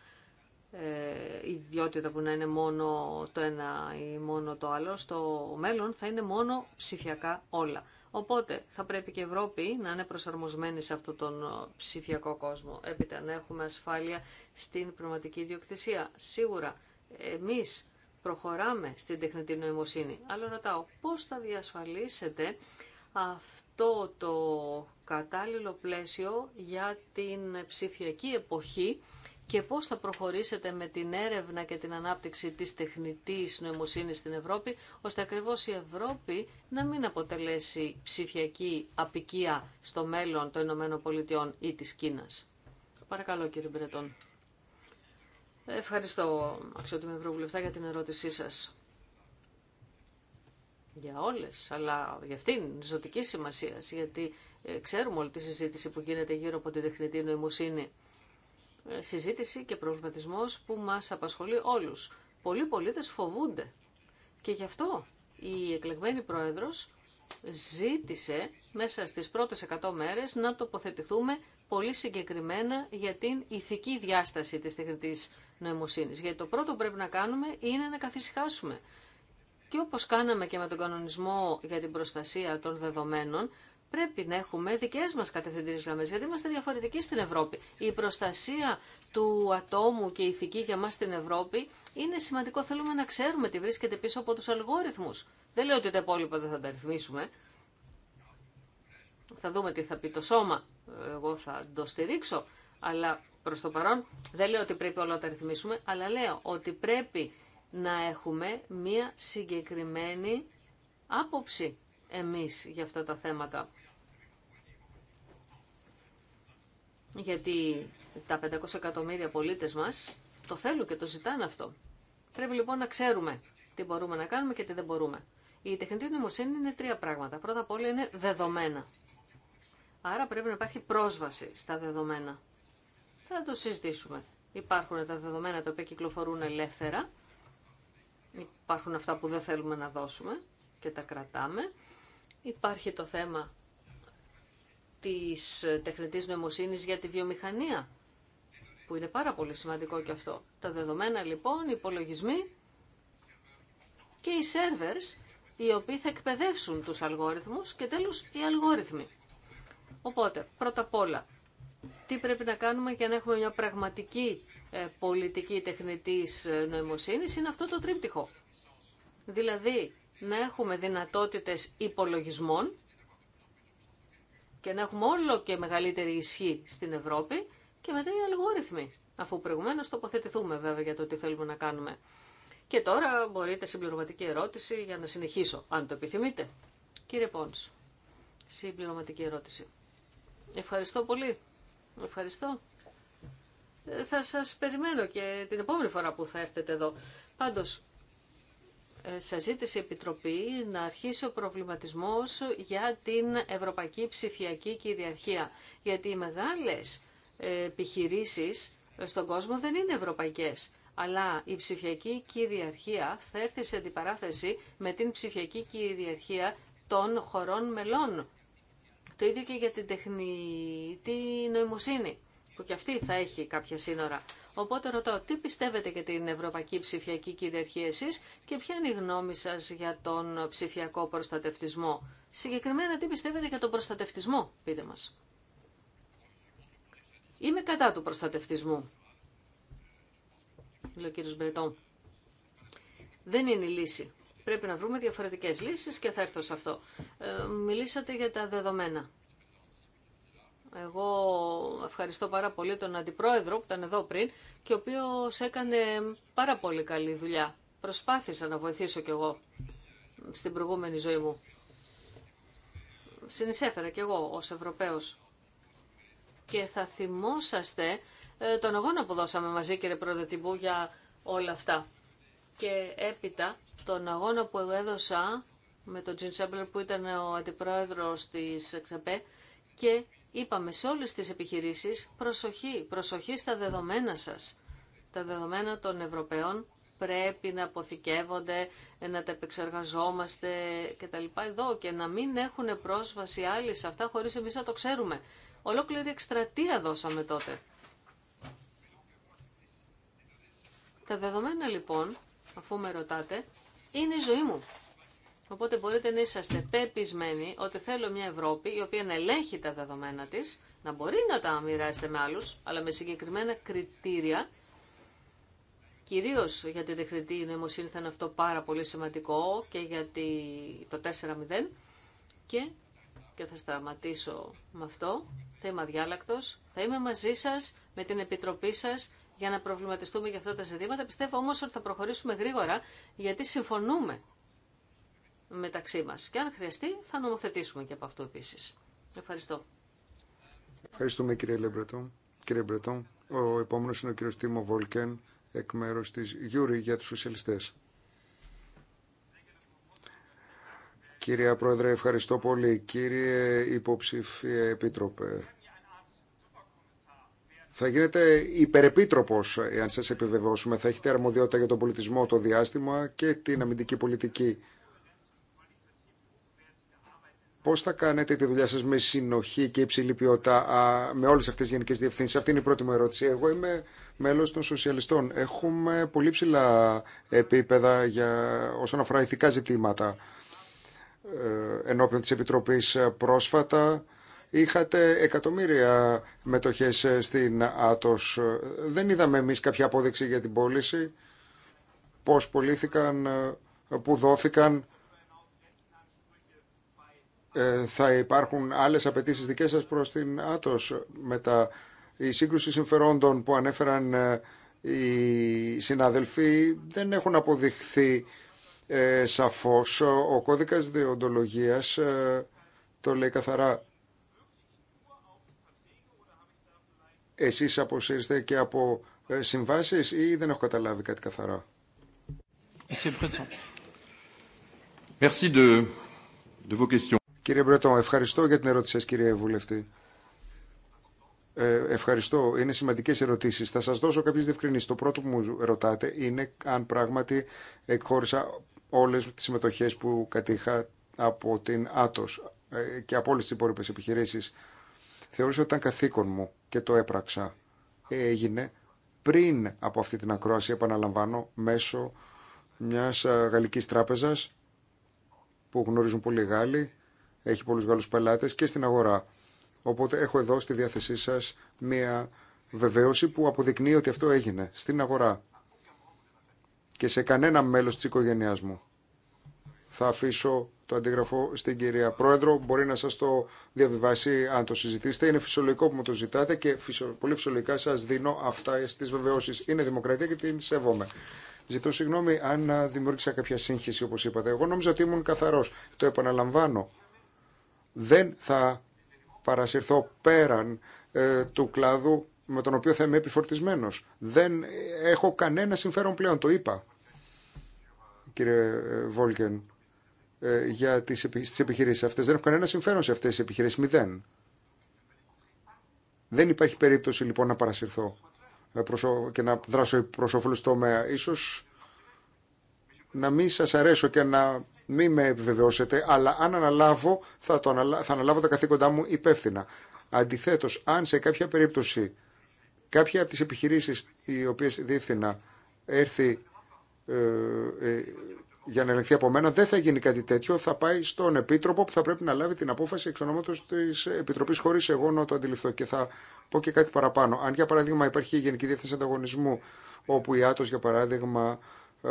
ε, ιδιότητα που να είναι μόνο το ένα ή μόνο το άλλο. Στο μέλλον θα είναι μόνο ψηφιακά όλα. Οπότε θα πρέπει και η Ευρώπη να είναι προσαρμοσμένη σε αυτόν τον ε, ψηφιακό κόσμο. Έπειτα να έχουμε ασφάλεια στην πνευματική ιδιοκτησία. Σίγουρα εμείς προχωράμε στην τεχνητή νοημοσύνη. Αλλά ρωτάω, πώς θα διασφαλίσετε αυτό το κατάλληλο πλαίσιο για την ψηφιακή εποχή και πώς θα προχωρήσετε με την έρευνα και την ανάπτυξη της τεχνητής νοημοσύνης στην Ευρώπη, ώστε ακριβώς η Ευρώπη να μην αποτελέσει ψηφιακή απικία στο μέλλον των ΗΠΑ ή της Κίνας. Παρακαλώ κύριε Μπρετών. Ευχαριστώ, αξιότιμη Ευρωβουλευτά, για την ερώτησή σας. Για όλες, αλλά για αυτήν ζωτική σημασία, γιατί ε, ξέρουμε όλη τη συζήτηση που γίνεται γύρω από την τεχνητή νοημοσύνη. Ε, συζήτηση και προβληματισμός που μας απασχολεί όλους. Πολλοί πολίτες φοβούνται. Και γι' αυτό η εκλεγμένη πρόεδρος ζήτησε μέσα στις πρώτες 100 μέρες να τοποθετηθούμε πολύ συγκεκριμένα για την ηθική διάσταση της τεχνητής νοημοσύνης. Γιατί το πρώτο που πρέπει να κάνουμε είναι να καθησυχάσουμε. Και όπως κάναμε και με τον κανονισμό για την προστασία των δεδομένων, πρέπει να έχουμε δικέ μα κατευθυντήριε γραμμέ, γιατί είμαστε διαφορετικοί στην Ευρώπη. Η προστασία του ατόμου και η ηθική για μα στην Ευρώπη είναι σημαντικό. Θέλουμε να ξέρουμε τι βρίσκεται πίσω από του αλγόριθμου. Δεν λέω ότι τα υπόλοιπα δεν θα τα ρυθμίσουμε. Θα δούμε τι θα πει το σώμα. Εγώ θα το στηρίξω. Αλλά προς το παρόν. Δεν λέω ότι πρέπει όλα να τα ρυθμίσουμε, αλλά λέω ότι πρέπει να έχουμε μία συγκεκριμένη άποψη εμείς για αυτά τα θέματα. Γιατί τα 500 εκατομμύρια πολίτες μας το θέλουν και το ζητάνε αυτό. Πρέπει λοιπόν να ξέρουμε τι μπορούμε να κάνουμε και τι δεν μπορούμε. Η τεχνητή νοημοσύνη είναι τρία πράγματα. Πρώτα απ' όλα είναι δεδομένα. Άρα πρέπει να υπάρχει πρόσβαση στα δεδομένα θα το συζητήσουμε. Υπάρχουν τα δεδομένα τα οποία κυκλοφορούν ελεύθερα, υπάρχουν αυτά που δεν θέλουμε να δώσουμε και τα κρατάμε. Υπάρχει το θέμα της τεχνητής νοημοσύνης για τη βιομηχανία, που είναι πάρα πολύ σημαντικό και αυτό. Τα δεδομένα λοιπόν, οι υπολογισμοί και οι servers, οι οποίοι θα εκπαιδεύσουν τους αλγόριθμους και τέλος οι αλγόριθμοι. Οπότε, πρώτα απ' όλα, τι πρέπει να κάνουμε για να έχουμε μια πραγματική ε, πολιτική τεχνητής ε, νοημοσύνης είναι αυτό το τρίπτυχο. Δηλαδή να έχουμε δυνατότητες υπολογισμών και να έχουμε όλο και μεγαλύτερη ισχύ στην Ευρώπη και μετά οι αλγόριθμοι, αφού προηγουμένως τοποθετηθούμε βέβαια για το τι θέλουμε να κάνουμε. Και τώρα μπορείτε συμπληρωματική ερώτηση για να συνεχίσω, αν το επιθυμείτε. Κύριε Πόντς, συμπληρωματική ερώτηση. Ευχαριστώ πολύ. Ευχαριστώ. Ε, θα σας περιμένω και την επόμενη φορά που θα έρθετε εδώ. Πάντως, ε, σε ζήτησε η Επιτροπή να αρχίσει ο προβληματισμός για την Ευρωπαϊκή Ψηφιακή Κυριαρχία. Γιατί οι μεγάλες ε, επιχειρήσεις στον κόσμο δεν είναι ευρωπαϊκές. Αλλά η ψηφιακή κυριαρχία θα έρθει σε αντιπαράθεση με την ψηφιακή κυριαρχία των χωρών μελών το ίδιο και για την τεχνητή νοημοσύνη, που και αυτή θα έχει κάποια σύνορα. Οπότε ρωτώ, τι πιστεύετε για την ευρωπαϊκή ψηφιακή κυριαρχία εσείς και ποια είναι η γνώμη σας για τον ψηφιακό προστατευτισμό. Συγκεκριμένα, τι πιστεύετε για τον προστατευτισμό, πείτε μας. Είμαι κατά του προστατευτισμού, λέει ο κύριος Δεν είναι η λύση. Πρέπει να βρούμε διαφορετικές λύσεις και θα έρθω σε αυτό. Ε, μιλήσατε για τα δεδομένα. Εγώ ευχαριστώ πάρα πολύ τον Αντιπρόεδρο που ήταν εδώ πριν και ο οποίος έκανε πάρα πολύ καλή δουλειά. Προσπάθησα να βοηθήσω κι εγώ στην προηγούμενη ζωή μου. Συνεισέφερα κι εγώ ως Ευρωπαίος. Και θα θυμόσαστε ε, τον αγώνα που δώσαμε μαζί κύριε Πρόεδρε Τιμπού για όλα αυτά. Και έπειτα τον αγώνα που έδωσα με τον Τζιν Σέμπλερ που ήταν ο αντιπρόεδρος της ΞΕΠΕ και είπαμε σε όλες τις επιχειρήσεις προσοχή, προσοχή στα δεδομένα σας. Τα δεδομένα των Ευρωπαίων πρέπει να αποθηκεύονται, να τα επεξεργαζόμαστε λοιπά εδώ και να μην έχουν πρόσβαση άλλοι σε αυτά χωρίς εμείς να το ξέρουμε. Ολόκληρη εκστρατεία δώσαμε τότε. Τα δεδομένα λοιπόν, αφού με ρωτάτε, είναι η ζωή μου. Οπότε μπορείτε να είσαστε πεπισμένοι ότι θέλω μια Ευρώπη η οποία να ελέγχει τα δεδομένα της, να μπορεί να τα μοιράζεται με άλλους, αλλά με συγκεκριμένα κριτήρια, κυρίως για την τεχνητή νοημοσύνη θα είναι αυτό πάρα πολύ σημαντικό και για το 4.0 και, και θα σταματήσω με αυτό, θα είμαι αδιάλακτος, θα είμαι μαζί σας, με την Επιτροπή σας, για να προβληματιστούμε για αυτά τα ζητήματα. Πιστεύω όμως ότι θα προχωρήσουμε γρήγορα γιατί συμφωνούμε μεταξύ μας και αν χρειαστεί θα νομοθετήσουμε και από αυτό επίσης. Ευχαριστώ. Ευχαριστούμε κύριε Λέμπρετον. Κύριε Μπρετό, ο επόμενος είναι ο κύριος Τίμο Βολκέν εκ μέρους της Γιούρη για τους σοσιαλιστές. Κύριε Πρόεδρε, ευχαριστώ πολύ. Κύριε Υποψήφια Επίτροπε, θα γίνεται υπερεπίτροπος εάν σας επιβεβαιώσουμε. Θα έχετε αρμοδιότητα για τον πολιτισμό, το διάστημα και την αμυντική πολιτική. Πώς θα κάνετε τη δουλειά σας με συνοχή και υψηλή ποιότητα με όλες αυτές τις γενικές διευθύνσεις. Αυτή είναι η πρώτη μου ερώτηση. Εγώ είμαι μέλος των σοσιαλιστών. Έχουμε πολύ ψηλά επίπεδα για, όσον αφορά ηθικά ζητήματα ε, ενώπιον της Επιτροπής ε, πρόσφατα είχατε εκατομμύρια μετοχές ε, στην Άτος. Δεν είδαμε εμείς κάποια απόδειξη για την πώληση, πώς πωλήθηκαν, ε, που δόθηκαν. Ε, θα υπάρχουν άλλες απαιτήσει δικές σας προς την Άτος μετά η σύγκρουση συμφερόντων που ανέφεραν οι συναδελφοί δεν έχουν αποδειχθεί ε, σαφώς. Ο κώδικας διοντολογίας το λέει καθαρά. Εσείς αποσύρεστε και από ε, συμβάσεις ή δεν έχω καταλάβει κάτι καθαρά. Κύριε Μπρετό, ευχαριστώ για την ερώτησή σας κύριε Βουλευτή. Ε, ευχαριστώ. Είναι σημαντικές ερωτήσεις. Θα σας δώσω κάποιες διευκρινήσεις. Το πρώτο που μου ρωτάτε είναι αν πράγματι εκχώρησα όλες τις συμμετοχές που κατήχα από την Άτος ε, και από όλες τις υπόλοιπες επιχειρήσεις. Θεώρησα ότι ήταν καθήκον μου και το έπραξα. Έγινε πριν από αυτή την ακρόαση, επαναλαμβάνω, μέσω μιας ε, γαλλικής τράπεζας που γνωρίζουν πολλοί Γάλλοι, έχει πολλούς Γάλλους πελάτες και στην αγορά. Οπότε έχω εδώ στη διάθεσή σας μια βεβαίωση που αποδεικνύει ότι αυτό έγινε στην αγορά και σε κανένα μέλος της οικογένειάς μου. Θα αφήσω το αντίγραφο στην κυρία Πρόεδρο. Μπορεί να σα το διαβιβάσει αν το συζητήσετε. Είναι φυσιολογικό που μου το ζητάτε και πολύ φυσιολογικά σα δίνω αυτά στις βεβαίωσει. Είναι δημοκρατία και την σέβομαι. Ζητώ συγγνώμη αν δημιούργησα κάποια σύγχυση όπω είπατε. Εγώ νόμιζα ότι ήμουν καθαρός. Το επαναλαμβάνω. Δεν θα παρασυρθώ πέραν ε, του κλάδου με τον οποίο θα είμαι επιφορτισμένο. Δεν έχω κανένα συμφέρον πλέον, το είπα, κύριε ε, Βόλκεν. Ε, για τις, τις επιχειρήσεις αυτές. Δεν έχουν κανένα συμφέρον σε αυτές τις επιχειρήσεις. Μηδέν. Δεν υπάρχει περίπτωση λοιπόν να παρασυρθώ ε, και να δράσω προς όφελος τομέα. Ίσως να μην σας αρέσω και να μην με επιβεβαιώσετε, αλλά αν αναλάβω θα, το αναλάβω τα καθήκοντά μου υπεύθυνα. Αντιθέτως, αν σε κάποια περίπτωση κάποια από τις επιχειρήσεις οι οποίες διεύθυνα έρθει ε, ε για να ελεγχθεί από μένα. Δεν θα γίνει κάτι τέτοιο. Θα πάει στον επίτροπο που θα πρέπει να λάβει την απόφαση εξ ονόματο τη Επιτροπή, χωρί εγώ να το αντιληφθώ. Και θα πω και κάτι παραπάνω. Αν για παράδειγμα υπάρχει η Γενική Διεύθυνση Ανταγωνισμού, όπου η Άτο, για παράδειγμα, ε,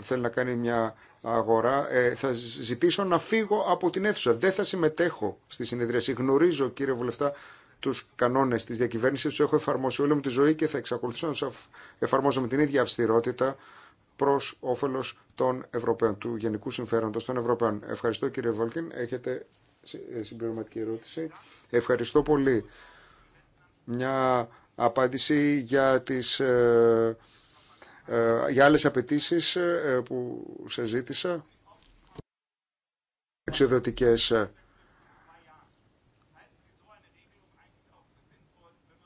θέλει να κάνει μια αγορά, ε, θα ζητήσω να φύγω από την αίθουσα. Δεν θα συμμετέχω στη συνεδρίαση. Γνωρίζω, κύριε Βουλευτά, του κανόνε τη διακυβέρνηση, του έχω εφαρμόσει όλη μου τη ζωή και θα εξακολουθήσω να του εφαρμόζω με την ίδια αυστηρότητα Προ όφελο των Ευρωπαίων, του γενικού συμφέροντο των Ευρωπαίων. Ευχαριστώ κύριε Βόλκιν, έχετε ε, συμπληρωματική ερώτηση. Ευχαριστώ πολύ. Μια απάντηση για τις ε, ε, για άλλες απαιτήσει που σας ζήτησα εξοδοτικέ.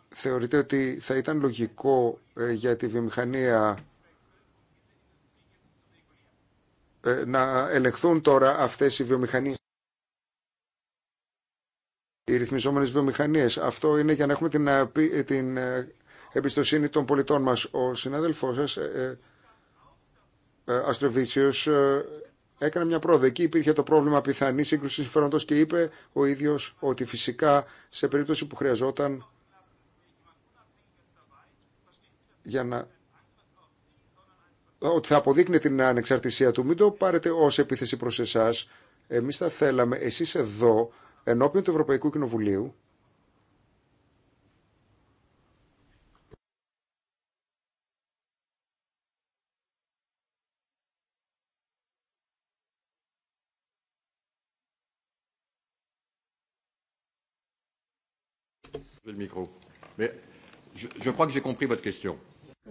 θεωρείτε ότι θα ήταν λογικό για τη βιομηχανία Ε, να ελεγχθούν τώρα αυτές οι βιομηχανίες οι ρυθμιζόμενες βιομηχανίες. Αυτό είναι για να έχουμε την, ε, ε, την εμπιστοσύνη των πολιτών μας. Ο συνάδελφός σας, ε, έκανε μια πρόοδο. Εκεί υπήρχε το πρόβλημα πιθανή σύγκρουση συμφέροντος και είπε ο ίδιος ότι φυσικά σε περίπτωση που χρειαζόταν για να ότι θα αποδείκνει την ανεξαρτησία του. Μην το πάρετε ω επίθεση προ εσά. Εμεί θα θέλαμε εσεί εδώ, ενώπιον του Ευρωπαϊκού Κοινοβουλίου,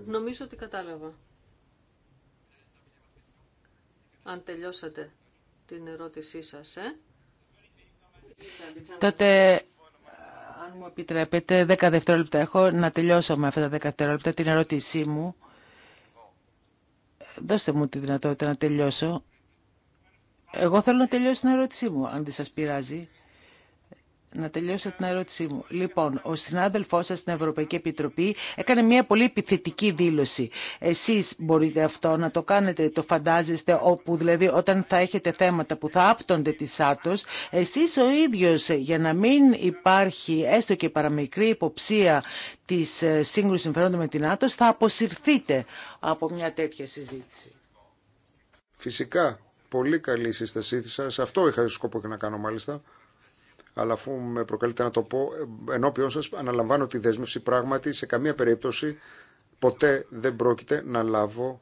Νομίζω ότι κατάλαβα αν τελειώσατε την ερώτησή σας. Ε? Τότε, αν μου επιτρέπετε, 10 δευτερόλεπτα έχω να τελειώσω με αυτά τα 10 δευτερόλεπτα την ερώτησή μου. Δώστε μου τη δυνατότητα να τελειώσω. Εγώ θέλω να τελειώσω την ερώτησή μου, αν δεν σας πειράζει να τελειώσω την ερώτησή μου. Λοιπόν, ο συνάδελφό σα στην Ευρωπαϊκή Επιτροπή έκανε μια πολύ επιθετική δήλωση. Εσεί μπορείτε αυτό να το κάνετε, το φαντάζεστε, όπου δηλαδή όταν θα έχετε θέματα που θα άπτονται τη άτο, εσεί ο ίδιο για να μην υπάρχει έστω και παραμικρή υποψία τη ε, σύγκρουση συμφερόντων με την άτο, θα αποσυρθείτε από μια τέτοια συζήτηση. Φυσικά. Πολύ καλή η σύστασή σα. Αυτό είχα σκοπό και να κάνω μάλιστα αλλά αφού με προκαλείτε να το πω, ε, ενώπιον σας αναλαμβάνω τη δέσμευση πράγματι σε καμία περίπτωση ποτέ δεν πρόκειται να λάβω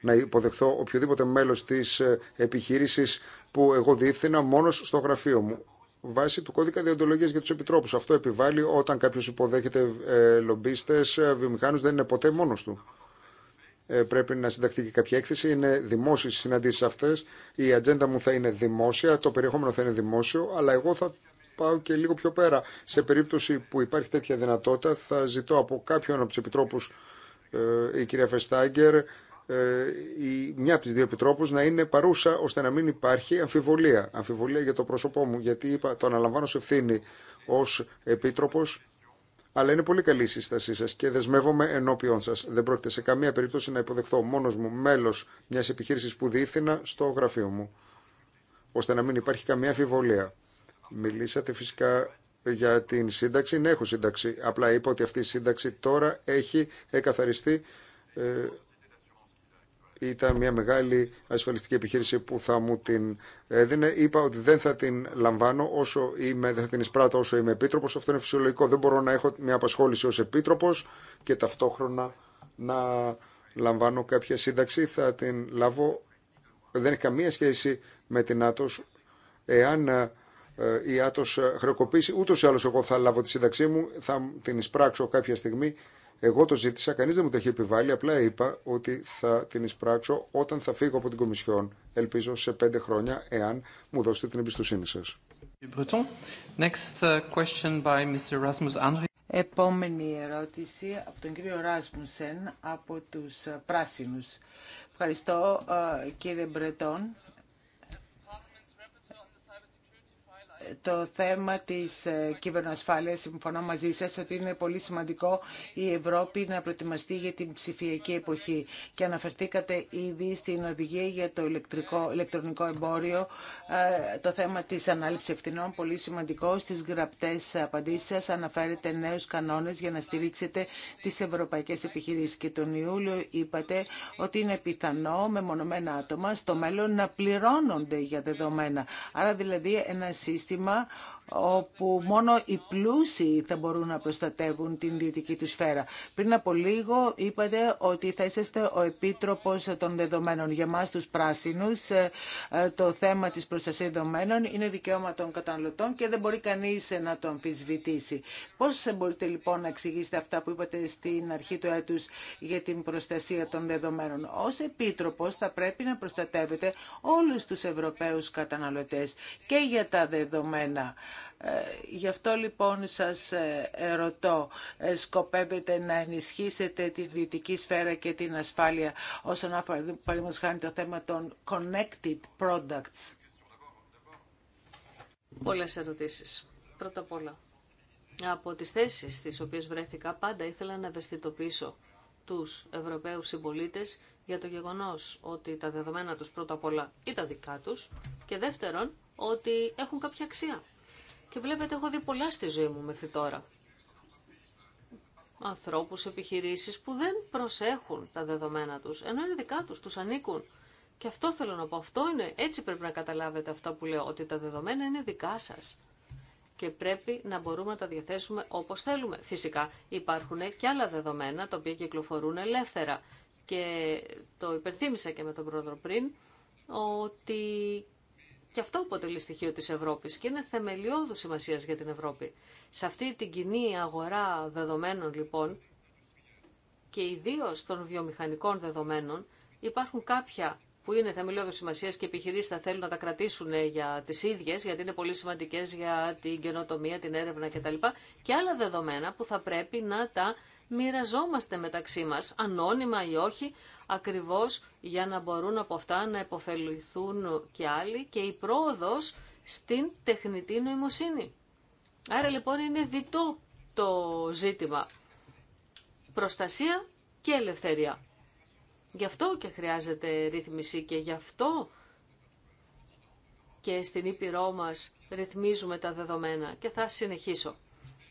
να υποδεχθώ οποιοδήποτε μέλος της ε, επιχείρησης που εγώ διεύθυνα μόνος στο γραφείο μου βάσει του κώδικα διοντολογία για του επιτρόπου. Αυτό επιβάλλει όταν κάποιο υποδέχεται ε, λομπίστε, βιομηχάνου, δεν είναι ποτέ μόνο του. Ε, πρέπει να συνταχθεί και κάποια έκθεση. Είναι δημόσιε οι συναντήσει αυτέ. Η ατζέντα μου θα είναι δημόσια, το περιεχόμενο θα είναι δημόσιο, αλλά εγώ θα πάω και λίγο πιο πέρα. Σε περίπτωση που υπάρχει τέτοια δυνατότητα θα ζητώ από κάποιον από τους επιτρόπους, ε, η κυρία Φεστάγκερ, ε, η, μια από τι δύο επιτρόπου, να είναι παρούσα ώστε να μην υπάρχει αμφιβολία. Αμφιβολία για το πρόσωπό μου, γιατί είπα, το αναλαμβάνω σε ευθύνη ω επίτροπο, αλλά είναι πολύ καλή η σύστασή σα και δεσμεύομαι ενώπιον σα. Δεν πρόκειται σε καμία περίπτωση να υποδεχθώ μόνο μου μέλο μια επιχείρηση που διήθυνα στο γραφείο μου, ώστε να μην υπάρχει καμία αμφιβολία. Μιλήσατε φυσικά για την σύνταξη. Ναι, έχω σύνταξη. Απλά είπα ότι αυτή η σύνταξη τώρα έχει εκαθαριστεί. Ε, ήταν μια μεγάλη ασφαλιστική επιχείρηση που θα μου την έδινε. Είπα ότι δεν θα την λαμβάνω όσο είμαι, δεν θα την εισπράττω όσο είμαι επίτροπο. Αυτό είναι φυσιολογικό. Δεν μπορώ να έχω μια απασχόληση ω επίτροπο και ταυτόχρονα να λαμβάνω κάποια σύνταξη. Θα την λάβω. Δεν έχει καμία σχέση με την Άτος. Εάν ε, η Άτος ε, χρεοκοπήσει. Ούτως ή άλλως εγώ θα λάβω τη σύνταξή μου, θα την εισπράξω κάποια στιγμή. Εγώ το ζήτησα, κανείς δεν μου το έχει επιβάλει, απλά είπα ότι θα την εισπράξω όταν θα φύγω από την Κομισιόν. Ελπίζω σε πέντε χρόνια, εάν μου δώσετε την εμπιστοσύνη σας. Uh, Επόμενη ερώτηση από τον κύριο Ράσμουσεν από τους ε, Πράσινους. Ευχαριστώ κύριε Μπρετόν το θέμα της ε, κυβερνοασφάλειας, συμφωνώ μαζί σας ότι είναι πολύ σημαντικό η Ευρώπη να προετοιμαστεί για την ψηφιακή εποχή. Και αναφερθήκατε ήδη στην οδηγία για το ηλεκτρικό, ηλεκτρονικό εμπόριο, ε, το θέμα της ανάληψης ευθυνών, πολύ σημαντικό. Στις γραπτές απαντήσεις σας αναφέρετε νέους κανόνες για να στηρίξετε τις ευρωπαϊκές επιχειρήσεις. Και τον Ιούλιο είπατε ότι είναι πιθανό με μονομένα άτομα στο μέλλον να πληρώνονται για δεδομένα. Άρα δηλαδή ένα σύστημα σύστημα όπου μόνο οι πλούσιοι θα μπορούν να προστατεύουν την ιδιωτική του σφαίρα. Πριν από λίγο είπατε ότι θα είσαστε ο Επίτροπος των Δεδομένων. Για μας τους πράσινους ε, ε, το θέμα της προστασίας δεδομένων είναι δικαίωμα των καταναλωτών και δεν μπορεί κανείς να το αμφισβητήσει. Πώς μπορείτε λοιπόν να εξηγήσετε αυτά που είπατε στην αρχή του έτους για την προστασία των δεδομένων. Ως Επίτροπος θα πρέπει να προστατεύετε όλους τους Ευρωπαίους καταναλωτές και για τα δεδομένα. Ε, γι' αυτό λοιπόν σας ε, ερωτώ, ε, σκοπεύετε να ενισχύσετε την βιωτική σφαίρα και την ασφάλεια όσον αφορά, παραδείγματος χάνει το θέμα των connected products. Πολλές ερωτήσεις. Πρώτα απ' όλα, από τις θέσεις στις οποίες βρέθηκα πάντα ήθελα να ευαισθητοποιήσω τους Ευρωπαίους συμπολίτε για το γεγονός ότι τα δεδομένα τους πρώτα απ' όλα ήταν δικά τους και δεύτερον ότι έχουν κάποια αξία. Και βλέπετε, έχω δει πολλά στη ζωή μου μέχρι τώρα. Ανθρώπους, επιχειρήσεις που δεν προσέχουν τα δεδομένα τους, ενώ είναι δικά τους, τους ανήκουν. Και αυτό θέλω να πω, αυτό είναι, έτσι πρέπει να καταλάβετε αυτά που λέω, ότι τα δεδομένα είναι δικά σας. Και πρέπει να μπορούμε να τα διαθέσουμε όπως θέλουμε. Φυσικά υπάρχουν και άλλα δεδομένα τα οποία κυκλοφορούν ελεύθερα. Και το υπενθύμησα και με τον πρόεδρο πριν, ότι και αυτό αποτελεί στοιχείο της Ευρώπης και είναι θεμελιώδου σημασία για την Ευρώπη. Σε αυτή την κοινή αγορά δεδομένων λοιπόν και ιδίω των βιομηχανικών δεδομένων υπάρχουν κάποια που είναι θεμελιώδου σημασία και οι επιχειρήσει θα θέλουν να τα κρατήσουν ε, για τι ίδιε, γιατί είναι πολύ σημαντικέ για την καινοτομία, την έρευνα κτλ. Και άλλα δεδομένα που θα πρέπει να τα μοιραζόμαστε μεταξύ μα, ανώνυμα ή όχι, ακριβώς για να μπορούν από αυτά να υποφεληθούν και άλλοι και η πρόοδος στην τεχνητή νοημοσύνη. Άρα λοιπόν είναι διτό το ζήτημα. Προστασία και ελευθερία. Γι' αυτό και χρειάζεται ρύθμιση και γι' αυτό και στην Ήπειρό μας ρυθμίζουμε τα δεδομένα και θα συνεχίσω.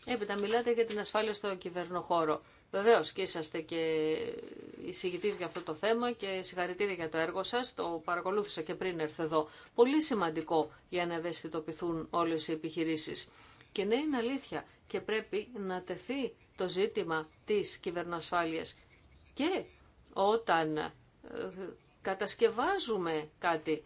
Έπειτα μιλάτε για την ασφάλεια στο κυβερνοχώρο. Βεβαίω και είσαστε και εισηγητή για αυτό το θέμα και συγχαρητήρια για το έργο σας. Το παρακολούθησα και πριν έρθω εδώ. Πολύ σημαντικό για να ευαισθητοποιηθούν όλες οι επιχειρήσεις. Και ναι, είναι αλήθεια και πρέπει να τεθεί το ζήτημα της κυβερνοασφάλεια Και όταν ε, κατασκευάζουμε κάτι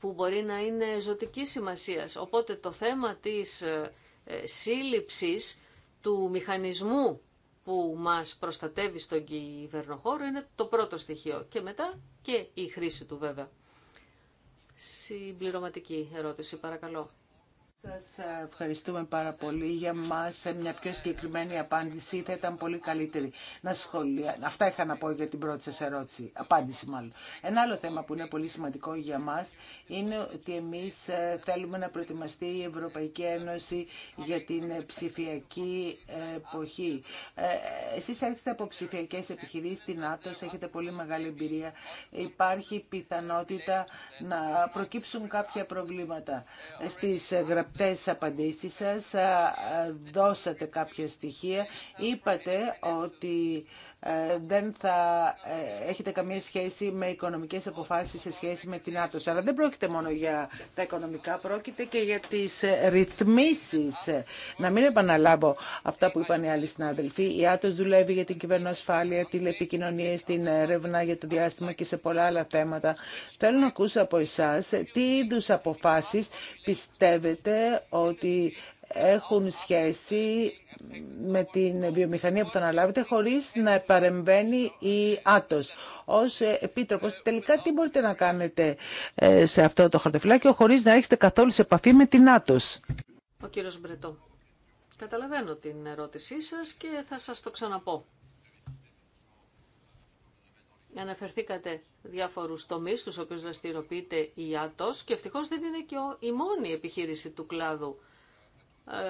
που μπορεί να είναι ζωτική σημασίας. Οπότε το θέμα της ε, ε, σύλληψης του μηχανισμού που μας προστατεύει στον κυβερνοχώρο είναι το πρώτο στοιχείο και μετά και η χρήση του βέβαια. Συμπληρωματική ερώτηση παρακαλώ. Σας ευχαριστούμε πάρα πολύ. Για μας μια πιο συγκεκριμένη απάντηση θα ήταν πολύ καλύτερη. Να σχολεία. Αυτά είχα να πω για την πρώτη σας ερώτηση. Απάντηση μάλλον. Ένα άλλο θέμα που είναι πολύ σημαντικό για μας είναι ότι εμείς ε, θέλουμε να προετοιμαστεί η Ευρωπαϊκή Ένωση για την ε, ψηφιακή εποχή. Ε, εσείς έρχεστε από ψηφιακέ επιχειρήσεις στην Άτος, έχετε πολύ μεγάλη εμπειρία. Υπάρχει πιθανότητα να προκύψουν κάποια προβλήματα στις τις απαντήσεις σας δώσατε κάποια στοιχεία. Είπατε ότι ε, δεν θα ε, έχετε καμία σχέση με οικονομικές αποφάσεις σε σχέση με την άτοση. Αλλά δεν πρόκειται μόνο για τα οικονομικά, πρόκειται και για τις ε, ρυθμίσεις. Να μην επαναλάβω αυτά που είπαν οι άλλοι συνάδελφοι. Η Άτος δουλεύει για την κυβερνοασφάλεια, τηλεπικοινωνίες, την έρευνα για το διάστημα και σε πολλά άλλα θέματα. Θέλω να ακούσω από εσά τι είδου αποφάσεις πιστεύετε ότι έχουν σχέση με την βιομηχανία που θα αναλάβετε χωρίς να παρεμβαίνει η Άτος. Ως επίτροπος, τελικά τι μπορείτε να κάνετε ε, σε αυτό το χαρτοφυλάκιο χωρίς να έχετε καθόλου σε επαφή με την Άτος. Ο κύριος Μπρετό, καταλαβαίνω την ερώτησή σας και θα σας το ξαναπώ. Αναφερθήκατε διάφορους τομείς στους οποίους δραστηριοποιείται η Άτος και ευτυχώς δεν είναι και η μόνη επιχείρηση του κλάδου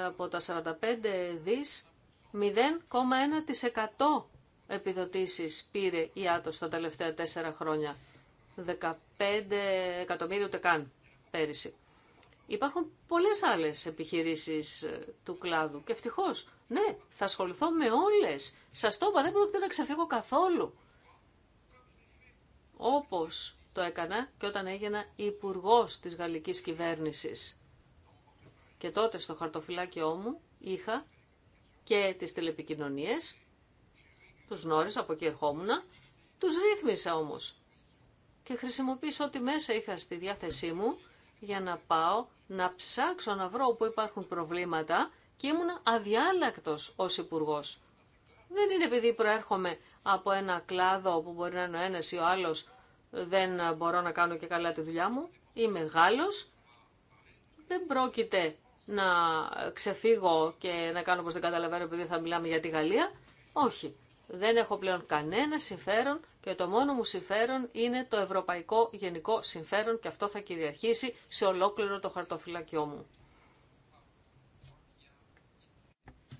από τα 45 δις 0,1% επιδοτήσεις πήρε η Άτος τα τελευταία τέσσερα χρόνια. 15 εκατομμύρια ούτε καν πέρυσι. Υπάρχουν πολλές άλλες επιχειρήσεις ε, του κλάδου και ευτυχώ. ναι, θα ασχοληθώ με όλες. Σας το είπα, δεν πρόκειται να ξεφύγω καθόλου. Όπως το έκανα και όταν έγινα υπουργός της γαλλικής κυβέρνησης. Και τότε στο χαρτοφυλάκιό μου είχα και τις τηλεπικοινωνίες, τους γνώρισα, από εκεί ερχόμουν, τους ρύθμισα όμως. Και χρησιμοποίησα ό,τι μέσα είχα στη διάθεσή μου για να πάω να ψάξω να βρω όπου υπάρχουν προβλήματα και ήμουν αδιάλακτος ως υπουργό. Δεν είναι επειδή προέρχομαι από ένα κλάδο που μπορεί να είναι ο ένας ή ο άλλος δεν μπορώ να κάνω και καλά τη δουλειά μου. Είμαι Γάλλος, δεν πρόκειται να ξεφύγω και να κάνω πως δεν καταλαβαίνω επειδή θα μιλάμε για τη Γαλλία. Όχι. Δεν έχω πλέον κανένα συμφέρον και το μόνο μου συμφέρον είναι το ευρωπαϊκό γενικό συμφέρον και αυτό θα κυριαρχήσει σε ολόκληρο το χαρτοφυλακιό μου.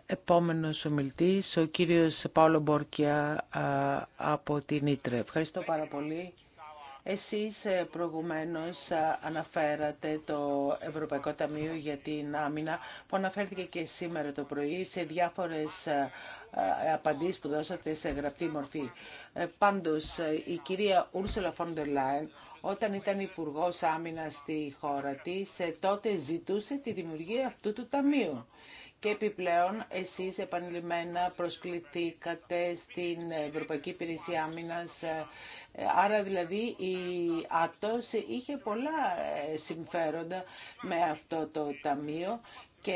Επόμενος ομιλητής, ο κύριος Παύλο Μπόρκια από την Ήτρε. Ευχαριστώ πάρα πολύ. Εσείς ε, προηγουμένως ε, αναφέρατε το Ευρωπαϊκό Ταμείο για την Άμυνα που αναφέρθηκε και σήμερα το πρωί σε διάφορες ε, απαντήσεις που δώσατε σε γραπτή μορφή. Πάντως, η κυρία Ούρσουλα Φόντερ Λάιν, όταν ήταν υπουργό Άμυνα στη χώρα της, τότε ζητούσε τη δημιουργία αυτού του ταμείου. Και επιπλέον, εσείς επανειλημμένα προσκληθήκατε στην Ευρωπαϊκή Υπηρεσία Άμυνας. Ε, άρα δηλαδή η Ατό είχε πολλά ε, συμφέροντα με αυτό το ταμείο και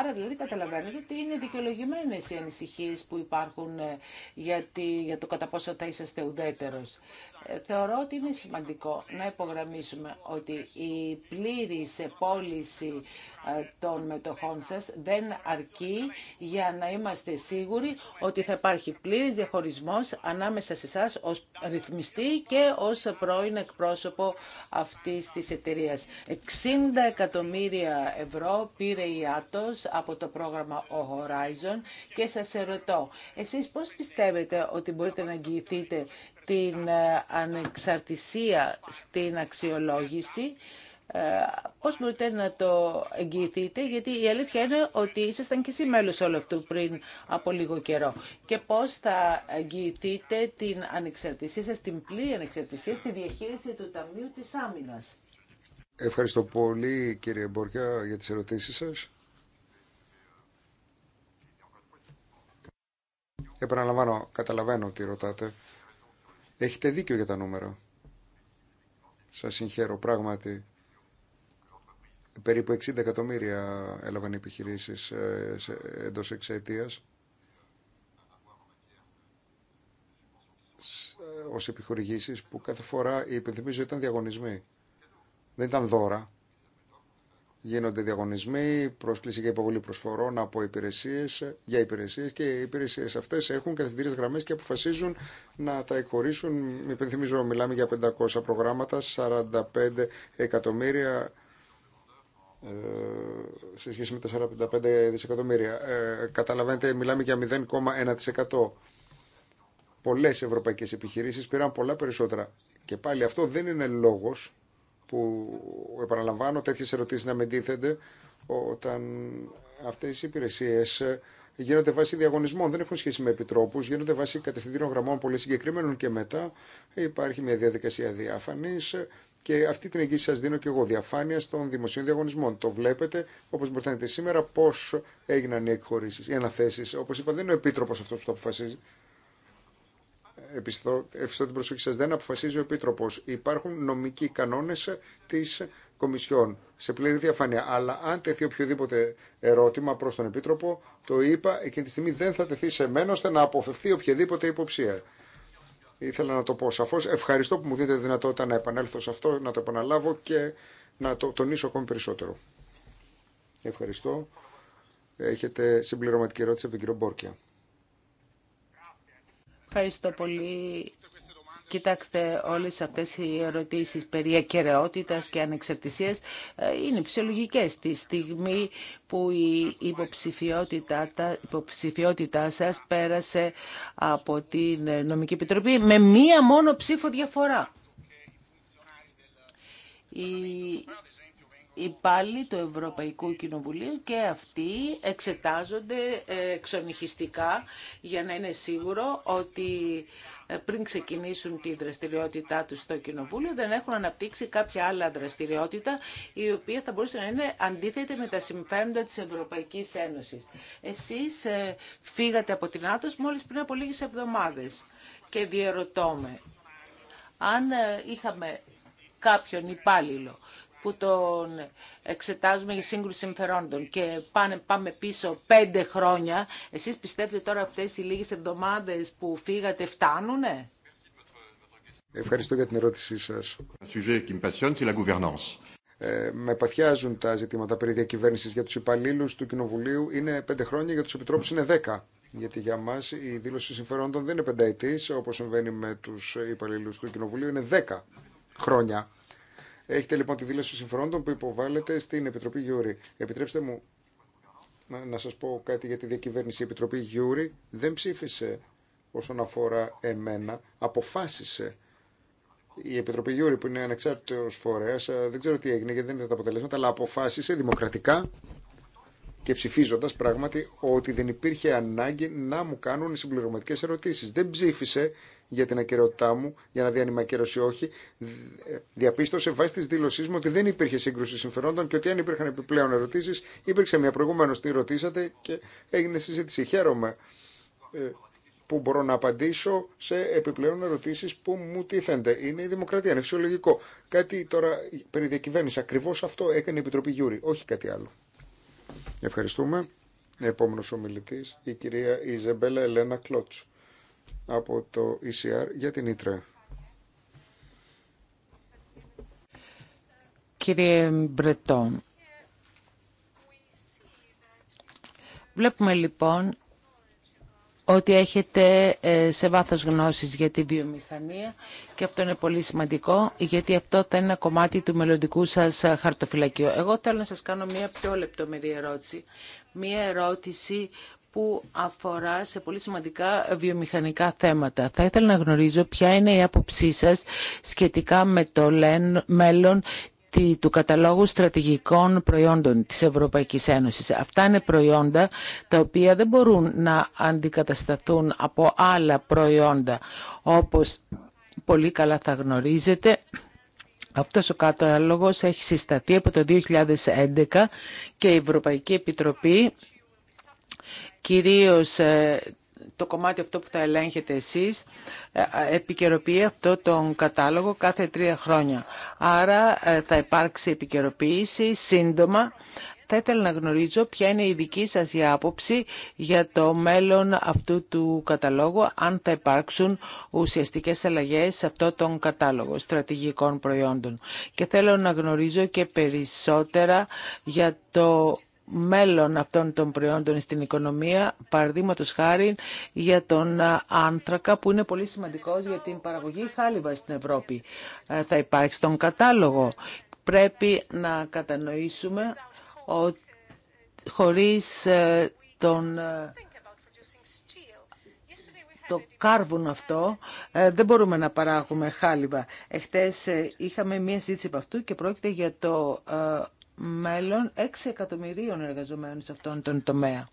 άρα δηλαδή καταλαβαίνετε ότι είναι δικαιολογημένε οι ανησυχίε που υπάρχουν ε, για, για το κατά πόσο θα είσαστε ουδέτερος. Ε, θεωρώ ότι είναι σημαντικό να υπογραμμίσουμε ότι η πλήρης πώληση ε, των μετοχών σας δεν αρκεί για να είμαστε σίγουροι ότι θα υπάρχει πλήρης διαχωρισμός ανάμεσα σε εσά ως ρυθμιστή και ως πρώην εκπρόσωπο αυτής της εταιρείας. 60 εκατομμύρια ευρώ πήρε η Άτος από το πρόγραμμα Horizon και σας ερωτώ, εσείς πώς πιστεύετε ότι μπορείτε να εγγυηθείτε την ε, ανεξαρτησία στην αξιολόγηση. Ε, πώς μπορείτε να το εγγυηθείτε, γιατί η αλήθεια είναι ότι ήσασταν και εσύ μέλος όλου αυτού πριν από λίγο καιρό. Και πώς θα εγγυηθείτε την ανεξαρτησία σας, την πλήρη ανεξαρτησία στη διαχείριση του Ταμείου της Άμυνας. Ευχαριστώ πολύ κύριε Μπορκιά για τις ερωτήσεις σας. Επαναλαμβάνω, καταλαβαίνω τι ρωτάτε. Έχετε δίκιο για τα νούμερα. Σας συγχαίρω πράγματι. Περίπου 60 εκατομμύρια έλαβαν οι επιχειρήσεις ε, εντός εξαιτίας. Ε, ως επιχορηγήσεις που κάθε φορά υπενθυμίζω ήταν διαγωνισμοί. Δεν ήταν δώρα. Γίνονται διαγωνισμοί, πρόσκληση για υποβολή προσφορών από υπηρεσίες, για υπηρεσίε και οι υπηρεσίε αυτέ έχουν καθημερινέ γραμμέ και αποφασίζουν να τα εκχωρήσουν. Υπενθυμίζω, μιλάμε για 500 προγράμματα, 45 εκατομμύρια ε, σε σχέση με τα 45 δισεκατομμύρια. Ε, καταλαβαίνετε, μιλάμε για 0,1%. Πολλές ευρωπαϊκές επιχειρήσεις πήραν πολλά περισσότερα. Και πάλι αυτό δεν είναι λόγος που επαναλαμβάνω τέτοιες ερωτήσεις να με τίθενται όταν αυτές οι υπηρεσίες γίνονται βάσει διαγωνισμών, δεν έχουν σχέση με επιτρόπους, γίνονται βάσει κατευθυντήρων γραμμών πολύ συγκεκριμένων και μετά υπάρχει μια διαδικασία διαφανής και αυτή την εγγύηση σας δίνω και εγώ, διαφάνεια των δημοσίων διαγωνισμών. Το βλέπετε, όπως μπορείτε σήμερα, πώς έγιναν οι εκχωρήσεις, οι αναθέσεις. Όπως είπα, δεν είναι ο επίτροπος αυτός που το αποφασίζει επιστώ, την προσοχή σας, δεν αποφασίζει ο Επίτροπος. Υπάρχουν νομικοί κανόνες της Κομισιόν σε πλήρη διαφάνεια. Αλλά αν τεθεί οποιοδήποτε ερώτημα προς τον Επίτροπο, το είπα, εκείνη τη στιγμή δεν θα τεθεί σε μένα ώστε να αποφευθεί οποιαδήποτε υποψία. Ήθελα να το πω σαφώ. Ευχαριστώ που μου δίνετε τη δυνατότητα να επανέλθω σε αυτό, να το επαναλάβω και να το τονίσω ακόμη περισσότερο. Ευχαριστώ. Έχετε συμπληρωματική ερώτηση από τον κύριο Μπόρκια. Ευχαριστώ πολύ. Κοιτάξτε, όλες αυτές οι ερωτήσεις περί ακεραιότητας και ανεξαρτησίας ε, είναι φυσιολογικές. Τη στιγμή που η υποψηφιότητα, τα υποψηφιότητά σας πέρασε από την Νομική Επιτροπή με μία μόνο ψήφο διαφορά υπάλληλοι του Ευρωπαϊκού Κοινοβουλίου και αυτοί εξετάζονται ε, εξονυχιστικά για να είναι σίγουρο ότι ε, πριν ξεκινήσουν τη δραστηριότητά του στο Κοινοβούλιο δεν έχουν αναπτύξει κάποια άλλα δραστηριότητα η οποία θα μπορούσε να είναι αντίθετη με τα συμφέροντα της Ευρωπαϊκής Ένωσης. Εσείς ε, φύγατε από την Άτος μόλις πριν από λίγες εβδομάδες και διαρωτώ με. Αν είχαμε κάποιον υπάλληλο που τον εξετάζουμε για σύγκρουση συμφερόντων και πάνε, πάμε πίσω πέντε χρόνια. Εσείς πιστεύετε τώρα αυτές οι λίγες εβδομάδες που φύγατε φτάνουνε. Ευχαριστώ για την ερώτησή σας. Ε, με παθιάζουν τα ζητήματα περί διακυβέρνησης για τους υπαλλήλου του Κοινοβουλίου. Είναι πέντε χρόνια, για τους επιτρόπους είναι δέκα. Γιατί για μα η δήλωση συμφερόντων δεν είναι πενταετή, όπω συμβαίνει με του υπαλλήλου του Κοινοβουλίου, είναι δέκα χρόνια. Έχετε λοιπόν τη δήλωση συμφερόντων που υποβάλλεται στην Επιτροπή Γιούρη. Επιτρέψτε μου να σας πω κάτι για τη διακυβέρνηση. Η Επιτροπή Γιούρη δεν ψήφισε όσον αφορά εμένα, αποφάσισε η Επιτροπή Γιούρη που είναι ανεξάρτητος φορέας, δεν ξέρω τι έγινε γιατί δεν είδα τα αποτελέσματα, αλλά αποφάσισε δημοκρατικά και ψηφίζοντα πράγματι ότι δεν υπήρχε ανάγκη να μου κάνουν συμπληρωματικέ ερωτήσει. Δεν ψήφισε για την ακαιρεότητά μου, για να δει αν ή όχι. Διαπίστωσε βάσει τη δήλωσή μου ότι δεν υπήρχε σύγκρουση συμφερόντων και ότι αν υπήρχαν επιπλέον ερωτήσει, υπήρξε μια προηγούμενο τι ρωτήσατε και έγινε συζήτηση. Χαίρομαι ε, που μπορώ να απαντήσω σε επιπλέον ερωτήσεις που μου τίθενται. Είναι η δημοκρατία, είναι φυσιολογικό. Κάτι τώρα περί διακυβέρνηση. Ακριβώς αυτό έκανε η Επιτροπή Γιούρη, όχι κάτι άλλο. Ευχαριστούμε. Επόμενος ομιλητής, η κυρία Ιζεμπέλα Ελένα Κλότς από το ECR για την Ήτρα. Κύριε Μπρετόν, βλέπουμε λοιπόν ότι έχετε ε, σε βάθος γνώσεις για τη βιομηχανία και αυτό είναι πολύ σημαντικό γιατί αυτό θα είναι ένα κομμάτι του μελλοντικού σας ε, χαρτοφυλακίου. Εγώ θέλω να σας κάνω μια πιο λεπτομερή ερώτηση. Μια ερώτηση που αφορά σε πολύ σημαντικά βιομηχανικά θέματα. Θα ήθελα να γνωρίζω ποια είναι η άποψή σας σχετικά με το μέλλον του καταλόγου στρατηγικών προϊόντων της Ευρωπαϊκής Ένωσης. Αυτά είναι προϊόντα τα οποία δεν μπορούν να αντικατασταθούν από άλλα προϊόντα. Όπως πολύ καλά θα γνωρίζετε, αυτός ο κατάλογος έχει συσταθεί από το 2011 και η Ευρωπαϊκή Επιτροπή κυρίως ε, το κομμάτι αυτό που θα ελέγχετε εσείς ε, ε, επικαιροποιεί αυτό τον κατάλογο κάθε τρία χρόνια. Άρα ε, θα υπάρξει επικαιροποίηση σύντομα. Θα ήθελα να γνωρίζω ποια είναι η δική σας άποψη για το μέλλον αυτού του καταλόγου, αν θα υπάρξουν ουσιαστικές αλλαγές σε αυτό τον κατάλογο στρατηγικών προϊόντων. Και θέλω να γνωρίζω και περισσότερα για το μέλλον αυτών των προϊόντων στην οικονομία, παραδείγματο χάρη για τον άνθρακα που είναι πολύ σημαντικός για την παραγωγή χάλιβα στην Ευρώπη. Ε, θα υπάρχει στον κατάλογο. Πρέπει να κατανοήσουμε ότι χωρίς ε, τον ε, το κάρβουν αυτό, δεν μπορούμε να παράγουμε χάλιβα. Εχθές είχαμε μία συζήτηση από αυτού και πρόκειται για το μέλλον 6 εκατομμυρίων εργαζομένων σε αυτόν τον τομέα.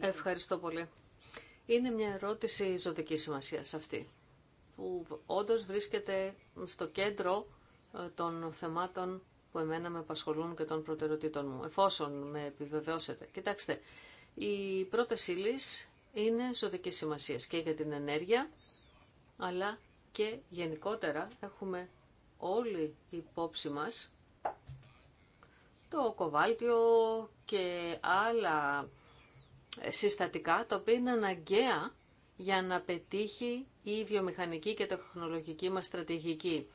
Ευχαριστώ πολύ. Είναι μια ερώτηση ζωτική σημασία αυτή, που όντω βρίσκεται στο κέντρο ε, των θεμάτων που εμένα με απασχολούν και των προτεραιοτήτων μου, εφόσον με επιβεβαιώσετε. Κοιτάξτε, η πρώτη ύλη είναι ζωτική σημασία και για την ενέργεια, αλλά και γενικότερα έχουμε όλη υπόψη μας το κοβάλτιο και άλλα συστατικά τα οποία είναι αναγκαία για να πετύχει η βιομηχανική και τεχνολογική μας στρατηγική.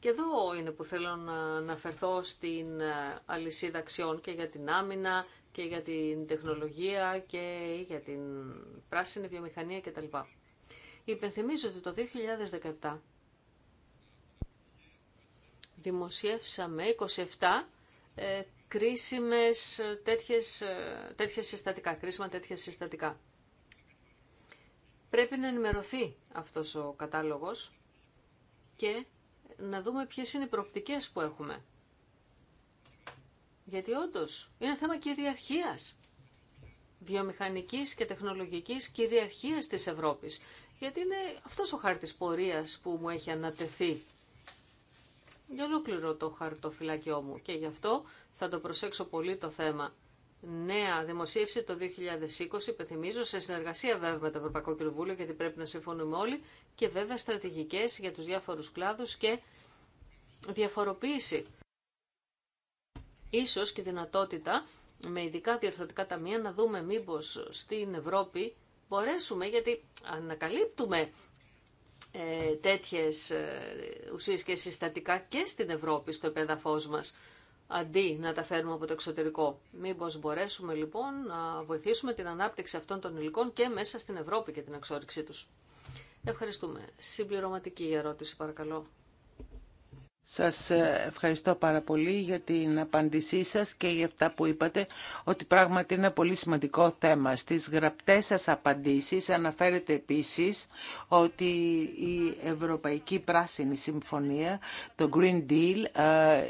Και εδώ είναι που θέλω να αναφερθώ στην ε, αλυσίδα αξιών και για την άμυνα και για την τεχνολογία και για την πράσινη βιομηχανία κτλ. Υπενθυμίζω ότι το 2017 δημοσιεύσαμε 27 κρίσιμες ε, τέτοιες, ε, συστατικά, κρίσιμα τέτοια συστατικά. Πρέπει να ενημερωθεί αυτός ο κατάλογος και να δούμε ποιες είναι οι προοπτικές που έχουμε. Γιατί όντως είναι θέμα κυριαρχίας, βιομηχανικής και τεχνολογικής κυριαρχίας της Ευρώπης. Γιατί είναι αυτός ο χάρτης πορείας που μου έχει ανατεθεί για ολόκληρο το χαρτοφυλάκιό μου και γι' αυτό θα το προσέξω πολύ το θέμα. Νέα δημοσίευση το 2020, υπενθυμίζω, σε συνεργασία βέβαια με το Ευρωπαϊκό Κοινοβούλιο, γιατί πρέπει να συμφωνούμε όλοι, και βέβαια στρατηγικές για τους διάφορους κλάδους και διαφοροποίηση. Ίσως και δυνατότητα με ειδικά διορθωτικά ταμεία να δούμε μήπως στην Ευρώπη μπορέσουμε, γιατί ανακαλύπτουμε ε, τέτοιες ε, ουσίες και συστατικά και στην Ευρώπη, στο επέδαφός μας, αντί να τα φέρουμε από το εξωτερικό. Μήπως μπορέσουμε λοιπόν να βοηθήσουμε την ανάπτυξη αυτών των υλικών και μέσα στην Ευρώπη και την εξόριξή τους. Ευχαριστούμε. Συμπληρωματική ερώτηση παρακαλώ. Σας ε, ευχαριστώ πάρα πολύ για την απάντησή σας και για αυτά που είπατε, ότι πράγματι είναι ένα πολύ σημαντικό θέμα. Στις γραπτές σας απαντήσεις αναφέρεται επίσης ότι η Ευρωπαϊκή Πράσινη Συμφωνία, το Green Deal, ε,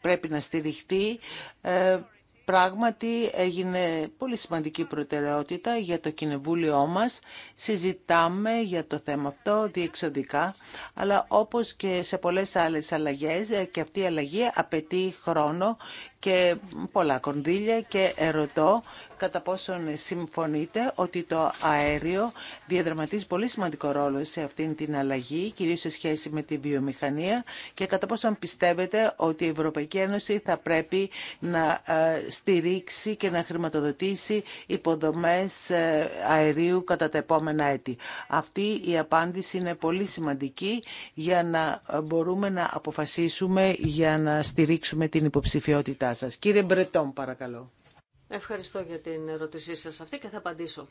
πρέπει να στηριχτεί ε, πράγματι έγινε πολύ σημαντική προτεραιότητα για το κοινοβούλιο μας. Συζητάμε για το θέμα αυτό διεξοδικά, αλλά όπως και σε πολλές άλλες αλλαγές ε, και αυτή η αλλαγή απαιτεί χρόνο και πολλά κονδύλια και ερωτώ κατά πόσον συμφωνείτε ότι το αέριο διαδραματίζει πολύ σημαντικό ρόλο σε αυτήν την αλλαγή, κυρίως σε σχέση με τη βιομηχανία και κατά πόσον πιστεύετε ότι η Ευρωπαϊκή Ένωση θα πρέπει να ε, στηρίξει και να χρηματοδοτήσει υποδομές ε, αερίου κατά τα επόμενα έτη. Αυτή η απάντηση είναι πολύ σημαντική για να μπορούμε να αποφασίσουμε για να στηρίξουμε την υποψηφιότητά Σα Κύριε Μπρετόν, παρακαλώ. Ευχαριστώ για την ερώτησή σας αυτή και θα απαντήσω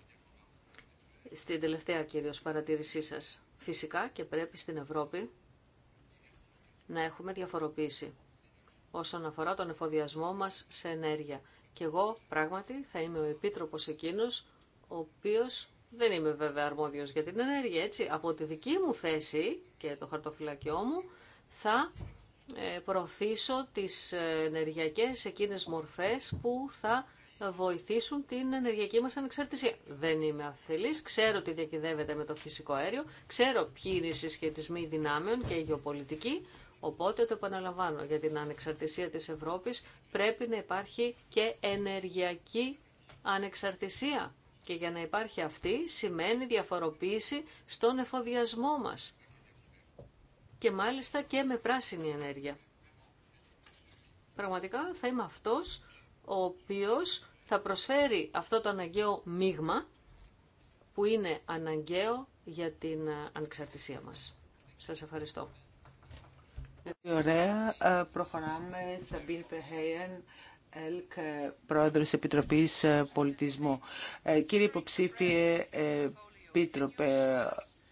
στην τελευταία κυρίω παρατήρησή σας. Φυσικά και πρέπει στην Ευρώπη να έχουμε διαφοροποίηση όσον αφορά τον εφοδιασμό μας σε ενέργεια. Και εγώ πράγματι θα είμαι ο επίτροπος εκείνος ο οποίος δεν είμαι βέβαια αρμόδιος για την ενέργεια, έτσι. Από τη δική μου θέση και το χαρτοφυλακιό μου θα ε, προωθήσω τις ενεργειακές εκείνες μορφές που θα βοηθήσουν την ενεργειακή μας ανεξαρτησία. Δεν είμαι αφελής, ξέρω ότι διακυδεύεται με το φυσικό αέριο, ξέρω ποιοι είναι οι συσχετισμοί δυνάμεων και η γεωπολιτική, οπότε το επαναλαμβάνω, για την ανεξαρτησία της Ευρώπης πρέπει να υπάρχει και ενεργειακή ανεξαρτησία. Και για να υπάρχει αυτή σημαίνει διαφοροποίηση στον εφοδιασμό μας και μάλιστα και με πράσινη ενέργεια. Πραγματικά θα είμαι αυτός ο οποίος θα προσφέρει αυτό το αναγκαίο μείγμα που είναι αναγκαίο για την ε, ανεξαρτησία μας. Σας ευχαριστώ. Ε, ωραία. Ε, προχωράμε. Σαμπίν Πεχέιεν, ΕΛΚ, Πρόεδρος Επιτροπής Πολιτισμού. Κύριε Υποψήφιε Επίτροπε,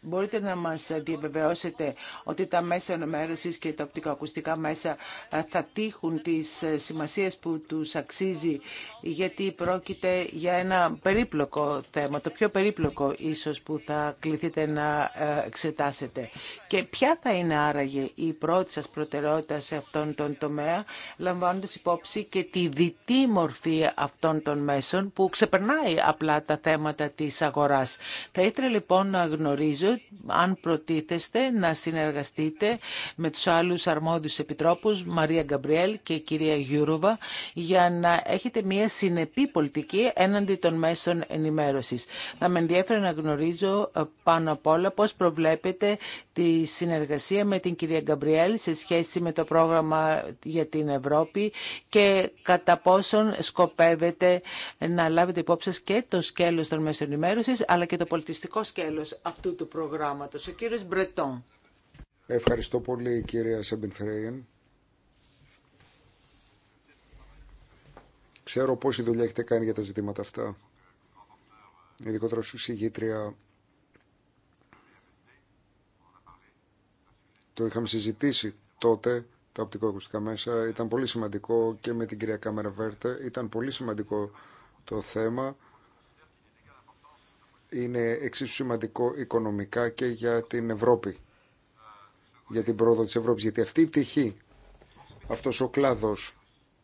Μπορείτε να μας διαβεβαιώσετε ότι τα μέσα ενημέρωση και τα οπτικοακουστικά μέσα ε, θα τύχουν τις ε, σημασίες που τους αξίζει, γιατί πρόκειται για ένα περίπλοκο θέμα, το πιο περίπλοκο ίσως που θα κληθείτε να ε, εξετάσετε. Και ποια θα είναι άραγε η πρώτη σας προτεραιότητα σε αυτόν τον τομέα, λαμβάνοντας υπόψη και τη διτή μορφή αυτών των μέσων που ξεπερνάει απλά τα θέματα της αγοράς. Θα ήθελα λοιπόν να γνωρίζω αν προτίθεστε να συνεργαστείτε με τους άλλους αρμόδιους επιτρόπους Μαρία Γκαμπριέλ και κυρία Γιούροβα για να έχετε μια συνεπή πολιτική έναντι των μέσων ενημέρωσης. Θα με ενδιαφέρει να γνωρίζω ε, πάνω απ' όλα πώς προβλέπετε τη συνεργασία με την κυρία Γκαμπριέλ σε σχέση με το πρόγραμμα για την Ευρώπη και κατά πόσον σκοπεύετε να λάβετε υπόψη σας και το σκέλος των μέσων ενημέρωσης αλλά και το πολιτιστικό σκέλος αυτού του προγράμματος ο Μπρετόν. Ευχαριστώ πολύ κυρία Φρέιεν. Ξέρω πόση δουλειά έχετε κάνει για τα ζητήματα αυτά. Ειδικότερα σου συγγήτρια. το είχαμε συζητήσει τότε τα οπτικοακουστικά μέσα. Ήταν πολύ σημαντικό και με την κυρία Κάμερα Βέρτε. Ήταν πολύ σημαντικό το θέμα είναι εξίσου σημαντικό οικονομικά και για την Ευρώπη, για την πρόοδο της Ευρώπης. Γιατί αυτή η πτυχή, αυτός ο κλάδος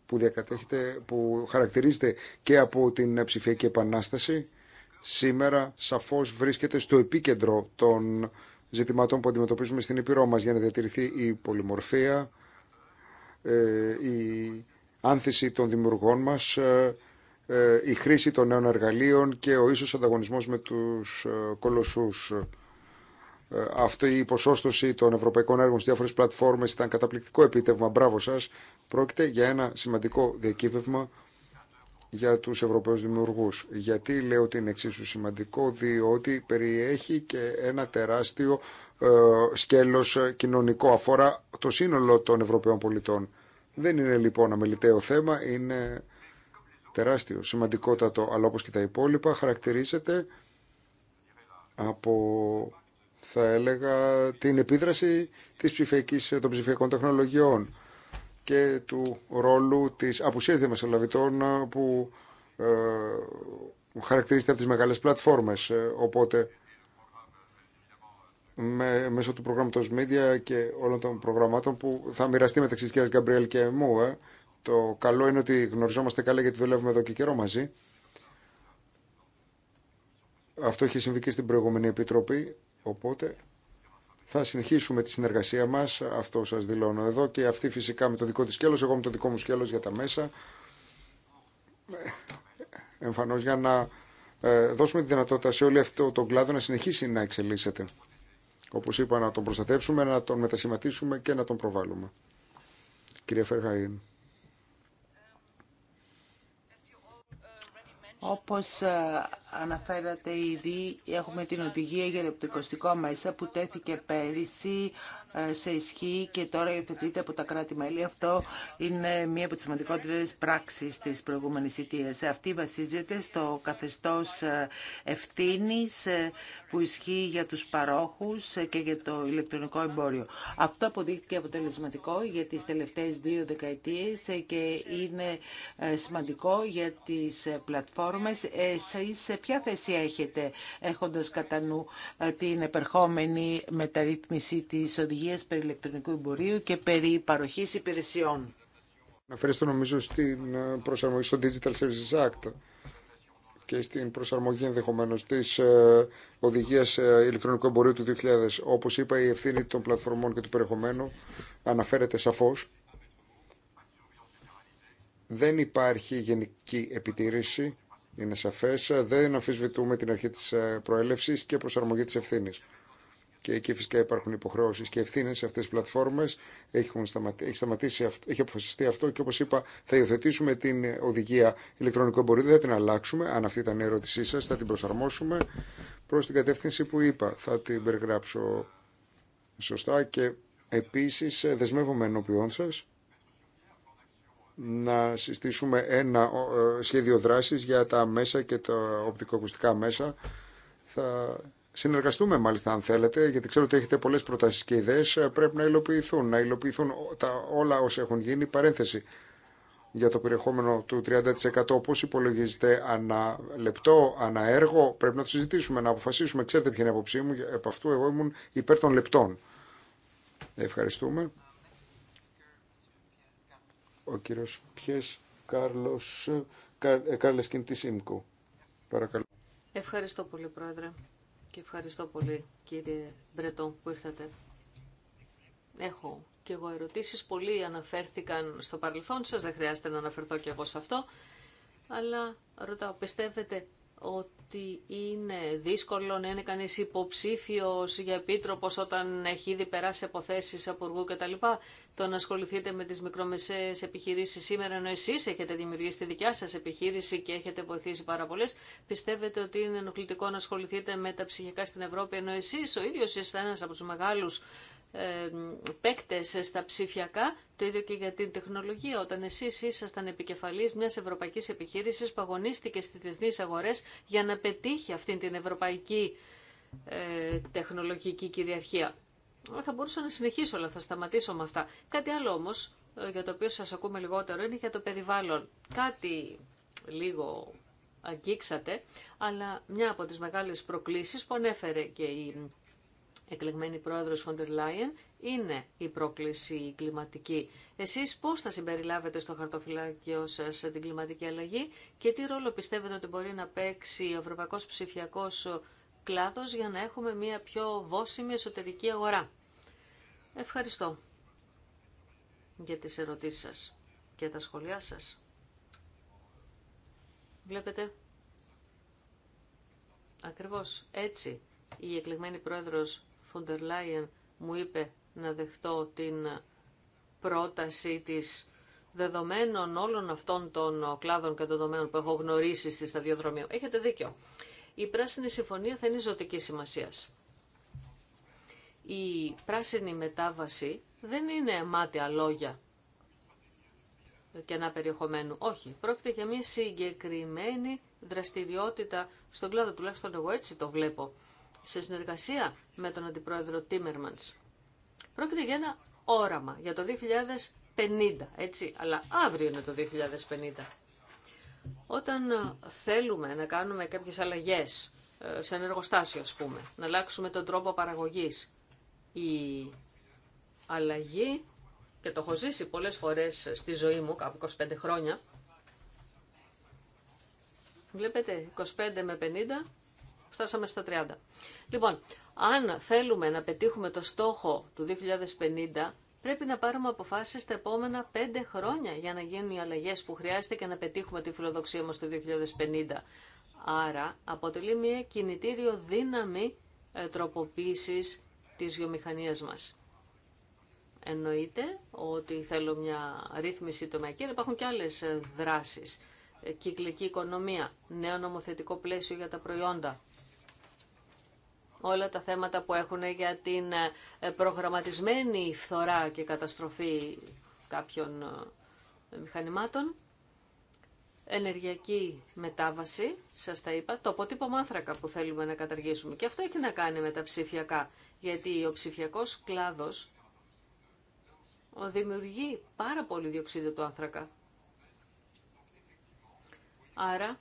που, διακατέχεται, που χαρακτηρίζεται και από την ψηφιακή επανάσταση, σήμερα σαφώς βρίσκεται στο επίκεντρο των ζητημάτων που αντιμετωπίζουμε στην Επιρώμα, μας για να διατηρηθεί η πολυμορφία, ε, η άνθηση των δημιουργών μας, ε, ε, η χρήση των νέων εργαλείων και ο ίσος ανταγωνισμός με τους ε, κολοσσούς. Ε, αυτή η ποσόστοση των ευρωπαϊκών έργων στις διάφορες πλατφόρμες ήταν καταπληκτικό επίτευγμα. Μπράβο σας. Πρόκειται για ένα σημαντικό διακύβευμα για τους Ευρωπαίους δημιουργούς. Γιατί λέω ότι είναι εξίσου σημαντικό, διότι περιέχει και ένα τεράστιο σκέλος κοινωνικό, αφορά το σύνολο των Ευρωπαίων πολιτών. Δεν είναι λοιπόν αμεληταίο θέμα, είναι τεράστιο, σημαντικότατο, αλλά όπως και τα υπόλοιπα χαρακτηρίζεται από, θα έλεγα, την επίδραση της ψηφιακής, των ψηφιακών τεχνολογιών και του ρόλου της απουσίας διαμεσολαβητών που ε, χαρακτηρίζεται από τις μεγάλες πλατφόρμες. Ε, οπότε, μέσω του προγράμματος Media και όλων των προγραμμάτων που θα μοιραστεί μεταξύ της κυρίας Γκαμπριέλ και μου, ε, το καλό είναι ότι γνωριζόμαστε καλά γιατί δουλεύουμε εδώ και καιρό μαζί. Αυτό έχει συμβεί και στην προηγούμενη επιτροπή, οπότε θα συνεχίσουμε τη συνεργασία μας, αυτό σας δηλώνω εδώ και αυτή φυσικά με το δικό της σκέλος, εγώ με το δικό μου σκέλος για τα μέσα. Εμφανώς για να ε, δώσουμε τη δυνατότητα σε όλο αυτό το κλάδο να συνεχίσει να εξελίσσεται. Όπως είπα, να τον προστατεύσουμε, να τον μετασχηματίσουμε και να τον προβάλλουμε. Κυρία Φεργαΐν. Όπως ε, αναφέρατε ήδη, έχουμε την οδηγία για λεπτοκοστικό μέσα που τέθηκε πέρυσι ε, σε ισχύ και τώρα υιοθετείται από τα κράτη-μέλη. Αυτό είναι μία από τις σημαντικότερες πράξεις της προηγούμενης ηττίας. Αυτή βασίζεται στο καθεστώς ε, ευθύνη ε, που ισχύει για τους παρόχους και για το ηλεκτρονικό εμπόριο. Αυτό αποδείχθηκε αποτελεσματικό για τις τελευταίες δύο δεκαετίες και είναι σημαντικό για τις πλατφόρμες. Εσείς σε ποια θέση έχετε έχοντας κατά νου την επερχόμενη μεταρρύθμιση της οδηγίας οδηγίες περί ηλεκτρονικού εμπορίου και περί παροχής υπηρεσιών. Αναφέρεστε νομίζω στην ε, προσαρμογή στο Digital Services Act και στην προσαρμογή ενδεχομένω τη ε, οδηγία ε, ηλεκτρονικού εμπορίου του 2000. Όπω είπα, η ευθύνη των πλατφορμών και του περιεχομένου αναφέρεται σαφώ. Δεν υπάρχει γενική επιτήρηση, είναι σαφέ. Δεν αμφισβητούμε την αρχή τη προέλευση και προσαρμογή τη ευθύνη και εκεί φυσικά υπάρχουν υποχρεώσει και ευθύνε σε αυτέ τι πλατφόρμε. Έχει, σταματήσει, έχει αποφασιστεί αυτό και όπω είπα, θα υιοθετήσουμε την οδηγία ηλεκτρονικού εμπορίου. Δεν την αλλάξουμε. Αν αυτή ήταν η ερώτησή σα, θα την προσαρμόσουμε προ την κατεύθυνση που είπα. Θα την περιγράψω σωστά και επίση ε, δεσμεύομαι ενώπιον σα να συστήσουμε ένα ε, σχέδιο δράσης για τα μέσα και τα οπτικοακουστικά μέσα. Θα συνεργαστούμε μάλιστα αν θέλετε, γιατί ξέρω ότι έχετε πολλές προτάσεις και ιδέες, πρέπει να υλοποιηθούν, να υλοποιηθούν τα, όλα όσα έχουν γίνει, παρένθεση για το περιεχόμενο του 30% πώς υπολογίζεται ανά λεπτό, ανά έργο, πρέπει να το συζητήσουμε, να αποφασίσουμε, ξέρετε ποια είναι η απόψή μου, επ' αυτού εγώ ήμουν υπέρ των λεπτών. Ευχαριστούμε. Ο κύριος Πιες Κάρλος, ε, Κάρλες Παρακαλώ. Ευχαριστώ πολύ, Πρόεδρε. Και ευχαριστώ πολύ κύριε Μπρετό που ήρθατε. Έχω και εγώ ερωτήσεις. Πολλοί αναφέρθηκαν στο παρελθόν σας, δεν χρειάζεται να αναφερθώ και εγώ σε αυτό. Αλλά ρωτάω, πιστεύετε ότι είναι δύσκολο να είναι κανείς υποψήφιος για επίτροπος όταν έχει ήδη περάσει αποθέσεις απουργού κτλ. Το να ασχοληθείτε με τις μικρομεσαίες επιχειρήσεις σήμερα, ενώ εσείς έχετε δημιουργήσει τη δικιά σας επιχείρηση και έχετε βοηθήσει πάρα πολλές, πιστεύετε ότι είναι ενοχλητικό να ασχοληθείτε με τα ψυχικά στην Ευρώπη, ενώ εσείς ο ίδιος είστε ένας από τους μεγάλους παίκτε στα ψηφιακά, το ίδιο και για την τεχνολογία. Όταν εσείς ήσασταν επικεφαλής μια ευρωπαϊκή επιχείρηση που αγωνίστηκε στις διεθνεί αγορές για να πετύχει αυτή την ευρωπαϊκή ε, τεχνολογική κυριαρχία. Θα μπορούσα να συνεχίσω, αλλά θα σταματήσω με αυτά. Κάτι άλλο όμω, ε, για το οποίο σας ακούμε λιγότερο, είναι για το περιβάλλον. Κάτι λίγο αγγίξατε, αλλά μια από τι μεγάλε προκλήσει που ανέφερε και η εκλεγμένη πρόεδρος Φοντερ Λάιεν είναι η πρόκληση κλιματική. Εσείς πώς θα συμπεριλάβετε στο χαρτοφυλάκιο σας την κλιματική αλλαγή και τι ρόλο πιστεύετε ότι μπορεί να παίξει ο ευρωπαϊκός ψηφιακός κλάδος για να έχουμε μια πιο βόσιμη εσωτερική αγορά. Ευχαριστώ για τις ερωτήσεις σας και τα σχόλιά σας. Βλέπετε, ακριβώς έτσι η εκλεγμένη πρόεδρος Φοντερ Λάιεν μου είπε να δεχτώ την πρότασή της δεδομένων όλων αυτών των κλάδων και των δομένων που έχω γνωρίσει στη σταδιοδρομία. Έχετε δίκιο. Η Πράσινη Συμφωνία θα είναι ζωτική σημασία. Η πράσινη μετάβαση δεν είναι μάτια λόγια και ένα περιεχομένου. Όχι, πρόκειται για μια συγκεκριμένη δραστηριότητα στον κλάδο, τουλάχιστον εγώ έτσι το βλέπω σε συνεργασία με τον Αντιπρόεδρο Τίμερμαντς. Πρόκειται για ένα όραμα για το 2050, έτσι, αλλά αύριο είναι το 2050. Όταν ε, θέλουμε να κάνουμε κάποιες αλλαγές ε, σε ένα εργοστάσιο, ας πούμε, να αλλάξουμε τον τρόπο παραγωγής, η αλλαγή, και το έχω ζήσει πολλές φορές στη ζωή μου, κάπου 25 χρόνια, βλέπετε, 25 με 50 Φτάσαμε στα 30. Λοιπόν, αν θέλουμε να πετύχουμε το στόχο του 2050, πρέπει να πάρουμε αποφάσεις τα επόμενα 5 χρόνια για να γίνουν οι αλλαγές που χρειάζεται και να πετύχουμε τη φιλοδοξία μας το 2050. Άρα, αποτελεί μια κινητήριο δύναμη ε, τροποποίησης της βιομηχανίας μας. Εννοείται ότι θέλω μια ρύθμιση τομεακή, αλλά υπάρχουν και άλλες ε, δράσεις. Ε, κυκλική οικονομία, νέο νομοθετικό πλαίσιο για τα προϊόντα, όλα τα θέματα που έχουν για την ε, προγραμματισμένη φθορά και καταστροφή κάποιων ε, μηχανημάτων. Ενεργειακή μετάβαση, σας τα είπα, το αποτύπωμα άνθρακα που θέλουμε να καταργήσουμε. Και αυτό έχει να κάνει με τα ψηφιακά, γιατί ο ψηφιακός κλάδος δημιουργεί πάρα πολύ διοξείδιο του άνθρακα. Άρα,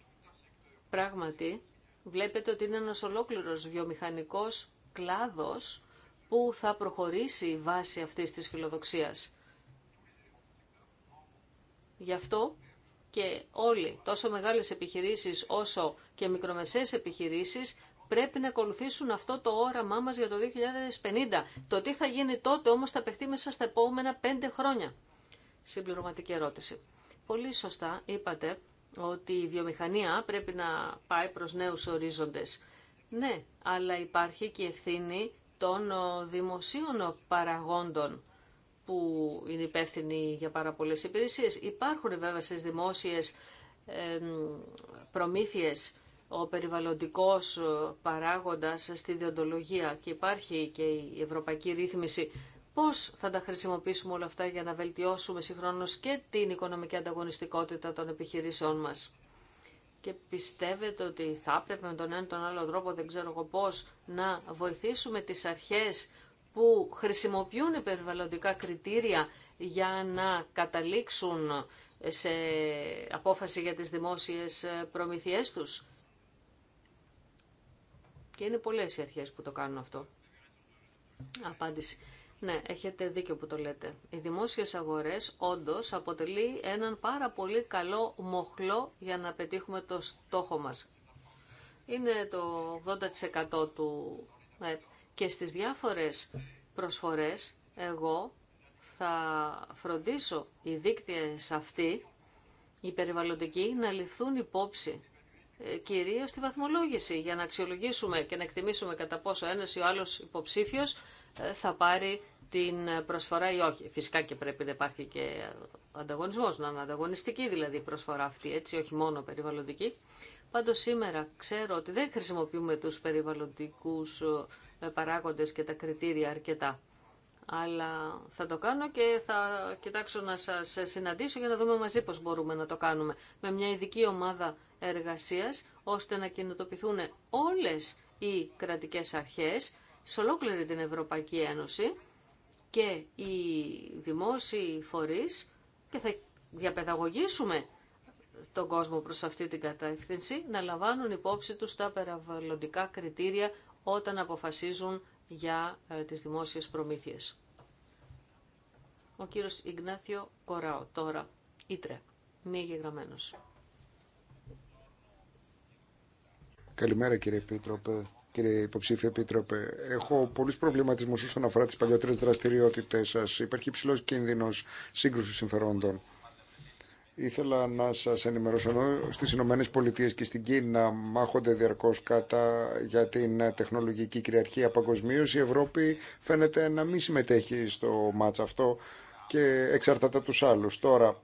πράγματι, βλέπετε ότι είναι ένας ολόκληρος βιομηχανικός κλάδος που θα προχωρήσει η βάση αυτής της φιλοδοξίας. Γι' αυτό και όλοι, τόσο μεγάλες επιχειρήσεις όσο και μικρομεσαίες επιχειρήσεις, πρέπει να ακολουθήσουν αυτό το όραμά μας για το 2050. Το τι θα γίνει τότε όμως θα παιχτεί μέσα στα επόμενα πέντε χρόνια. Συμπληρωματική ερώτηση. Πολύ σωστά είπατε ότι η βιομηχανία πρέπει να πάει προς νέους ορίζοντες. Ναι, αλλά υπάρχει και ευθύνη των δημοσίων παραγόντων που είναι υπεύθυνοι για πάρα πολλές υπηρεσίες. Υπάρχουν βέβαια στις δημόσιες προμήθειες ο περιβαλλοντικός παράγοντας στη διοντολογία και υπάρχει και η ευρωπαϊκή ρύθμιση πώς θα τα χρησιμοποιήσουμε όλα αυτά για να βελτιώσουμε συγχρόνως και την οικονομική ανταγωνιστικότητα των επιχειρήσεών μας. Και πιστεύετε ότι θα έπρεπε με τον ένα τον άλλο τρόπο, δεν ξέρω εγώ πώς, να βοηθήσουμε τις αρχές που χρησιμοποιούν περιβαλλοντικά κριτήρια για να καταλήξουν σε απόφαση για τις δημόσιες προμηθειές τους. Και είναι πολλές οι αρχές που το κάνουν αυτό. Απάντηση. Ναι, έχετε δίκιο που το λέτε. Οι δημόσιες αγορές όντως αποτελεί έναν πάρα πολύ καλό μοχλό για να πετύχουμε το στόχο μας. Είναι το 80% του Και στις διάφορες προσφορές εγώ θα φροντίσω οι δίκτυες αυτοί, οι περιβαλλοντικοί, να ληφθούν υπόψη ε, κυρίως τη βαθμολόγηση για να αξιολογήσουμε και να εκτιμήσουμε κατά πόσο ένας ή ο άλλος υποψήφιος θα πάρει την προσφορά ή όχι. Φυσικά και πρέπει να υπάρχει και ανταγωνισμός, να είναι ανταγωνιστική δηλαδή η προσφορά αυτή, έτσι, όχι μόνο περιβαλλοντική. Πάντως σήμερα παντω σημερα ότι δεν χρησιμοποιούμε του περιβαλλοντικού ε, παράγοντε και τα κριτήρια αρκετά. Αλλά θα το κάνω και θα κοιτάξω να σα συναντήσω για να δούμε μαζί πώ μπορούμε να το κάνουμε. Με μια ειδική ομάδα εργασία, ώστε να κινητοποιηθούν όλε οι κρατικέ αρχέ σε ολόκληρη την Ευρωπαϊκή Ένωση και οι δημόσιοι φορείς και θα διαπαιδαγωγήσουμε τον κόσμο προς αυτή την κατεύθυνση να λαμβάνουν υπόψη τους τα περιβαλλοντικά κριτήρια όταν αποφασίζουν για ε, τις δημόσιες προμήθειες. Ο κύριος Ιγνάθιο Κοράο, τώρα, Ήτρε, μη εγγεγραμμένος. Καλημέρα κύριε Πίτροπε κύριε Υποψήφιο επίτροπε. Έχω πολλού προβληματισμού όσον αφορά τι παλιότερε δραστηριότητέ σα. Υπάρχει υψηλό κίνδυνο σύγκρουση συμφερόντων. Ήθελα να σα ενημερώσω ότι στι Ηνωμένε Πολιτείε και στην Κίνα μάχονται διαρκώ κατά για την τεχνολογική κυριαρχία παγκοσμίω. Η Ευρώπη φαίνεται να μην συμμετέχει στο μάτσα αυτό και εξαρτάται από του άλλου. Τώρα,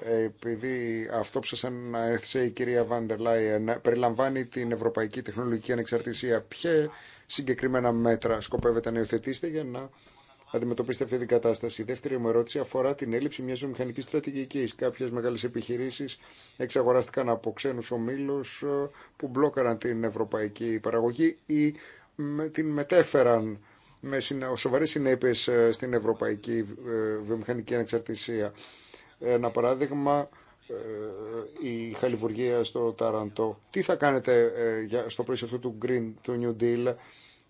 επειδή αυτό που σας αναέθεσε η κυρία Βάντερ Λάιεν περιλαμβάνει την Ευρωπαϊκή Τεχνολογική Ανεξαρτησία, ποια συγκεκριμένα μέτρα σκοπεύετε να υιοθετήσετε για να αντιμετωπίσετε αυτή την κατάσταση. Η δεύτερη μου ερώτηση αφορά την έλλειψη μιας βιομηχανικής στρατηγικής. Κάποιες μεγάλες επιχειρήσεις εξαγοράστηκαν από ξένους ομίλους ε, που μπλόκαραν την ευρωπαϊκή παραγωγή ή την μετέφεραν με σοβαρέ συνέπειε ε, στην ευρωπαϊκή ε, βιομηχανική ανεξαρτησία. Ένα παράδειγμα, ε, η χαλιβουργία στο Ταραντό. Τι θα κάνετε ε, στο πλαίσιο αυτού του Green, του New Deal,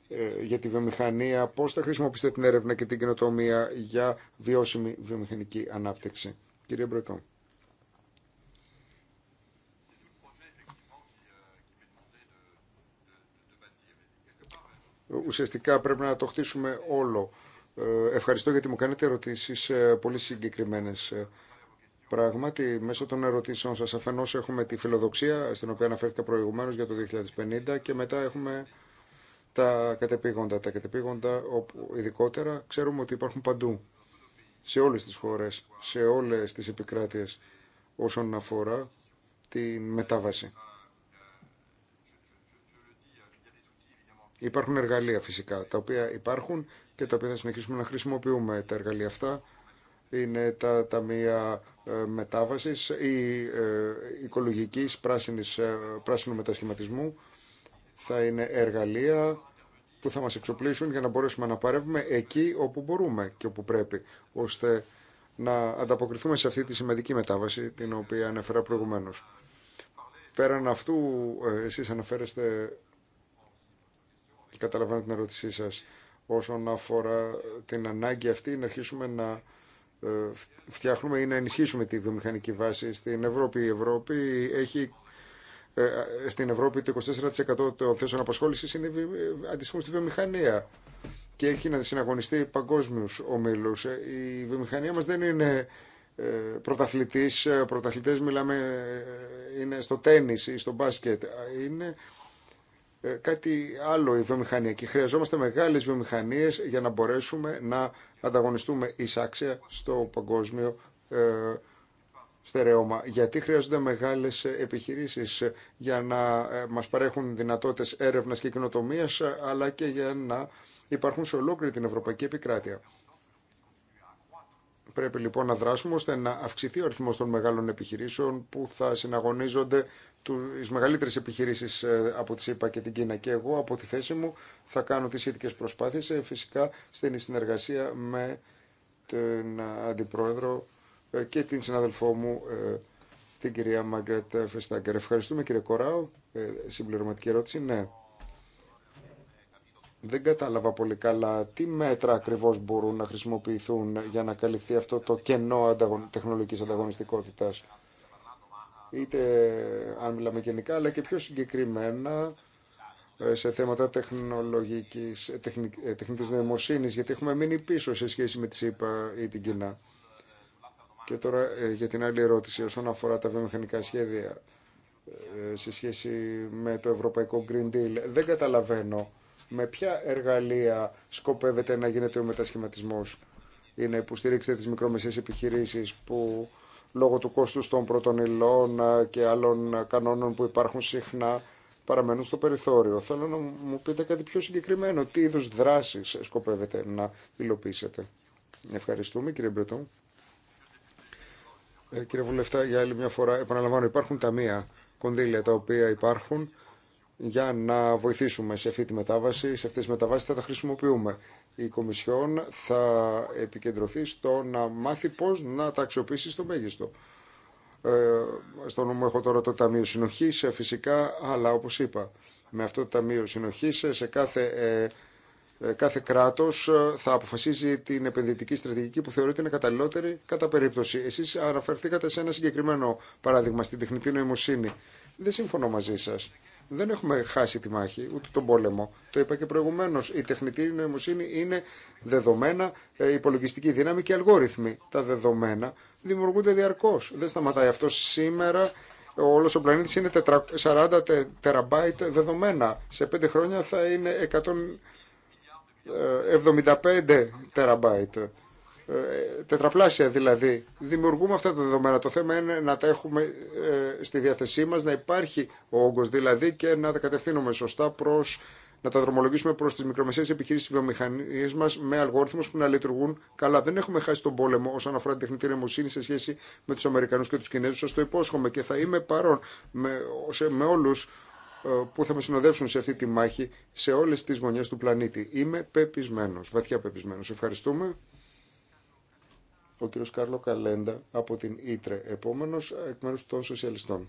ε, για τη βιομηχανία, πώς θα χρησιμοποιήσετε την έρευνα και την κοινοτομία για βιώσιμη βιομηχανική ανάπτυξη. Κύριε Μπρετόν. Ουσιαστικά πρέπει να το χτίσουμε όλο. Ευχαριστώ γιατί μου κάνετε ερωτήσεις πολύ συγκεκριμένες Πράγματι, μέσω των ερωτήσεων σας αφενός έχουμε τη φιλοδοξία, στην οποία αναφέρθηκα προηγουμένως για το 2050 και μετά έχουμε τα κατεπήγοντα. Τα κατεπήγοντα, όπου ειδικότερα, ξέρουμε ότι υπάρχουν παντού, σε όλες τις χώρες, σε όλες τις επικράτειες, όσον αφορά τη μετάβαση. Υπάρχουν εργαλεία φυσικά, τα οποία υπάρχουν και τα οποία θα συνεχίσουμε να χρησιμοποιούμε. Τα εργαλεία αυτά είναι τα ταμεία ε, μετάβασης ή ε, οικολογικής πράσινης, ε, πράσινου μετασχηματισμού. Θα είναι εργαλεία που θα μας εξοπλίσουν για να μπορέσουμε να παρεύουμε εκεί όπου μπορούμε και όπου πρέπει, ώστε να ανταποκριθούμε σε αυτή τη σημαντική μετάβαση την οποία ανέφερα προηγουμένως. Πέραν αυτού, εσείς αναφέρεστε, καταλαβαίνω την ερώτησή σας, όσον αφορά την ανάγκη αυτή να αρχίσουμε να ε, φτιάχνουμε ή να ενισχύσουμε τη βιομηχανική βάση στην Ευρώπη. Η Ευρώπη έχει ε, ε, στην Ευρώπη το 24% των θέσεων απασχόληση είναι αντιστοιχούν στη βιομηχανία και έχει να συναγωνιστεί παγκόσμιου ομίλου. Η βιομηχανία μα δεν είναι πρωταθλητή. Πρωταθλητέ μιλάμε είναι στο τέννη ή στο μπάσκετ. Είναι ε, κάτι άλλο η βιομηχανία και Χρειαζόμαστε μεγάλες βιομηχανίες για να μπορέσουμε να ανταγωνιστούμε εισάξια στο παγκόσμιο ε, στερεώμα. Γιατί χρειάζονται μεγάλες ε, επιχειρήσεις ε, για να μας παρέχουν δυνατότητες έρευνας και κοινοτομίας αλλά και για να υπάρχουν σε ολόκληρη την ευρωπαϊκή επικράτεια. Πρέπει λοιπόν να δράσουμε ώστε να αυξηθεί ο αριθμός των μεγάλων επιχειρήσεων που θα συναγωνίζονται τις μεγαλύτερες επιχειρήσεις ε, από τι ΕΠΑ και την Κίνα και εγώ από τη θέση μου θα κάνω τις σχετικές προσπάθειες ε, φυσικά στην συνεργασία με τον Αντιπρόεδρο ε, και την συναδελφό μου την κυρία Μάγκρετ Φεστάγκερ. Ευχαριστούμε κύριε Κοράου. Συμπληρωματική ερώτηση, ναι. Δεν κατάλαβα πολύ καλά τι μέτρα ακριβώς μπορούν να χρησιμοποιηθούν για να καλυφθεί αυτό το κενό τεχνολογικής ανταγωνιστικότητας είτε αν μιλάμε γενικά, αλλά και πιο συγκεκριμένα ε, σε θέματα τεχνολογικής, ε, ε, τεχνητής νοημοσύνης, γιατί έχουμε μείνει πίσω σε σχέση με τη ΣΥΠΑ ή την Κίνα. Και τώρα για την άλλη ερώτηση, όσον αφορά τα βιομηχανικά σχέδια σε σχέση με το Ευρωπαϊκό Green Deal, δεν καταλαβαίνω με ποια εργαλεία σκοπεύετε να γίνεται ο μετασχηματισμός. ή να υποστηρίξετε τις μικρομεσαίες επιχειρήσεις που λόγω του κόστου των πρώτων υλών ε, και άλλων ε, κανόνων που υπάρχουν συχνά παραμένουν στο περιθώριο. Θέλω να μου πείτε κάτι πιο συγκεκριμένο. Τι είδους δράσεις σκοπεύετε να υλοποιήσετε. Ευχαριστούμε κύριε Μπρετού. Ε, κύριε Βουλευτά, για άλλη μια φορά επαναλαμβάνω υπάρχουν ταμεία κονδύλια τα οποία υπάρχουν για να βοηθήσουμε σε αυτή τη μετάβαση. Σε αυτές τις μεταβάσεις θα τα χρησιμοποιούμε η Κομισιόν θα επικεντρωθεί στο να μάθει πώς να τα αξιοποιήσει στο μέγιστο. Ε, στο νόμο έχω τώρα το Ταμείο Συνοχής ε, φυσικά, αλλά όπως είπα, με αυτό το Ταμείο Συνοχής ε, σε κάθε, ε, ε κάθε κράτος θα αποφασίζει την επενδυτική στρατηγική που θεωρείται είναι καταλληλότερη κατά περίπτωση. Εσείς αναφερθήκατε σε ένα συγκεκριμένο παράδειγμα, στην τεχνητή νοημοσύνη. Δεν συμφωνώ μαζί σας. Δεν έχουμε χάσει τη μάχη, ούτε τον πόλεμο. Το είπα και προηγουμένω. Η τεχνητή νοημοσύνη είναι δεδομένα, ε, υπολογιστική δύναμη και αλγόριθμοι. Τα δεδομένα δημιουργούνται διαρκώ. Δεν σταματάει αυτό σήμερα. Όλο ο πλανήτη είναι 40 τεραμπάιτ δεδομένα. Σε 5 χρόνια θα είναι 175 ε, τεραμπάιτ. Ε, τετραπλάσια δηλαδή. Δημιουργούμε αυτά τα δεδομένα. Το θέμα είναι να τα έχουμε ε, στη διάθεσή μας, να υπάρχει ο όγκος δηλαδή και να τα κατευθύνουμε σωστά προς να τα δρομολογήσουμε προ τι μικρομεσαίε επιχειρήσει τη βιομηχανία μα με αλγόριθμου που να λειτουργούν καλά. Δεν έχουμε χάσει τον πόλεμο όσον αφορά την τεχνητή νοημοσύνη σε σχέση με του Αμερικανού και του Κινέζου. Σα το υπόσχομαι και θα είμαι παρόν με, με όλου ε, που θα με συνοδεύσουν σε αυτή τη μάχη σε όλε τι γωνιές του πλανήτη. Είμαι πεπισμένο, βαθιά πεπισμένο. Ευχαριστούμε ο κύριος Κάρλο Καλέντα από την Ήτρε, επόμενος εκ μέρου των Σοσιαλιστών.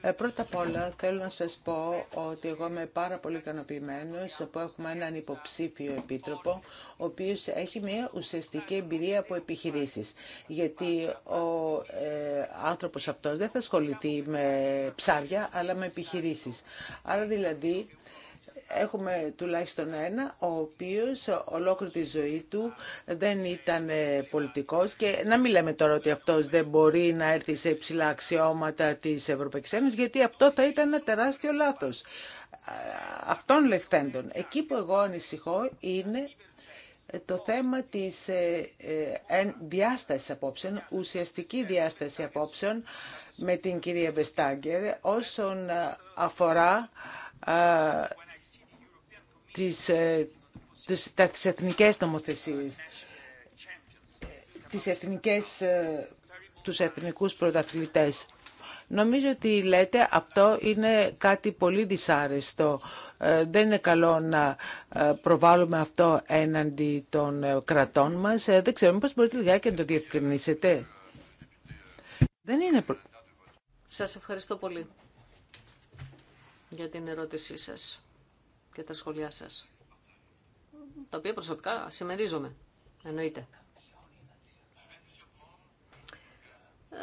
Ε, πρώτα απ' όλα θέλω να σας πω ότι εγώ είμαι πάρα πολύ ικανοποιημένο που έχουμε έναν υποψήφιο επίτροπο ο οποίος έχει μια ουσιαστική εμπειρία από επιχειρήσεις. Γιατί ο ε, άνθρωπος αυτός δεν θα ασχοληθεί με ψάρια αλλά με επιχειρήσεις. Άρα δηλαδή έχουμε τουλάχιστον ένα, ο οποίος ολόκληρη τη ζωή του δεν ήταν ε, πολιτικός και να μην λέμε τώρα ότι αυτός δεν μπορεί να έρθει σε υψηλά αξιώματα της Ευρωπαϊκής Ένωσης, γιατί αυτό θα ήταν ένα τεράστιο λάθος. Ε, αυτών λεχθέντων. Εκεί που εγώ ανησυχώ είναι ε, το θέμα της διάστασης απόψεων, ουσιαστική διάσταση απόψεων με την κυρία Βεστάγκερ όσον αφορά τις, ε, τις, τα, τις εθνικές νομοθεσίες, εθνικές, ε, τους εθνικούς πρωταθλητές. Νομίζω ότι λέτε αυτό είναι κάτι πολύ δυσάρεστο. Ε, δεν είναι καλό να προβάλλουμε αυτό έναντι των κρατών μας. Δεν ξέρω, πώς μπορείτε λιγάκι να το διευκρινίσετε. Δεν είναι... Σας ευχαριστώ πολύ για την ερώτησή σας και τα σχόλιά σας. Τα οποία προσωπικά συμμερίζομαι, εννοείται.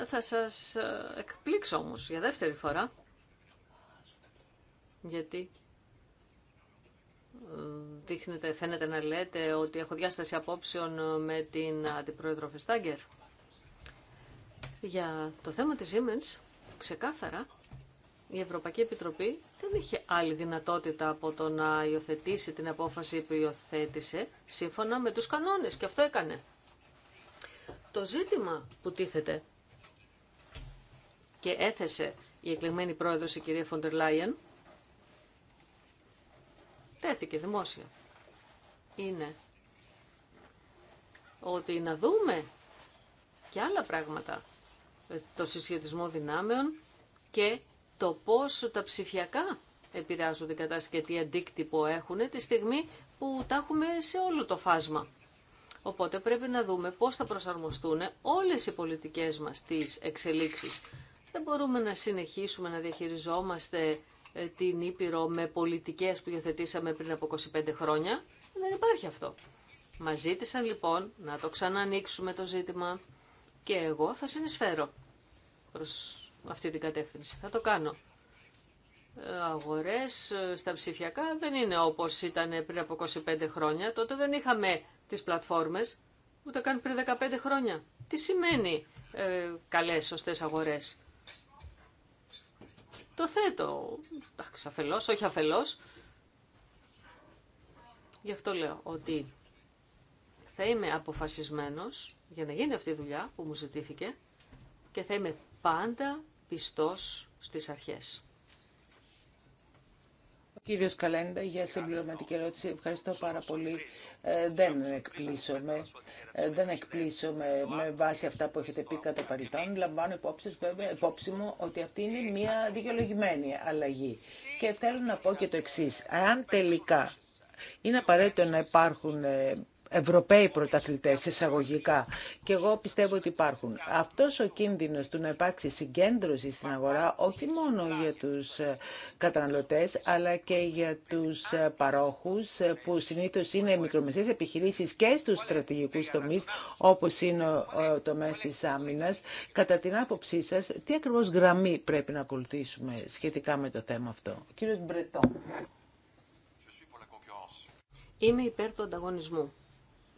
Θα σας ε, εκπλήξω όμως για δεύτερη φορά, γιατί ε, δείχνετε, φαίνεται να λέτε ότι έχω διάσταση απόψεων με την αντιπρόεδρο Φεστάγκερ. Για το θέμα της Siemens, ξεκάθαρα, η Ευρωπαϊκή Επιτροπή δεν είχε άλλη δυνατότητα από το να υιοθετήσει την απόφαση που υιοθέτησε σύμφωνα με τους κανόνες και αυτό έκανε. Το ζήτημα που τίθεται και έθεσε η εκλεγμένη πρόεδρος η κυρία Φοντερ Λάιεν τέθηκε δημόσια. Είναι ότι να δούμε και άλλα πράγματα, το συσχετισμό δυνάμεων και το πώς τα ψηφιακά επηρεάζουν την κατάσταση και τι αντίκτυπο έχουν τη στιγμή που τα έχουμε σε όλο το φάσμα. Οπότε πρέπει να δούμε πώς θα προσαρμοστούν όλες οι πολιτικές μας τις εξελίξεις. Δεν μπορούμε να συνεχίσουμε να διαχειριζόμαστε ε, την Ήπειρο με πολιτικές που υιοθετήσαμε πριν από 25 χρόνια. Δεν υπάρχει αυτό. Μα ζήτησαν λοιπόν να το ξανανοίξουμε το ζήτημα και εγώ θα συνεισφέρω προς αυτή την κατεύθυνση. Θα το κάνω. Ε, αγορές ε, στα ψηφιακά δεν είναι όπως ήταν πριν από 25 χρόνια. Τότε δεν είχαμε τις πλατφόρμες, ούτε καν πριν 15 χρόνια. Τι σημαίνει ε, καλές, σωστές αγορές. Το θέτω, εντάξει, αφελώς, όχι αφελώς. Γι' αυτό λέω ότι θα είμαι αποφασισμένος για να γίνει αυτή η δουλειά που μου ζητήθηκε και θα είμαι πάντα πιστός στις αρχές. κύριος Καλέντα, για συμπληρωματική ερώτηση, ευχαριστώ πάρα πολύ. Ε, δεν εκπλήσωμαι. Ε, δεν με βάση αυτά που έχετε πει κατά παρελθόν. Λαμβάνω υπόψη, βέβαια, υπόψη μου ότι αυτή είναι μια δικαιολογημένη αλλαγή. Και θέλω να πω και το εξή. Αν τελικά είναι απαραίτητο να υπάρχουν ε, Ευρωπαίοι πρωταθλητές εισαγωγικά. Και εγώ πιστεύω ότι υπάρχουν. Αυτός ο κίνδυνος του να υπάρξει συγκέντρωση στην αγορά όχι μόνο για τους ε, καταναλωτές αλλά και για τους ε, παρόχους ε, που συνήθως είναι μικρομεσαίες επιχειρήσεις και στους στρατηγικού τομείς όπως είναι το μέσο τη Άμυνα, Κατά την άποψή σα τι ακριβώ γραμμή πρέπει να ακολουθήσουμε σχετικά με το θέμα αυτό. Κύριο Μπρετό. Είμαι υπέρ του ανταγωνισμού.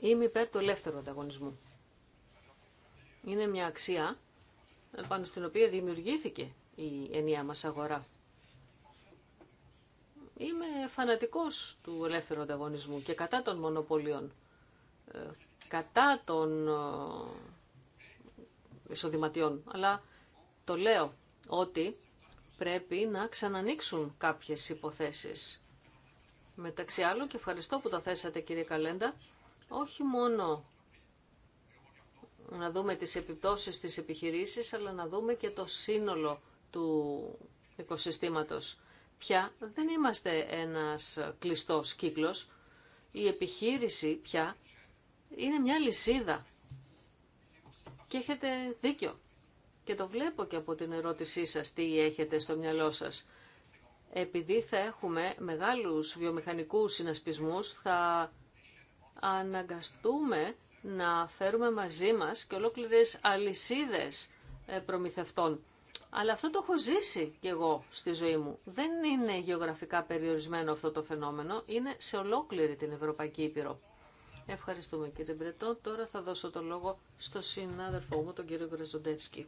Είμαι υπέρ του ελεύθερου ανταγωνισμού. Είναι μια αξία πάνω στην οποία δημιουργήθηκε η ενιαία μας αγορά. Είμαι φανατικός του ελεύθερου ανταγωνισμού και κατά των μονοπωλίων, ε, κατά των ε, εισοδηματιών. Αλλά το λέω ότι πρέπει να ξανανοίξουν κάποιες υποθέσεις. Μεταξύ άλλων, και ευχαριστώ που το θέσατε κύριε Καλέντα, όχι μόνο να δούμε τις επιπτώσεις της επιχειρήσεις, αλλά να δούμε και το σύνολο του οικοσυστήματος. Πια δεν είμαστε ένας κλειστός κύκλος. Η επιχείρηση πια είναι μια λυσίδα. Και έχετε δίκιο. Και το βλέπω και από την ερώτησή σας τι έχετε στο μυαλό σας. Επειδή θα έχουμε μεγάλους βιομηχανικούς συνασπισμούς, θα αναγκαστούμε να φέρουμε μαζί μας και ολόκληρες αλυσίδες ε, προμηθευτών. Αλλά αυτό το έχω ζήσει κι εγώ στη ζωή μου. Δεν είναι γεωγραφικά περιορισμένο αυτό το φαινόμενο, είναι σε ολόκληρη την Ευρωπαϊκή Ήπειρο. Ευχαριστούμε κύριε Μπρετό. Τώρα θα δώσω το λόγο στο συνάδελφό μου, τον κύριο Γκρεζοντεύσκη.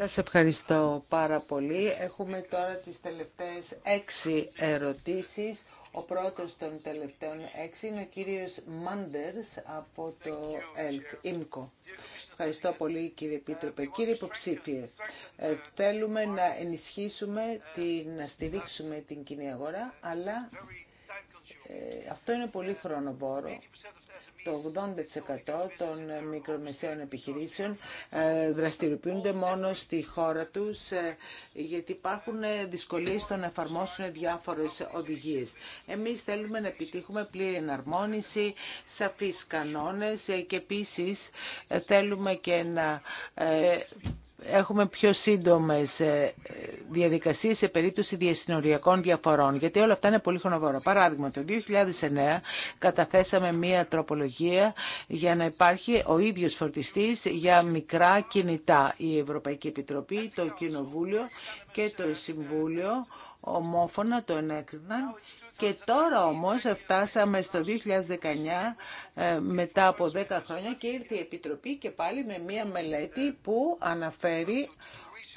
Σα ευχαριστώ πάρα πολύ. Έχουμε τώρα τις τελευταίες έξι ερωτήσεις. Ο πρώτος των τελευταίων έξι είναι ο κύριος Μάντερς από το ΕΛΚ, ΙΜΚΟ. Ευχαριστώ πολύ κύριε Επίτροπε. Κύριε Υποψήφιε, ε, θέλουμε να ενισχύσουμε, την, να στηρίξουμε την κοινή αγορά, αλλά ε, αυτό είναι πολύ χρονοβόρο το 80% των μικρομεσαίων επιχειρήσεων ε, δραστηριοποιούνται μόνο στη χώρα τους ε, γιατί υπάρχουν ε, δυσκολίες στο να εφαρμόσουν διάφορες οδηγίες. Εμείς θέλουμε να επιτύχουμε πλήρη εναρμόνιση, σαφείς κανόνες και επίσης θέλουμε και να έχουμε πιο σύντομες ε, διαδικασίες σε περίπτωση διασυνοριακών διαφορών, γιατί όλα αυτά είναι πολύ χρονοβόρα. Παράδειγμα, το 2009 καταθέσαμε μία τροπολογία για να υπάρχει ο ίδιος φορτιστής για μικρά κινητά. Η Ευρωπαϊκή Επιτροπή, το Κοινοβούλιο και το Συμβούλιο ομόφωνα το ενέκριναν και τώρα όμως φτάσαμε στο 2019 ε, μετά από 10 χρόνια και ήρθε η Επιτροπή και πάλι με μία μελέτη που αναφέρει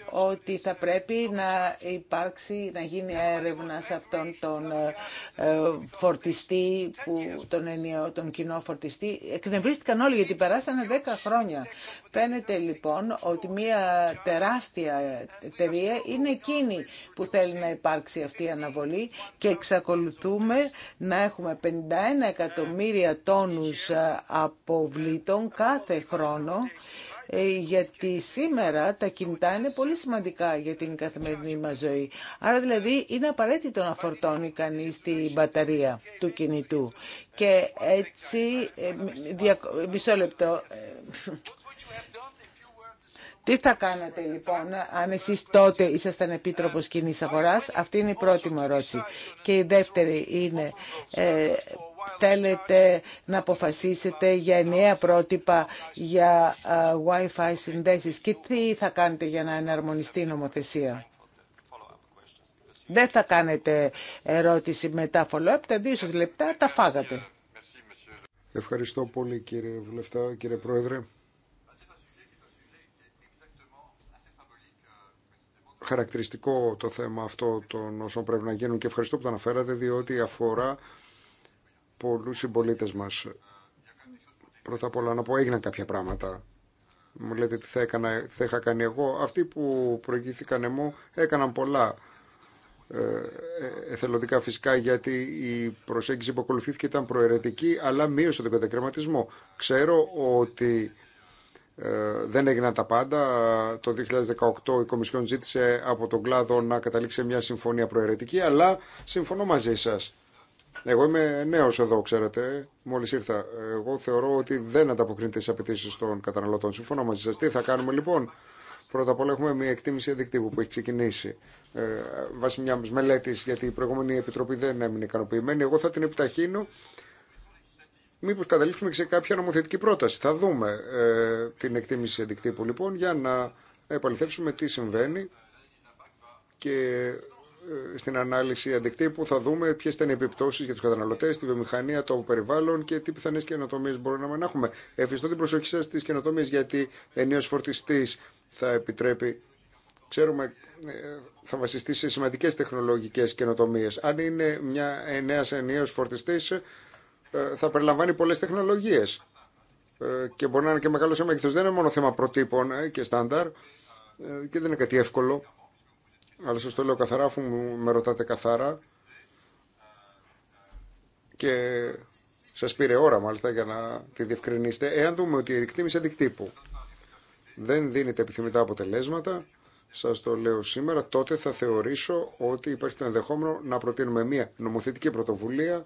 ότι θα πρέπει να υπάρξει, να γίνει έρευνα σε αυτόν τον ε, ε, φορτιστή, που, τον, ενιαίο, τον κοινό φορτιστή. Εκνευρίστηκαν όλοι γιατί περάσανε 10 χρόνια. Φαίνεται λοιπόν ότι μια τεράστια εταιρεία είναι εκείνη που θέλει να υπάρξει αυτή η αναβολή και εξακολουθούμε να έχουμε 51 εκατομμύρια τόνους ε, αποβλήτων κάθε χρόνο ε, γιατί σήμερα τα κινητά είναι πολύ σημαντικά για την καθημερινή μας ζωή. Άρα δηλαδή είναι απαραίτητο να φορτώνει κανείς την μπαταρία του κινητού. Και έτσι, ε, μισό λεπτό, ε, τι θα κάνατε λοιπόν αν εσείς τότε ήσασταν επίτροπος κοινή αγοράς. Αυτή είναι η πρώτη μου ερώτηση. Και η δεύτερη είναι θέλετε να αποφασίσετε για νέα πρότυπα για ε, Wi-Fi συνδέσεις και τι θα κάνετε για να εναρμονιστεί η νομοθεσία. Δεν θα κάνετε ερώτηση μετά follow-up, τα δύο σας λεπτά τα φάγατε. Ευχαριστώ πολύ κύριε Βουλευτά, κύριε Πρόεδρε. Χαρακτηριστικό το θέμα αυτό των όσων πρέπει να γίνουν και ευχαριστώ που το αναφέρατε διότι αφορά πολλούς συμπολίτε μας. Πρώτα απ' όλα να πω έγιναν κάποια πράγματα. Μου λέτε τι θα, έκανα, είχα κάνει εγώ. Αυτοί που προηγήθηκαν εμώ έκαναν πολλά. Ε, ε, εθελοντικά φυσικά γιατί η προσέγγιση που ακολουθήθηκε ήταν προαιρετική αλλά μείωσε τον κατακρεματισμό. Ξέρω ότι ε, δεν έγιναν τα πάντα. Το 2018 η Κομισιόν ζήτησε από τον κλάδο να καταλήξει μια συμφωνία προαιρετική αλλά συμφωνώ μαζί σας εγώ είμαι νέο εδώ, ξέρετε. Μόλι ήρθα. Εγώ θεωρώ ότι δεν ανταποκρίνεται στι απαιτήσει των καταναλωτών. Συμφωνώ μαζί σα. Τι θα κάνουμε λοιπόν. Πρώτα απ' όλα έχουμε μια εκτίμηση αντικτύπου που έχει ξεκινήσει ε, βάσει μια μελέτη, γιατί η προηγούμενη επιτροπή δεν έμεινε ικανοποιημένη. Εγώ θα την επιταχύνω. Μήπω καταλήξουμε και σε κάποια νομοθετική πρόταση. Θα δούμε ε, την εκτίμηση αντικτύπου λοιπόν για να επαληθεύσουμε τι συμβαίνει και ε, στην ανάλυση αντικτύπου θα δούμε ποιε ήταν οι επιπτώσει για του καταναλωτέ, τη βιομηχανία, το περιβάλλον και τι πιθανέ καινοτομίε μπορούμε να έχουμε. Ευχαριστώ την προσοχή σα στι καινοτομίε γιατί ενίο φορτιστή θα επιτρέπει. Ξέρουμε, ε, θα βασιστεί σε σημαντικέ τεχνολογικέ καινοτομίε. Αν είναι μια ε, νέα ενίο φορτιστή, θα περιλαμβάνει πολλέ τεχνολογίε και μπορεί να είναι και μεγάλο σε μέγεθο. Δεν είναι μόνο θέμα προτύπων και στάνταρ και δεν είναι κάτι εύκολο αλλά σας το λέω καθαρά αφού με ρωτάτε καθαρά και σας πήρε ώρα μάλιστα για να τη διευκρινίσετε. Εάν δούμε ότι η εκτίμηση αντικτύπου δεν δίνεται επιθυμητά αποτελέσματα, σας το λέω σήμερα, τότε θα θεωρήσω ότι υπάρχει το ενδεχόμενο να προτείνουμε μια νομοθετική πρωτοβουλία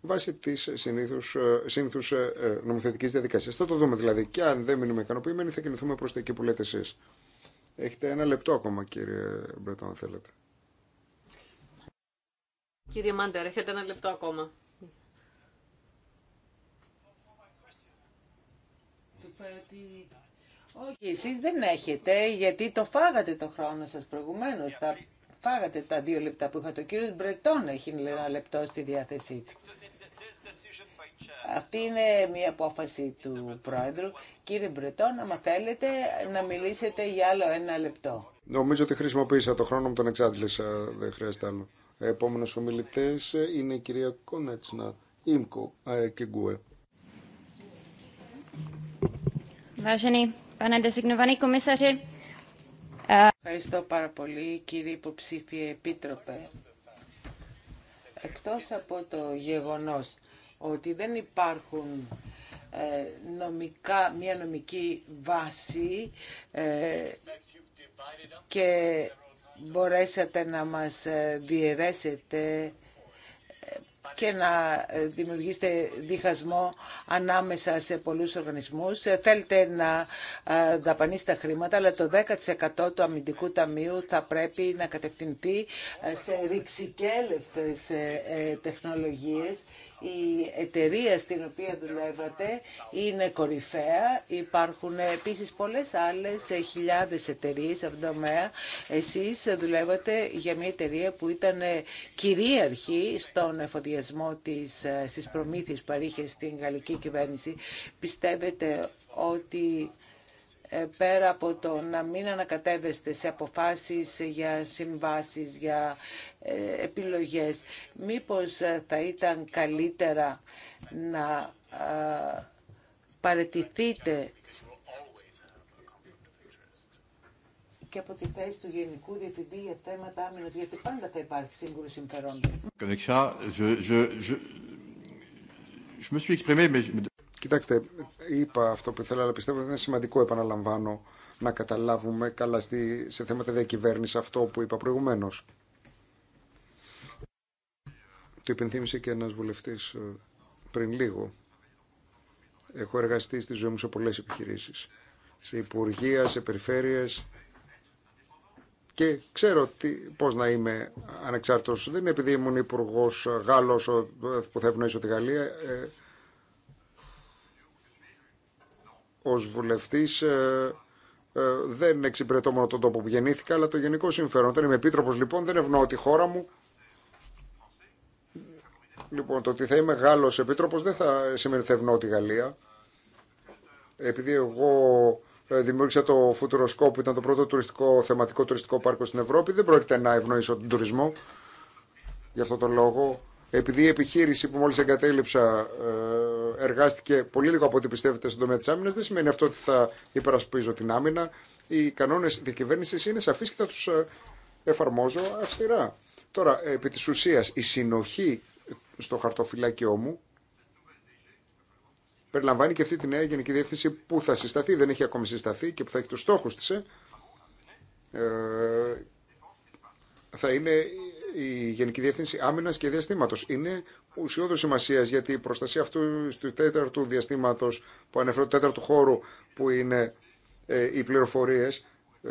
βάσει τη συνήθους ε, ε, ε, νομοθετική διαδικασία. Θα το δούμε δηλαδή. Και αν δεν μείνουμε ικανοποιημένοι, θα κινηθούμε προς τα εκεί που λέτε εσεί. Έχετε ένα λεπτό ακόμα κύριε Μπρετό αν θέλετε. Κύριε Μάντερ, έχετε ένα λεπτό ακόμα. Όχι, εσείς δεν έχετε, γιατί το φάγατε το χρόνο σας προηγουμένως. Τα... Φάγατε τα δύο λεπτά που είχατε. Ο κύριος Μπρετόν έχει ένα λεπτό στη διάθεσή του. Αυτή είναι μια απόφαση του Πρόεδρου. Κύριε Μπρετόν, άμα θέλετε να μιλήσετε για άλλο ένα λεπτό. Νομίζω ότι χρησιμοποίησα το χρόνο μου, τον εξάντλησα, δεν χρειάζεται άλλο. Επόμενο ομιλητή είναι η κυρία Κονέτσνα, Ήμκο ε, και ε, Ευχαριστώ πάρα πολύ κύριε υποψήφιε επίτροπε. Εκτός από το γεγονός ότι δεν υπάρχουν ε, νομικά, μια νομική βάση ε, και μπορέσατε να μας ε, διαιρέσετε και να δημιουργήσετε διχασμό ανάμεσα σε πολλούς οργανισμούς. Θέλετε να δαπανίσετε τα χρήματα, αλλά το 10% του αμυντικού ταμείου θα πρέπει να κατευθυνθεί σε ρηξικέλευτες τεχνολογίες η εταιρεία στην οποία δουλεύατε είναι κορυφαία. Υπάρχουν επίσης πολλές άλλες χιλιάδες εταιρείε σε το τομέα. Εσείς δουλεύατε για μια εταιρεία που ήταν κυρίαρχη στον εφοδιασμό της, ε, στις προμήθειες που στην γαλλική κυβέρνηση. Πιστεύετε ότι ε, πέρα από το να μην ανακατεύεστε σε αποφάσεις για συμβάσεις, για ε, επιλογές, μήπως ε, θα ήταν καλύτερα να παρετηθείτε και από τη θέση του Γενικού Διευθυντή για θέματα άμυνας, γιατί πάντα θα υπάρχει σύγκρουση συμφερόντων. Κοιτάξτε, είπα αυτό που ήθελα, αλλά πιστεύω ότι είναι σημαντικό, επαναλαμβάνω, να καταλάβουμε καλά στη, σε θέματα διακυβέρνηση αυτό που είπα προηγουμένω. Το υπενθύμησε και ένα βουλευτή ε, πριν λίγο. Έχω εργαστεί στη ζωή μου σε πολλέ επιχειρήσει. Σε υπουργεία, σε περιφέρειε. Και ξέρω πώ πώς να είμαι ανεξάρτητος. Δεν είναι επειδή ήμουν υπουργό Γάλλο που θα ευνοήσω τη Γαλλία. Ε, ως βουλευτής ε, ε, δεν εξυπηρετώ μόνο τον τόπο που γεννήθηκα, αλλά το γενικό συμφέρον. Όταν είμαι επίτροπος λοιπόν δεν ευνοώ τη χώρα μου. Λοιπόν, το ότι θα είμαι Γάλλος επίτροπος δεν θα σημαίνει ότι θα ευνοώ τη Γαλλία. Επειδή εγώ ε, δημιούργησα το Futuroscope που ήταν το πρώτο τουριστικό, θεματικό τουριστικό πάρκο στην Ευρώπη, δεν πρόκειται να ευνοήσω τον τουρισμό. Γι' αυτό τον λόγο επειδή η επιχείρηση που μόλι εγκατέλειψα ε, εργάστηκε πολύ λίγο από ό,τι πιστεύετε στον τομέα τη άμυνα, δεν σημαίνει αυτό ότι θα υπερασπίζω την άμυνα. Οι κανόνε διακυβέρνηση είναι σαφεί και θα του ε, εφαρμόζω αυστηρά. Τώρα, επί τη ουσία, η συνοχή στο χαρτοφυλάκιό μου περιλαμβάνει και αυτή τη νέα Γενική Διεύθυνση που θα συσταθεί, δεν έχει ακόμη συσταθεί και που θα έχει του στόχου τη. Ε. ε, θα είναι η Γενική Διεύθυνση Άμυνα και Διαστήματο. Είναι ουσιώδου σημασία γιατί η προστασία αυτού του τέταρτου διαστήματο που ανέφερε, το τέταρτου χώρου που είναι ε, οι πληροφορίε, ε,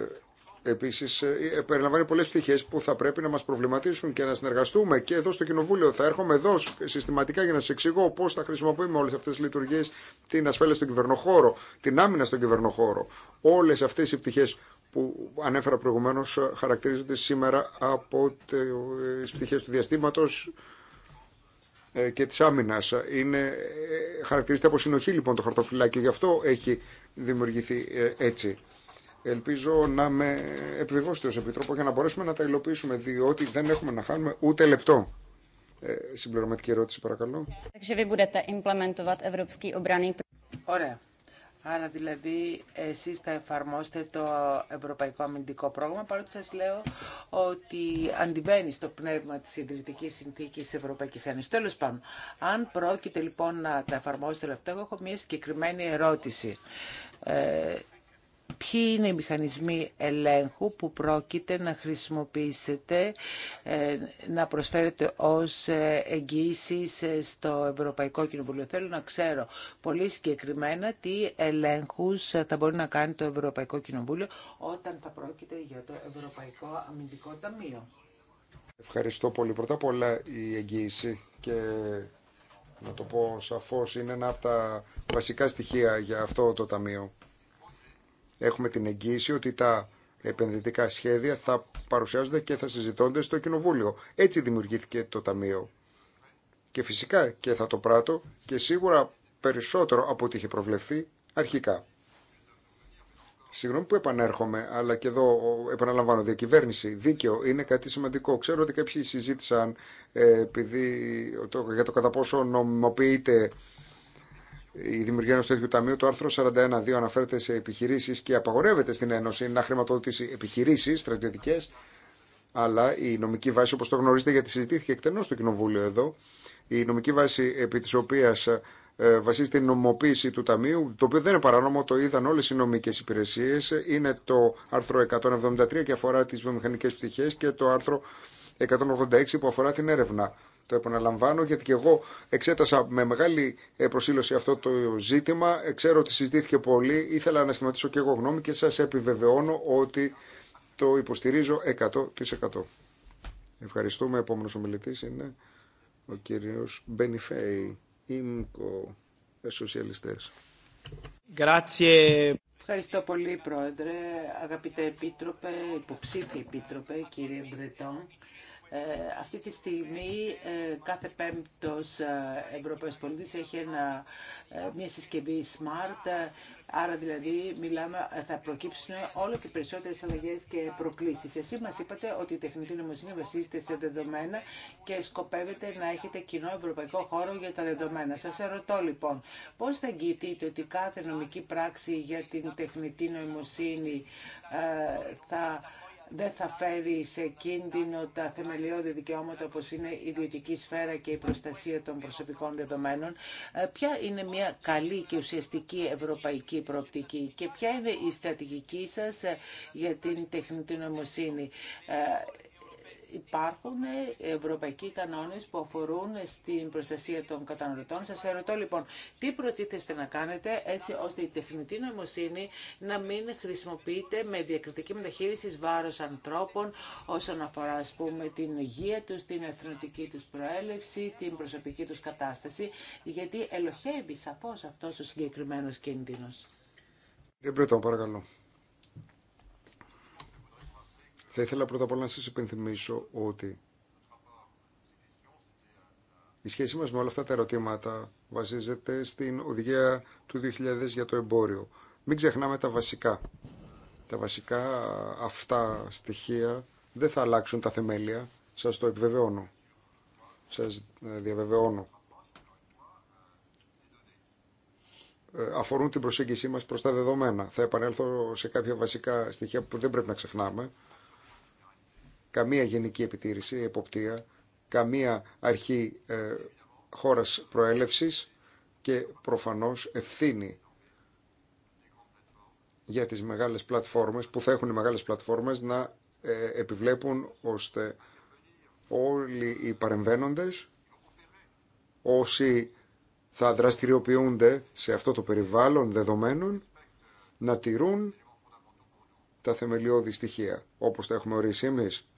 επίση ε, ε, περιλαμβάνει πολλέ πτυχέ που θα πρέπει να μα προβληματίσουν και να συνεργαστούμε. Και εδώ στο Κοινοβούλιο θα έρχομαι εδώ συστηματικά για να σα εξηγώ πώ θα χρησιμοποιούμε όλε αυτέ τι λειτουργίε, την ασφάλεια στον κυβερνοχώρο, την άμυνα στον κυβερνοχώρο, όλε αυτέ οι πτυχέ που ανέφερα προηγουμένως ε, χαρακτηρίζονται σήμερα από τις πτυχές του διαστήματος ε, και της άμυνας. Είναι, ε, χαρακτηρίζεται από συνοχή λοιπόν το χαρτοφυλάκιο, γι' αυτό έχει δημιουργηθεί έτσι. Ελπίζω να με επιβεβαιώσετε ως Επιτρόπο για να μπορέσουμε να τα υλοποιήσουμε, διότι δεν έχουμε να χάνουμε ούτε λεπτό. συμπληρωματική ερώτηση, παρακαλώ. Ωραία. Άρα δηλαδή εσείς θα εφαρμόσετε το Ευρωπαϊκό Αμυντικό Πρόγραμμα, παρότι σας λέω ότι αντιβαίνει στο πνεύμα της ιδρυτικής συνθήκης της Ευρωπαϊκής Ένωσης. Τέλος πάντων, αν πρόκειται λοιπόν να τα εφαρμόσετε όλα αυτά, εγώ έχω μια συγκεκριμένη ερώτηση. Ε, ποιοι είναι οι μηχανισμοί ελέγχου που πρόκειται να χρησιμοποιήσετε, ε, να προσφέρετε ως ε, εγγύηση ε, στο Ευρωπαϊκό Κοινοβούλιο. Θέλω να ξέρω πολύ συγκεκριμένα τι ελέγχους θα μπορεί να κάνει το Ευρωπαϊκό Κοινοβούλιο όταν θα πρόκειται για το Ευρωπαϊκό Αμυντικό Ταμείο. Ευχαριστώ πολύ. Πρώτα απ' όλα η εγγύηση και να το πω σαφώς είναι ένα από τα βασικά στοιχεία για αυτό το ταμείο έχουμε την εγγύηση ότι τα επενδυτικά σχέδια θα παρουσιάζονται και θα συζητώνται στο Κοινοβούλιο. Έτσι δημιουργήθηκε το Ταμείο. Και φυσικά και θα το πράττω και σίγουρα περισσότερο από ό,τι είχε προβλεφθεί αρχικά. Συγγνώμη που επανέρχομαι, αλλά και εδώ επαναλαμβάνω, διακυβέρνηση, δίκαιο είναι κάτι σημαντικό. Ξέρω ότι κάποιοι συζήτησαν ε, επειδή, το, για το κατά πόσο νομιμοποιείται η δημιουργία ενό τέτοιου ταμείου. Το άρθρο 41.2 αναφέρεται σε επιχειρήσει και απαγορεύεται στην Ένωση να χρηματοδοτήσει επιχειρήσει στρατιωτικέ. Αλλά η νομική βάση, όπω το γνωρίζετε, γιατί συζητήθηκε εκτενώ στο Κοινοβούλιο εδώ, η νομική βάση επί τη οποία ε, βασίζεται η νομοποίηση του Ταμείου, το οποίο δεν είναι παράνομο, το είδαν όλε οι νομικέ υπηρεσίε. Είναι το άρθρο 173 και αφορά τι βιομηχανικέ πτυχέ και το άρθρο 186 που αφορά την έρευνα. Το επαναλαμβάνω γιατί και εγώ εξέτασα με μεγάλη ε, προσήλωση αυτό το ζήτημα. Ξέρω ότι συζητήθηκε πολύ. Ήθελα να σχηματίσω και εγώ γνώμη και σα επιβεβαιώνω ότι το υποστηρίζω 100%. Ευχαριστούμε. επόμενο ομιλητή είναι ο κύριος Μπενιφέη, ΙΜΚΟ, ε, Σοσιαλιστές. Ευχαριστώ πολύ, Πρόεδρε, αγαπητέ Επίτροπε, υποψήφιοι Επίτροπε, κύριε Μπρετόν. Ε, αυτή τη στιγμή ε, κάθε πέμπτος ε, Ευρωπαίος πολίτης έχει ένα, ε, μια συσκευή smart, άρα δηλαδή μιλάμε, θα προκύψουν όλο και περισσότερες αλλαγές και προκλήσεις. Εσύ μας είπατε ότι η τεχνητή νομοσύνη βασίζεται σε δεδομένα και σκοπεύετε να έχετε κοινό ευρωπαϊκό χώρο για τα δεδομένα. Σας ερωτώ λοιπόν, πώς θα εγγυηθείτε ότι κάθε νομική πράξη για την τεχνητή νοημοσύνη θα δεν θα φέρει σε κίνδυνο τα θεμελιώδη δικαιώματα όπως είναι η ιδιωτική σφαίρα και η προστασία των προσωπικών δεδομένων. Ε, ποια είναι μια καλή και ουσιαστική ευρωπαϊκή προοπτική και ποια είναι η στρατηγική σας ε, για την τεχνητή νομοσύνη. Ε, υπάρχουν ευρωπαϊκοί κανόνες που αφορούν στην προστασία των καταναλωτών. Σας ερωτώ λοιπόν, τι προτίθεστε να κάνετε έτσι ώστε η τεχνητή νοημοσύνη να μην χρησιμοποιείται με διακριτική μεταχείριση βάρος ανθρώπων όσον αφορά ας πούμε την υγεία τους, την εθνοτική τους προέλευση, την προσωπική τους κατάσταση, γιατί ελοχεύει σαφώς αυτός ο συγκεκριμένος κίνδυνος. Κύριε παρακαλώ. Θα ήθελα πρώτα απ' όλα να σας υπενθυμίσω ότι η σχέση μας με όλα αυτά τα ερωτήματα βασίζεται στην οδηγία του 2000 για το εμπόριο. Μην ξεχνάμε τα βασικά. Τα βασικά αυτά στοιχεία δεν θα αλλάξουν τα θεμέλια. Σας το επιβεβαιώνω. Σας ε, διαβεβαιώνω. Ε, αφορούν την προσέγγιση μας προς τα δεδομένα. Θα επανέλθω σε κάποια βασικά στοιχεία που δεν πρέπει να ξεχνάμε καμία γενική επιτήρηση, εποπτεία, καμία αρχή ε, χώρας προέλευσης και προφανώς ευθύνη για τις μεγάλες πλατφόρμες, που θα έχουν οι μεγάλες πλατφόρμες να ε, επιβλέπουν ώστε όλοι οι παρεμβαίνοντες, όσοι θα δραστηριοποιούνται σε αυτό το περιβάλλον δεδομένων, να τηρούν τα θεμελιώδη στοιχεία, όπως τα έχουμε ορίσει εμείς.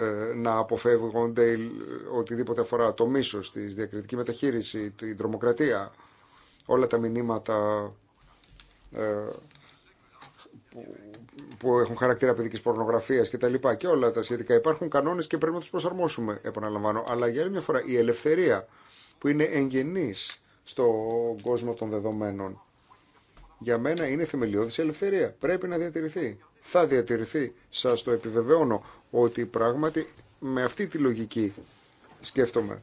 Ε, να αποφεύγονται οτιδήποτε αφορά το μίσος, τη διακριτική μεταχείριση, την τρομοκρατία, όλα τα μηνύματα ε, που έχουν χαρακτήρα παιδικής πορνογραφίας και και όλα τα σχετικά υπάρχουν κανόνες και πρέπει να του προσαρμόσουμε επαναλαμβάνω αλλά για άλλη μια φορά η ελευθερία που είναι εγγενής στον κόσμο των δεδομένων για μένα είναι θεμελιώδη ελευθερία πρέπει να διατηρηθεί θα διατηρηθεί. Σας το επιβεβαιώνω ότι πράγματι με αυτή τη λογική σκέφτομαι.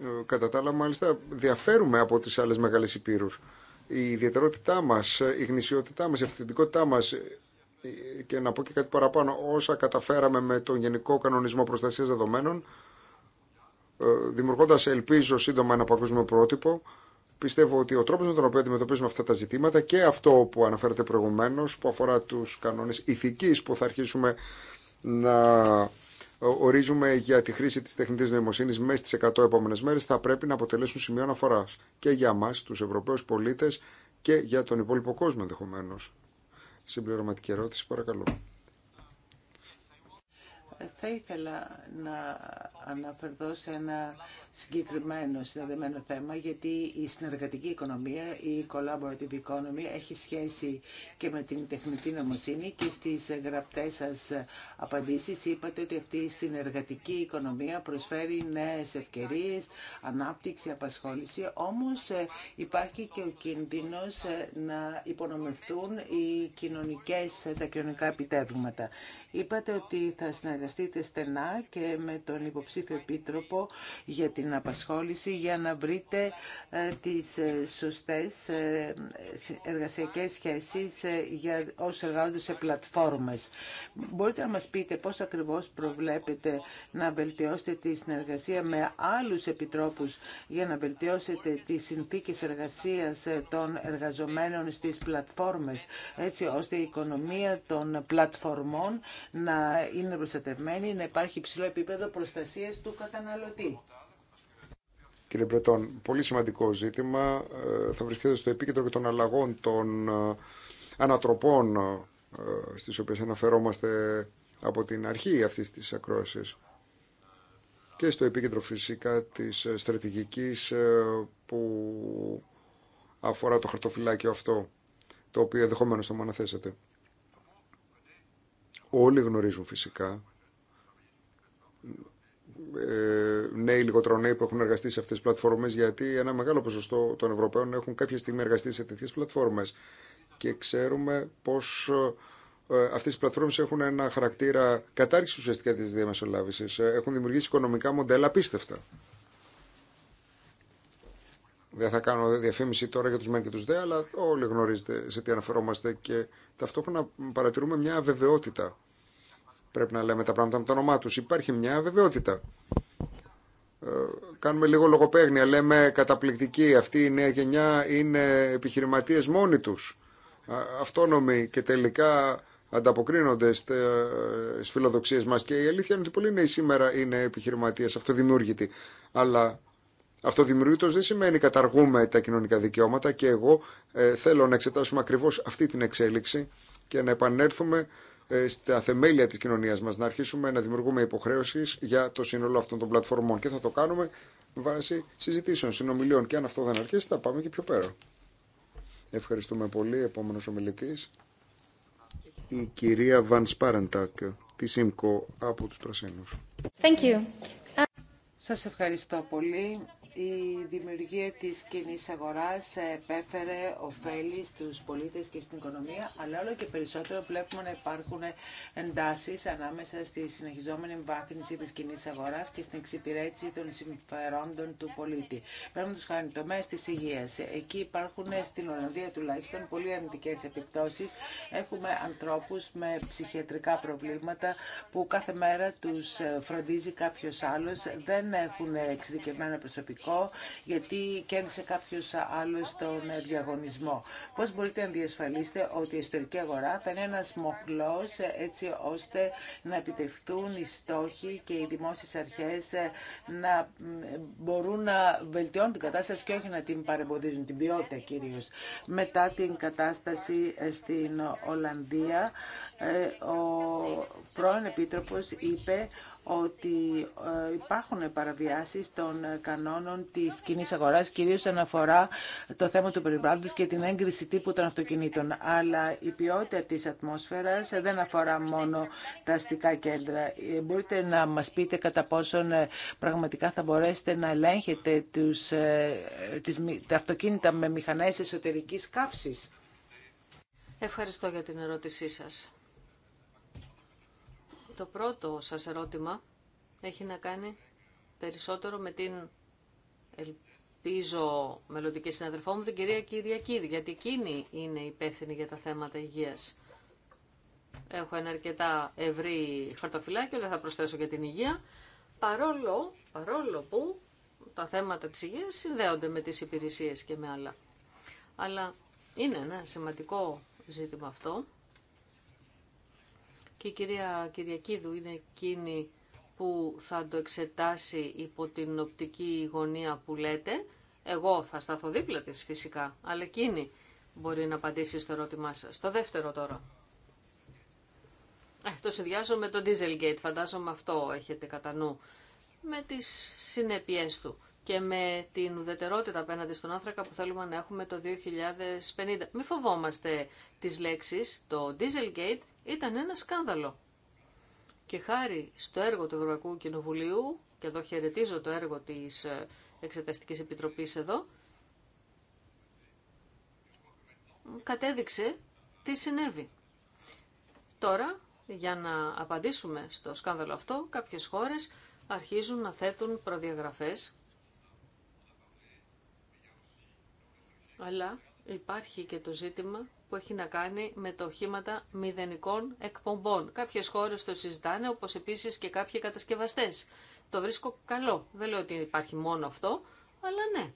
Ε, κατά τα άλλα, μάλιστα, διαφέρουμε από τις άλλες μεγάλες υπήρους. Η ιδιαιτερότητά μας, η γνησιότητά μας, η αυθεντικότητά μας ε, και να πω και κάτι παραπάνω, όσα καταφέραμε με τον Γενικό Κανονισμό Προστασίας Δεδομένων, ε, δημιουργώντας, ελπίζω, σύντομα ένα παγκόσμιο πρότυπο, Πιστεύω ότι ο τρόπο με τον οποίο αντιμετωπίζουμε αυτά τα ζητήματα και αυτό που αναφέρατε προηγουμένω, που αφορά του κανόνε ηθική που θα αρχίσουμε να ορίζουμε για τη χρήση τη τεχνητή νοημοσύνη μέσα στι 100 επόμενε μέρε, θα πρέπει να αποτελέσουν σημείο αναφορά και για εμά, του Ευρωπαίου πολίτε, και για τον υπόλοιπο κόσμο ενδεχομένω. Συμπληρωματική ερώτηση, παρακαλώ. Θα ήθελα να αναφερθώ σε ένα συγκεκριμένο συνδεδεμένο θέμα, γιατί η συνεργατική οικονομία, η collaborative economy, έχει σχέση και με την τεχνητή νομοσύνη και στις γραπτές σας απαντήσεις είπατε ότι αυτή η συνεργατική οικονομία προσφέρει νέες ευκαιρίες, ανάπτυξη, απασχόληση, όμως ε, υπάρχει και ο κίνδυνος ε, να υπονομευτούν οι κοινωνικές, ε, τα κοινωνικά επιτεύγματα. Είπατε ότι θα συνεργαστείτε στενά και με τον υποψήφιο επίτροπο για την απασχόληση για να βρείτε ε, τις ε, σωστές ε, εργασιακές σχέσεις για όσους εργάζονται σε πλατφόρμες. Μπορείτε να μας πείτε πώς ακριβώς προβλέπετε να βελτιώσετε τη συνεργασία με άλλους επιτρόπους για να βελτιώσετε τις συνθήκες εργασίας των εργαζομένων στις πλατφόρμες έτσι ώστε η οικονομία των πλατφορμών να είναι προστατευμένη μένει να υπάρχει υψηλό επίπεδο προστασίας του καταναλωτή. Κύριε Πρετών, πολύ σημαντικό ζήτημα. Ε, θα βρίσκεται στο επίκεντρο και των αλλαγών των ε, ανατροπών ε, στις οποίες αναφερόμαστε από την αρχή αυτής της ακρόασης και στο επίκεντρο φυσικά της στρατηγικής που αφορά το χαρτοφυλάκιο αυτό το οποίο ενδεχομένω θα μου αναθέσετε. Όλοι γνωρίζουν φυσικά ε, νέοι, λιγότερο νέοι που έχουν εργαστεί σε αυτέ τι πλατφόρμε, γιατί ένα μεγάλο ποσοστό των Ευρωπαίων έχουν κάποια στιγμή εργαστεί σε τέτοιε πλατφόρμε. και ξέρουμε πώ ε, αυτέ οι πλατφόρμε έχουν ένα χαρακτήρα κατάρριξη ουσιαστικά τη διαμεσολάβηση. Ε, έχουν δημιουργήσει οικονομικά μοντέλα απίστευτα. Δεν θα κάνω διαφήμιση τώρα για του μεν και του δε, αλλά όλοι γνωρίζετε σε τι αναφερόμαστε και ταυτόχρονα παρατηρούμε μια αβεβαιότητα Πρέπει να λέμε τα πράγματα με το όνομά του. Υπάρχει μια βεβαιότητα. Ε, κάνουμε λίγο λογοπαίγνια. Λέμε καταπληκτική. Αυτή η νέα γενιά είναι επιχειρηματίε μόνοι του. Αυτόνομοι και τελικά ανταποκρίνονται ε, στι φιλοδοξίε μα. Και η αλήθεια είναι ότι πολλοί νέοι σήμερα είναι επιχειρηματίε. Αυτό Αλλά αυτό δεν σημαίνει καταργούμε τα κοινωνικά δικαιώματα και εγώ ε, θέλω να εξετάσουμε ακριβώς αυτή την εξέλιξη και να επανέλθουμε ε, στα θεμέλια της κοινωνίας μας, να αρχίσουμε να δημιουργούμε υποχρέωσεις για το σύνολο αυτών των πλατφορμών και θα το κάνουμε βάσει συζητήσεων, συνομιλίων και αν αυτό δεν αρχίσει θα πάμε και πιο πέρα. Ευχαριστούμε πολύ. Επόμενος ομιλητής, η κυρία Βαν Σπάρεντακ, τη ΣΥΜΚΟ από τους Πρασίνους. Thank you. Σας ευχαριστώ πολύ. Η δημιουργία της κοινή αγοράς επέφερε ωφέλη στους πολίτες και στην οικονομία, αλλά όλο και περισσότερο βλέπουμε να υπάρχουν εντάσεις ανάμεσα στη συνεχιζόμενη βάθυνση της κοινή αγοράς και στην εξυπηρέτηση των συμφερόντων του πολίτη. Πρέπει να τους χάνει τομέα της υγείας. Εκεί υπάρχουν στην Ολλανδία τουλάχιστον πολύ αρνητικέ επιπτώσεις. Έχουμε ανθρώπους με ψυχιατρικά προβλήματα που κάθε μέρα τους φροντίζει κάποιος άλλος, δεν έχουν εξειδικευμένο προσωπικό γιατί κέρδισε κάποιο άλλο τον διαγωνισμό. Πώ μπορείτε να διασφαλίσετε ότι η ιστορική αγορά θα είναι ένα μοχλό έτσι ώστε να επιτευχθούν οι στόχοι και οι δημόσιε αρχέ να μπορούν να βελτιώνουν την κατάσταση και όχι να την παρεμποδίζουν, την ποιότητα κυρίω. Μετά την κατάσταση στην Ολλανδία, ε, ο πρώην Επίτροπος είπε ότι ε, υπάρχουν παραβιάσεις των ε, κανόνων της κοινή αγοράς, κυρίως αναφορά το θέμα του περιβάλλοντος και την έγκριση τύπου των αυτοκινήτων. Αλλά η ποιότητα της ατμόσφαιρας ε, δεν αφορά μόνο τα αστικά κέντρα. Μπορείτε να μας πείτε κατά πόσον πραγματικά θα μπορέσετε να ελέγχετε τους, τις, τα αυτοκίνητα με μηχανές εσωτερικής καύσης. Ευχαριστώ για την ερώτησή σας. Το πρώτο σας ερώτημα έχει να κάνει περισσότερο με την ελπίζω μελλοντική συναδελφό μου, την κυρία Κυριακίδη, γιατί εκείνη είναι υπεύθυνη για τα θέματα υγείας. Έχω ένα αρκετά ευρύ χαρτοφυλάκιο, δεν θα προσθέσω για την υγεία, παρόλο, παρόλο που τα θέματα της υγείας συνδέονται με τις υπηρεσίες και με άλλα. Αλλά είναι ένα σημαντικό ζήτημα αυτό και η κυρία Κυριακίδου είναι εκείνη που θα το εξετάσει υπό την οπτική γωνία που λέτε. Εγώ θα σταθώ δίπλα της φυσικά, αλλά εκείνη μπορεί να απαντήσει στο ερώτημά σας. Το δεύτερο τώρα. Ε, το συνδυάζω με το Dieselgate, φαντάζομαι αυτό έχετε κατά νου. Με τις συνέπειές του και με την ουδετερότητα απέναντι στον άνθρακα που θέλουμε να έχουμε το 2050. Μη φοβόμαστε τις λέξεις. Το Dieselgate ήταν ένα σκάνδαλο. Και χάρη στο έργο του Ευρωπαϊκού Κοινοβουλίου, και εδώ χαιρετίζω το έργο της ε, Εξεταστικής Επιτροπής εδώ, κατέδειξε τι συνέβη. Τώρα, για να απαντήσουμε στο σκάνδαλο αυτό, κάποιες χώρες αρχίζουν να θέτουν προδιαγραφές, αλλά υπάρχει και το ζήτημα που έχει να κάνει με το οχήματα μηδενικών εκπομπών. Κάποιες χώρες το συζητάνε, όπως επίσης και κάποιοι κατασκευαστές. Το βρίσκω καλό. Δεν λέω ότι υπάρχει μόνο αυτό, αλλά ναι.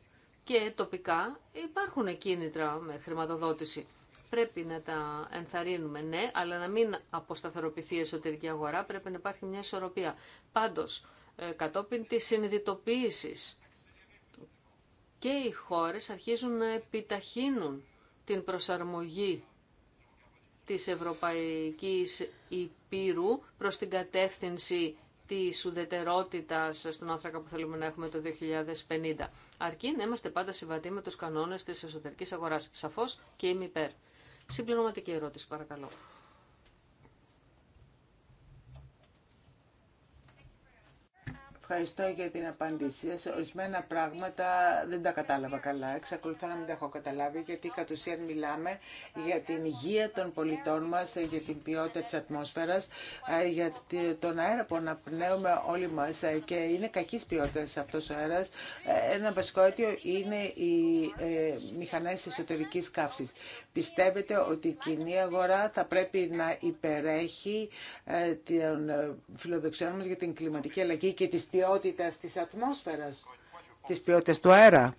Και τοπικά υπάρχουν κίνητρα με χρηματοδότηση. Πρέπει να τα ενθαρρύνουμε, ναι, αλλά να μην αποσταθεροποιηθεί η εσωτερική αγορά. Πρέπει να υπάρχει μια ισορροπία. Πάντως, ε, κατόπιν τη συνειδητοποίηση και οι χώρες αρχίζουν να επιταχύνουν την προσαρμογή της Ευρωπαϊκής Υπήρου προς την κατεύθυνση της ουδετερότητας στον άνθρακα που θέλουμε να έχουμε το 2050. Αρκεί να είμαστε πάντα συμβατοί με τους κανόνες της εσωτερικής αγοράς. Σαφώς και είμαι υπέρ. Συμπληρωματική ερώτηση παρακαλώ. ευχαριστώ για την απάντησή Σε Ορισμένα πράγματα δεν τα κατάλαβα καλά. Εξακολουθώ να μην τα έχω καταλάβει, γιατί κατ' ουσίαν μιλάμε για την υγεία των πολιτών μα, για την ποιότητα ε, τη ατμόσφαιρας, για τον αέρα που αναπνέουμε όλοι μα ε, και είναι κακής ποιότητα αυτό ο αέρα. Ε, ένα βασικό αίτιο είναι οι μηχανέ εσωτερική καύσης. Πιστεύετε ότι η κοινή αγορά θα πρέπει να υπερέχει των φιλοδοξιών μα για την κλιματική αλλαγή και τι ποιότητας της ατμόσφαιρας, της ποιότητας του αέρα.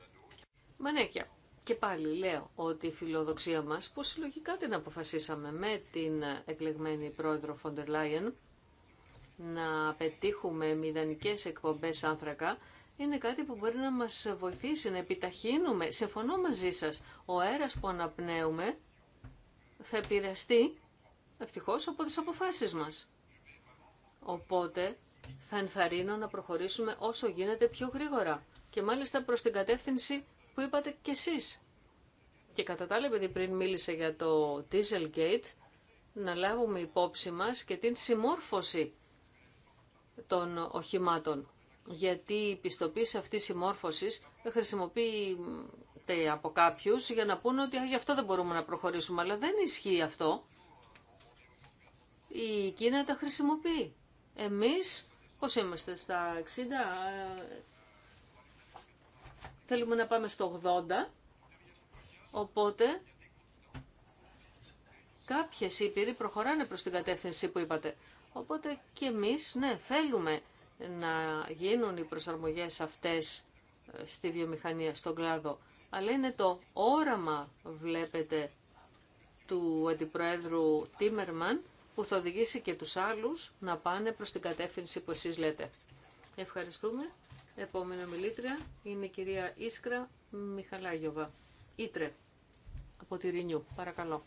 Μανέκια, ναι, και πάλι λέω ότι η φιλοδοξία μας, πώς συλλογικά την αποφασίσαμε με την εκλεγμένη πρόεδρο Φοντερ Λάιεν, να πετύχουμε μηδανικέ εκπομπές άνθρακα, είναι κάτι που μπορεί να μας βοηθήσει, να επιταχύνουμε. Συμφωνώ μαζί σας, ο αέρας που αναπνέουμε θα επηρεαστεί, ευτυχώς, από τις αποφάσεις μας. Οπότε θα ενθαρρύνω να προχωρήσουμε όσο γίνεται πιο γρήγορα και μάλιστα προς την κατεύθυνση που είπατε κι εσείς. Και κατά τα άλλα, επειδή πριν μίλησε για το Dieselgate, να λάβουμε υπόψη μας και την συμμόρφωση των οχημάτων. Γιατί η πιστοποίηση αυτή της συμμόρφωσης χρησιμοποιείται από κάποιου για να πούνε ότι γι' αυτό δεν μπορούμε να προχωρήσουμε, αλλά δεν ισχύει αυτό. Η Κίνα τα χρησιμοποιεί. Εμείς Πώς είμαστε στα 60, θέλουμε να πάμε στο 80, οπότε κάποιες ήπειροι προχωράνε προς την κατεύθυνση που είπατε. Οπότε και εμείς, ναι, θέλουμε να γίνουν οι προσαρμογές αυτές ε, στη βιομηχανία, στον κλάδο. Αλλά είναι το όραμα, βλέπετε, του Αντιπροέδρου Τίμερμαν που θα οδηγήσει και τους άλλους να πάνε προς την κατεύθυνση που εσείς λέτε. Ευχαριστούμε. Επόμενη μιλήτρια είναι η κυρία Ίσκρα Μιχαλάγιοβα. Ήτρε από τη Ρινιού. Παρακαλώ.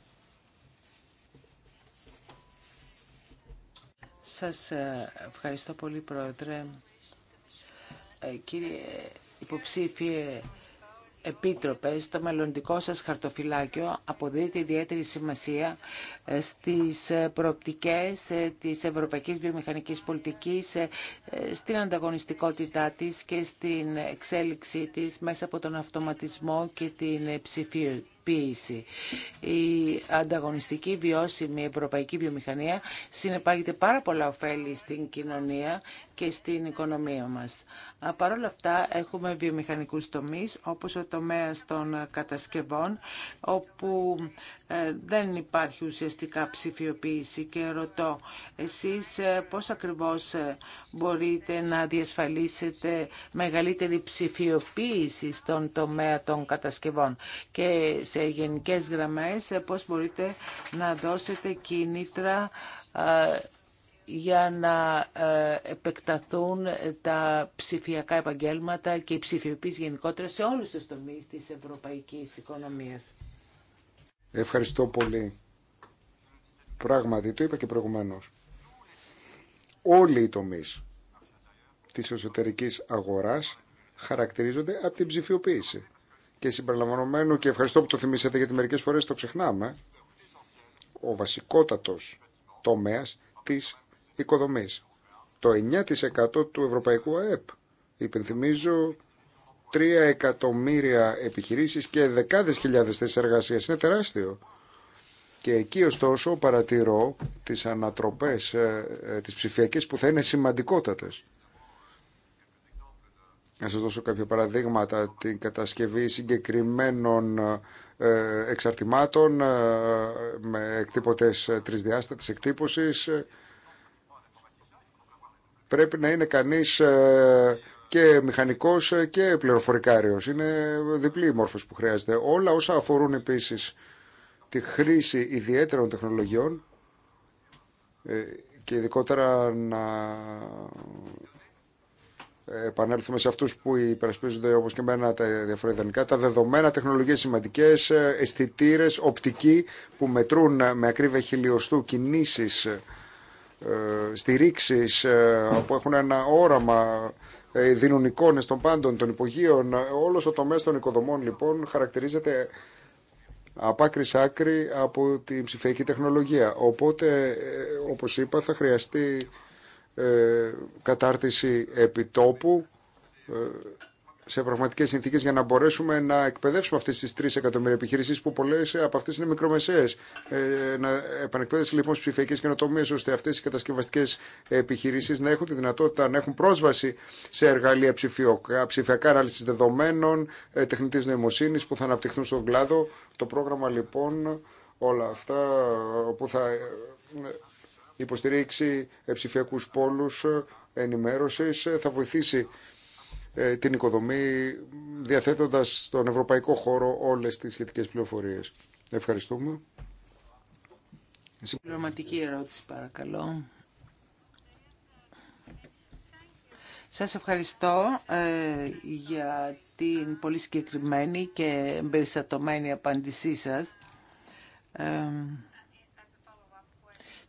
Σας ε, ευχαριστώ πολύ, Πρόεδρε. Ε, κύριε υποψήφιε Επίτροπε, το μελλοντικό σας χαρτοφυλάκιο αποδίδει ιδιαίτερη σημασία ε, στις ε, προοπτικές ε, της ευρωπαϊκής βιομηχανικής πολιτικής, στην ανταγωνιστικότητά της και στην εξέλιξή της μέσα από τον αυτοματισμό και την ψηφία η ανταγωνιστική βιώσιμη ευρωπαϊκή βιομηχανία συνεπάγεται πάρα πολλά ωφέλη στην κοινωνία και στην οικονομία μας. Παρ' όλα αυτά έχουμε βιομηχανικούς τομείς όπως ο τομέας των κατασκευών όπου ε, δεν υπάρχει ουσιαστικά ψηφιοποίηση και ρωτώ εσείς ε, πώς ακριβώς ε, μπορείτε να διασφαλίσετε μεγαλύτερη ψηφιοποίηση στον τομέα των κατασκευών και σε γενικές γραμμές πώς μπορείτε να δώσετε κίνητρα για να επεκταθούν τα ψηφιακά επαγγέλματα και η ψηφιοποίηση γενικότερα σε όλους τους τομείς της ευρωπαϊκής οικονομίας. Ευχαριστώ πολύ. Πράγματι, το είπα και προηγουμένως. Όλοι οι τομείς της εσωτερικής αγοράς χαρακτηρίζονται από την ψηφιοποίηση. Και συμπεριλαμβανομένου, και ευχαριστώ που το θυμήσατε γιατί μερικές φορές το ξεχνάμε, ο βασικότατος τομέας της οικοδομής. Το 9% του ευρωπαϊκού ΑΕΠ. Υπενθυμίζω 3 εκατομμύρια επιχειρήσεις και δεκάδες χιλιάδες θέσεις εργασίας. Είναι τεράστιο. Και εκεί ωστόσο παρατηρώ τις ανατροπές, ε, ε, τις ψηφιακές που θα είναι σημαντικότατες. Να σας δώσω κάποια παραδείγματα, την κατασκευή συγκεκριμένων ε, εξαρτημάτων με εκτύπωτες τρισδιάστατης εκτύπωσης. Πρέπει να είναι κανείς και μηχανικός και πληροφορικάριο. Είναι διπλή η μόρφωση που χρειάζεται. Όλα όσα αφορούν επίση τη χρήση ιδιαίτερων τεχνολογιών ε, και ειδικότερα να επανέλθουμε σε αυτούς που υπερασπίζονται όπως και εμένα τα διαφορετικά τα δεδομένα, τεχνολογίες σημαντικές, αισθητήρε, οπτικοί που μετρούν με ακρίβεια χιλιοστού κινήσεις, ε, στηρίξεις ε, που έχουν ένα όραμα ε, δίνουν εικόνε των πάντων, των υπογείων. Όλο ο τομέα των οικοδομών λοιπόν χαρακτηρίζεται από άκρη σ' άκρη από την ψηφιακή τεχνολογία. Οπότε, ε, όπως είπα, θα χρειαστεί ε, κατάρτιση επιτόπου σε πραγματικέ συνθήκε για να μπορέσουμε να εκπαιδεύσουμε αυτέ τι τρει εκατομμύρια επιχείρησει που πολλέ από αυτέ είναι μικρομεσαίες. Ε, να επανεκπαίδευση λοιπόν στι ψηφιακές καινοτομίε, ώστε αυτέ οι κατασκευαστικέ επιχειρήσει να έχουν τη δυνατότητα να έχουν πρόσβαση σε εργαλεία ψηφιακά, ψηφιακά ανάλυση δεδομένων, ε, τεχνητής νοημοσύνης που θα αναπτυχθούν στον κλάδο. Το πρόγραμμα λοιπόν όλα αυτά ε, που θα ε, υποστηρίξει ε, ψηφιακού πόλου ενημέρωση, θα βοηθήσει ε, την οικοδομή διαθέτοντας στον ευρωπαϊκό χώρο όλες τις σχετικές πληροφορίες. Ευχαριστούμε. Συμπληρωματική ερώτηση παρακαλώ. Σας ευχαριστώ ε, για την πολύ συγκεκριμένη και εμπεριστατωμένη απάντησή σας. Ε,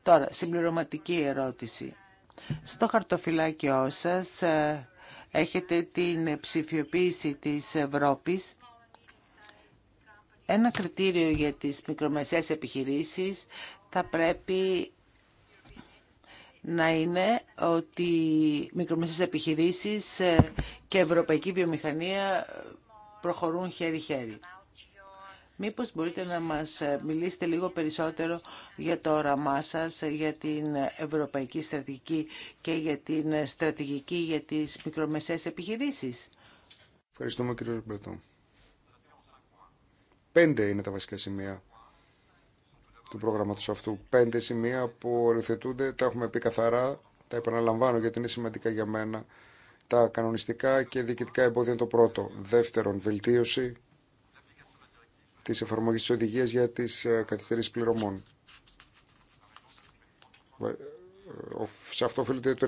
τώρα, συμπληρωματική ερώτηση. Στο χαρτοφυλάκιό σας... Έχετε την ψηφιοποίηση της Ευρώπης. Ένα κριτήριο για τις μικρομεσαίες επιχειρήσεις θα πρέπει να είναι ότι μικρομεσαίες επιχειρήσεις και ευρωπαϊκή βιομηχανία προχωρούν χέρι-χέρι. Μήπως μπορείτε να μας ε, μιλήσετε λίγο περισσότερο για το όραμά σας, ε, για την ευρωπαϊκή στρατηγική και για την ε, στρατηγική για τις μικρομεσαίες επιχειρήσεις. Ευχαριστούμε κύριε Ρεμπερτό. Πέντε είναι τα βασικά σημεία του προγράμματος αυτού. Πέντε σημεία που οριοθετούνται, τα έχουμε πει καθαρά, τα επαναλαμβάνω γιατί είναι σημαντικά για μένα. Τα κανονιστικά και διοικητικά εμπόδια είναι το πρώτο. Δεύτερον, βελτίωση Τη εφαρμογή τη οδηγία για τι ε, καθυστερήσει πληρωμών. Ε, σε αυτό οφείλεται το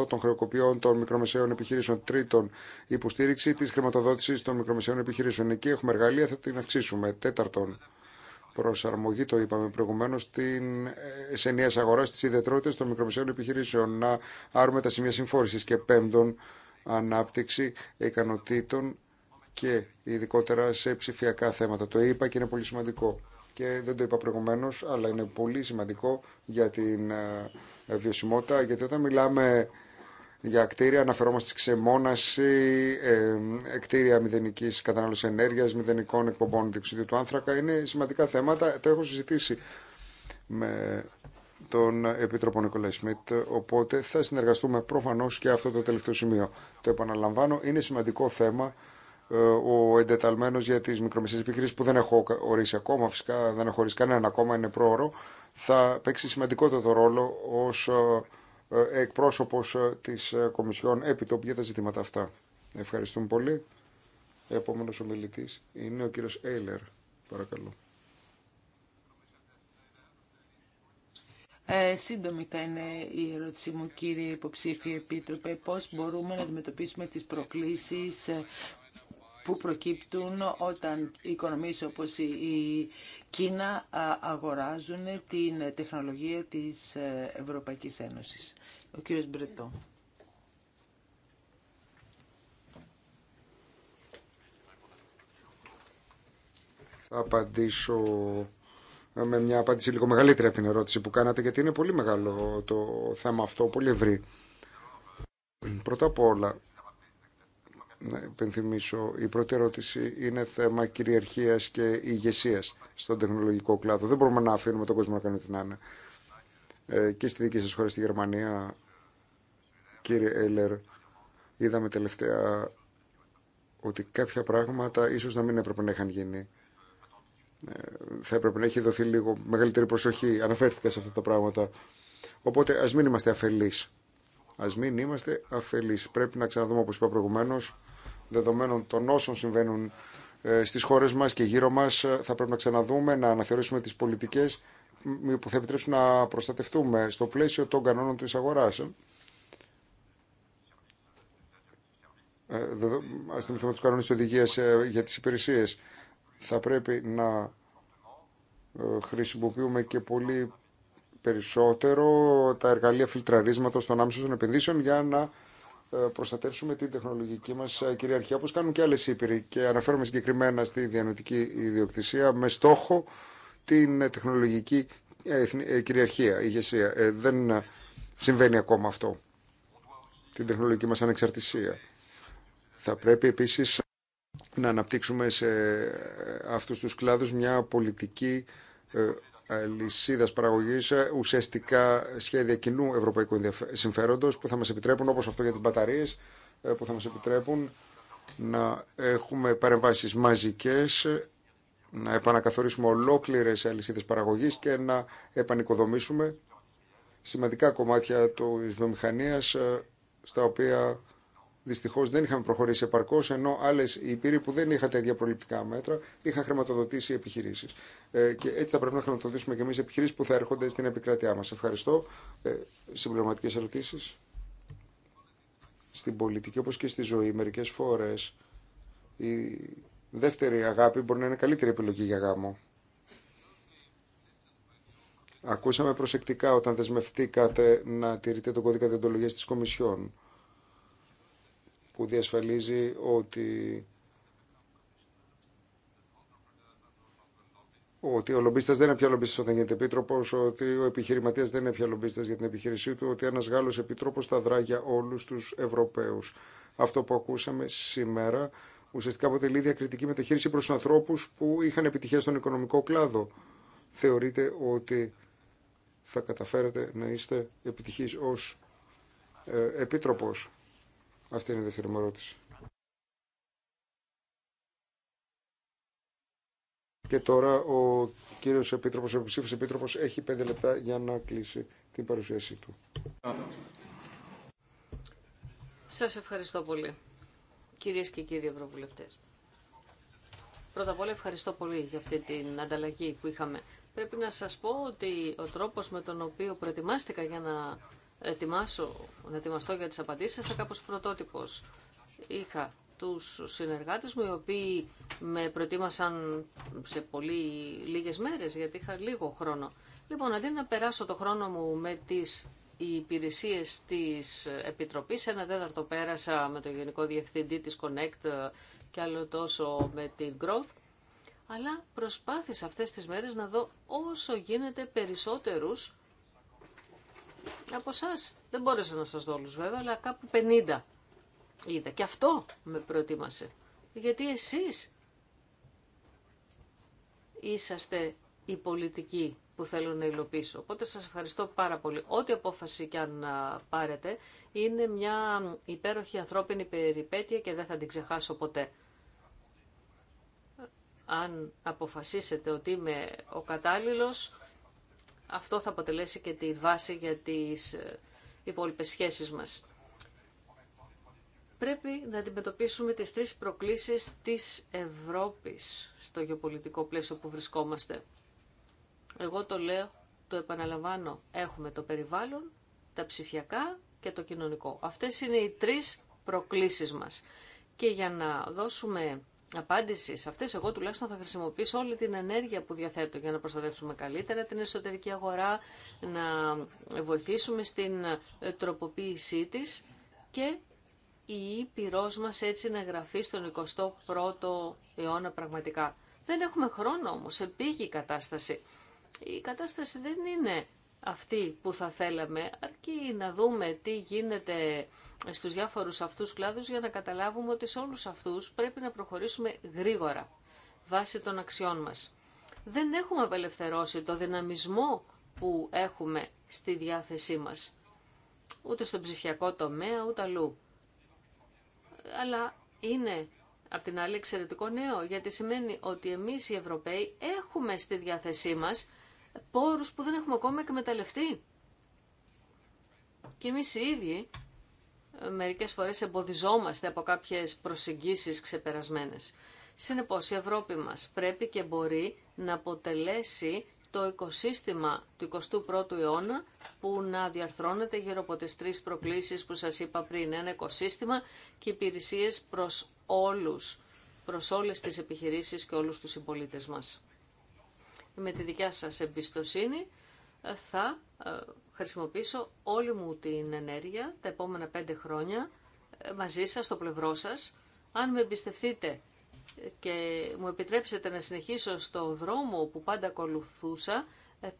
30% των χρεοκοπιών των μικρομεσαίων επιχειρήσεων. Τρίτον, υποστήριξη τη χρηματοδότηση των μικρομεσαίων επιχειρήσεων. Εκεί έχουμε εργαλεία, θα την αυξήσουμε. Τέταρτον, προσαρμογή, το είπαμε προηγουμένω, ε, σε ενιαία αγορά στι ιδιαιτερότητε των μικρομεσαίων επιχειρήσεων. Να άρουμε τα σημεία συμφόρηση. Και πέμπτον, ανάπτυξη ικανοτήτων και ειδικότερα σε ψηφιακά θέματα. Το είπα και είναι πολύ σημαντικό και δεν το είπα προηγουμένω, αλλά είναι πολύ σημαντικό για την ε, βιωσιμότητα, γιατί όταν μιλάμε για κτίρια αναφερόμαστε στη ξεμόναση, ε, κτίρια μηδενική κατανάλωση ενέργεια, μηδενικών εκπομπών διοξιδίου του άνθρακα. Είναι σημαντικά θέματα. το έχω συζητήσει με τον Επίτροπο Νικολάη Σμιτ, οπότε θα συνεργαστούμε προφανώ και αυτό το τελευταίο σημείο. Το επαναλαμβάνω, είναι σημαντικό θέμα ε, ο εντεταλμένο για τι μικρομεσαίε επιχειρήσει που δεν έχω ορίσει ακόμα, φυσικά δεν έχω ορίσει κανέναν ακόμα, είναι πρόωρο, θα παίξει σημαντικότατο ρόλο ω ε, ε, εκπρόσωπο τη Κομισιόν το για τα ζητήματα αυτά. Ευχαριστούμε πολύ. Επόμενο ομιλητή είναι ο κύριο Έιλερ. Παρακαλώ. Ε, σύντομη θα είναι η ερώτησή μου, κύριε υποψήφιε επίτροπε, πώς μπορούμε να αντιμετωπίσουμε τις προκλήσεις που προκύπτουν όταν οι οικονομίες όπως η Κίνα αγοράζουν την τεχνολογία της ε, Ευρωπαϊκής Ένωσης. Ο κύριος Μπρετό. Θα απαντήσω με μια απάντηση λίγο μεγαλύτερη από την ερώτηση που κάνατε, γιατί είναι πολύ μεγάλο το θέμα αυτό, πολύ ευρύ. Πρώτα απ' όλα, να υπενθυμίσω, η πρώτη ερώτηση είναι θέμα κυριαρχία και ηγεσία στον τεχνολογικό κλάδο. Δεν μπορούμε να αφήνουμε τον κόσμο να κάνει την άνε. και στη δική σα χώρα, στη Γερμανία, κύριε Έλερ, είδαμε τελευταία ότι κάποια πράγματα ίσω να μην έπρεπε να είχαν γίνει. Ε, θα έπρεπε να έχει δοθεί λίγο μεγαλύτερη προσοχή. Αναφέρθηκα σε αυτά τα πράγματα. Οπότε α μην είμαστε αφελεί. Α μην είμαστε αφελεί. Πρέπει να ξαναδούμε, όπω είπα προηγουμένω, δεδομένων των όσων συμβαίνουν ε, στι χώρε μα και γύρω μα ε, θα πρέπει να ξαναδούμε, να αναθεωρήσουμε τι πολιτικέ που θα επιτρέψουν να προστατευτούμε στο πλαίσιο των κανόνων της αγοράς. Α θυμηθούμε του κανόνες οδηγία οδηγίας ε, για τι υπηρεσίε, Θα πρέπει να χρησιμοποιούμε και πολύ περισσότερο τα εργαλεία φιλτραρίσματος των άμεσων επενδύσεων για να ε, προστατεύσουμε την τεχνολογική μας ε, κυριαρχία, όπως κάνουν και άλλε ήπειροι. Και αναφέρομαι συγκεκριμένα στη διανοητική ιδιοκτησία με στόχο την τεχνολογική ε, κυριαρχία, ηγεσία. Δεν συμβαίνει ακόμα αυτό, την τεχνολογική μας ανεξαρτησία. Θα πρέπει επίσης να αναπτύξουμε σε αυτούς τους κλάδους μια πολιτική αλυσίδα παραγωγή ε, ουσιαστικά σχέδια κοινού ευρωπαϊκού συμφέροντο που θα μα επιτρέπουν, όπω αυτό για τι μπαταρίε, ε, που θα μα επιτρέπουν να έχουμε παρεμβάσει μαζικέ, να επανακαθορίσουμε ολόκληρε αλυσίδε παραγωγή και να επανοικοδομήσουμε σημαντικά κομμάτια τη βιομηχανία ε, στα οποία Δυστυχώ δεν είχαμε προχωρήσει επαρκώ, ενώ άλλε υπήροι που δεν είχαν τα ίδια προληπτικά μέτρα είχαν χρηματοδοτήσει επιχειρήσει. Ε, και έτσι θα πρέπει να χρηματοδοτήσουμε και εμεί επιχειρήσει που θα έρχονται στην επικράτειά μα. Ευχαριστώ. Ε, Συμπληρωματικέ ερωτήσει. Στην πολιτική όπω και στη ζωή, μερικέ φορέ η δεύτερη αγάπη μπορεί να είναι καλύτερη επιλογή για γάμο. Ακούσαμε προσεκτικά όταν δεσμευτήκατε να τηρείτε τον κώδικα διοντολογία τη Κομισιόν που διασφαλίζει ότι ότι ο λομπίστα δεν είναι πια λομπίστα όταν γίνεται επίτροπο, ότι ο επιχειρηματία δεν είναι πια λομπίστα για την επιχείρησή του, ότι ένα Γάλλο επίτροπο θα δρά για όλου του Ευρωπαίου. Αυτό που ακούσαμε σήμερα ουσιαστικά αποτελεί διακριτική μεταχείριση προ ανθρώπου που είχαν επιτυχία στον οικονομικό κλάδο. Θεωρείτε ότι θα καταφέρετε να είστε επιτυχεί ω ε, επίτροπος. Αυτή είναι η δεύτερη μου ερώτηση. Και τώρα ο κύριος Επίτροπος, ο Επιστήφης Επίτροπος έχει πέντε λεπτά για να κλείσει την παρουσίασή του. Σας ευχαριστώ πολύ, κυρίες και κύριοι Ευρωβουλευτές. Πρώτα απ' όλα ευχαριστώ πολύ για αυτή την ανταλλαγή που είχαμε. Πρέπει να σας πω ότι ο τρόπος με τον οποίο προετοιμάστηκα για να ετοιμάσω, να ετοιμαστώ για τις απαντήσεις σας, κάπως πρωτότυπος. Είχα τους συνεργάτες μου, οι οποίοι με προετοίμασαν σε πολύ λίγες μέρες, γιατί είχα λίγο χρόνο. Λοιπόν, αντί να περάσω το χρόνο μου με τις υπηρεσίες της Επιτροπής, ένα τέταρτο πέρασα με το Γενικό Διευθυντή της Connect και άλλο τόσο με την Growth, αλλά προσπάθησα αυτές τις μέρες να δω όσο γίνεται περισσότερους από εσά. Δεν μπόρεσα να σας δω όλου βέβαια, αλλά κάπου 50 είδα. Και αυτό με προετοίμασε. Γιατί εσείς είσαστε οι πολιτικοί που θέλω να υλοποιήσω. Οπότε σας ευχαριστώ πάρα πολύ. Ό,τι απόφαση και αν πάρετε είναι μια υπέροχη ανθρώπινη περιπέτεια και δεν θα την ξεχάσω ποτέ. Αν αποφασίσετε ότι είμαι ο κατάλληλος, αυτό θα αποτελέσει και τη βάση για τις ε, υπόλοιπες σχέσεις μας. Πρέπει να αντιμετωπίσουμε τις τρεις προκλήσεις της Ευρώπης στο γεωπολιτικό πλαίσιο που βρισκόμαστε. Εγώ το λέω, το επαναλαμβάνω, έχουμε το περιβάλλον, τα ψηφιακά και το κοινωνικό. Αυτές είναι οι τρεις προκλήσεις μας. Και για να δώσουμε απάντηση σε αυτές, εγώ τουλάχιστον θα χρησιμοποιήσω όλη την ενέργεια που διαθέτω για να προστατεύσουμε καλύτερα την εσωτερική αγορά, να βοηθήσουμε στην ε, τροποποίησή της και η πυρός μας έτσι να γραφεί στον 21ο αιώνα πραγματικά. Δεν έχουμε χρόνο όμως, επήγει η κατάσταση. Η κατάσταση δεν είναι αυτή που θα θέλαμε, αρκεί να δούμε τι γίνεται στους διάφορους αυτούς κλάδους για να καταλάβουμε ότι σε όλους αυτούς πρέπει να προχωρήσουμε γρήγορα, βάσει των αξιών μας. Δεν έχουμε απελευθερώσει το δυναμισμό που έχουμε στη διάθεσή μας, ούτε στον ψηφιακό τομέα, ούτε αλλού. Αλλά είναι απ' την άλλη εξαιρετικό νέο, γιατί σημαίνει ότι εμείς οι Ευρωπαίοι έχουμε στη διάθεσή μας πόρους που δεν έχουμε ακόμα εκμεταλλευτεί. Και εμείς οι ίδιοι ε, μερικές φορές εμποδιζόμαστε από κάποιες προσεγγίσεις ξεπερασμένες. Συνεπώς η Ευρώπη μας πρέπει και μπορεί να αποτελέσει το οικοσύστημα του 21ου αιώνα που να διαρθρώνεται γύρω από τις τρεις προκλήσεις που σας είπα πριν. Ένα οικοσύστημα και υπηρεσίες προς όλους, προς όλες τις επιχειρήσεις και όλους τους συμπολίτε μας με τη δικιά σας εμπιστοσύνη ε, θα ε, χρησιμοποιήσω όλη μου την ενέργεια τα επόμενα πέντε χρόνια ε, μαζί σας, στο πλευρό σας. Αν με εμπιστευτείτε και μου επιτρέψετε να συνεχίσω στο δρόμο που πάντα ακολουθούσα,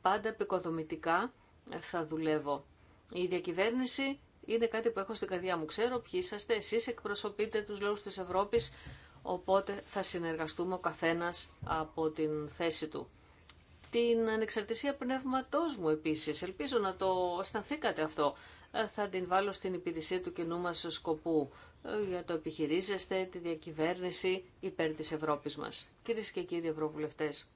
πάντα επικοδομητικά θα δουλεύω. Η διακυβέρνηση είναι κάτι που έχω στην καρδιά μου. Ξέρω ποιοι είσαστε, εσείς εκπροσωπείτε τους λόγους της Ευρώπης, οπότε θα συνεργαστούμε ο καθένας από την θέση του την ανεξαρτησία πνεύματός μου επίσης. Ελπίζω να το αισθανθήκατε αυτό. Ε, θα την βάλω στην υπηρεσία του κοινού μας σκοπού ε, για το επιχειρίζεστε, τη διακυβέρνηση υπέρ της Ευρώπης μας. Κυρίες και κύριοι Ευρωβουλευτές,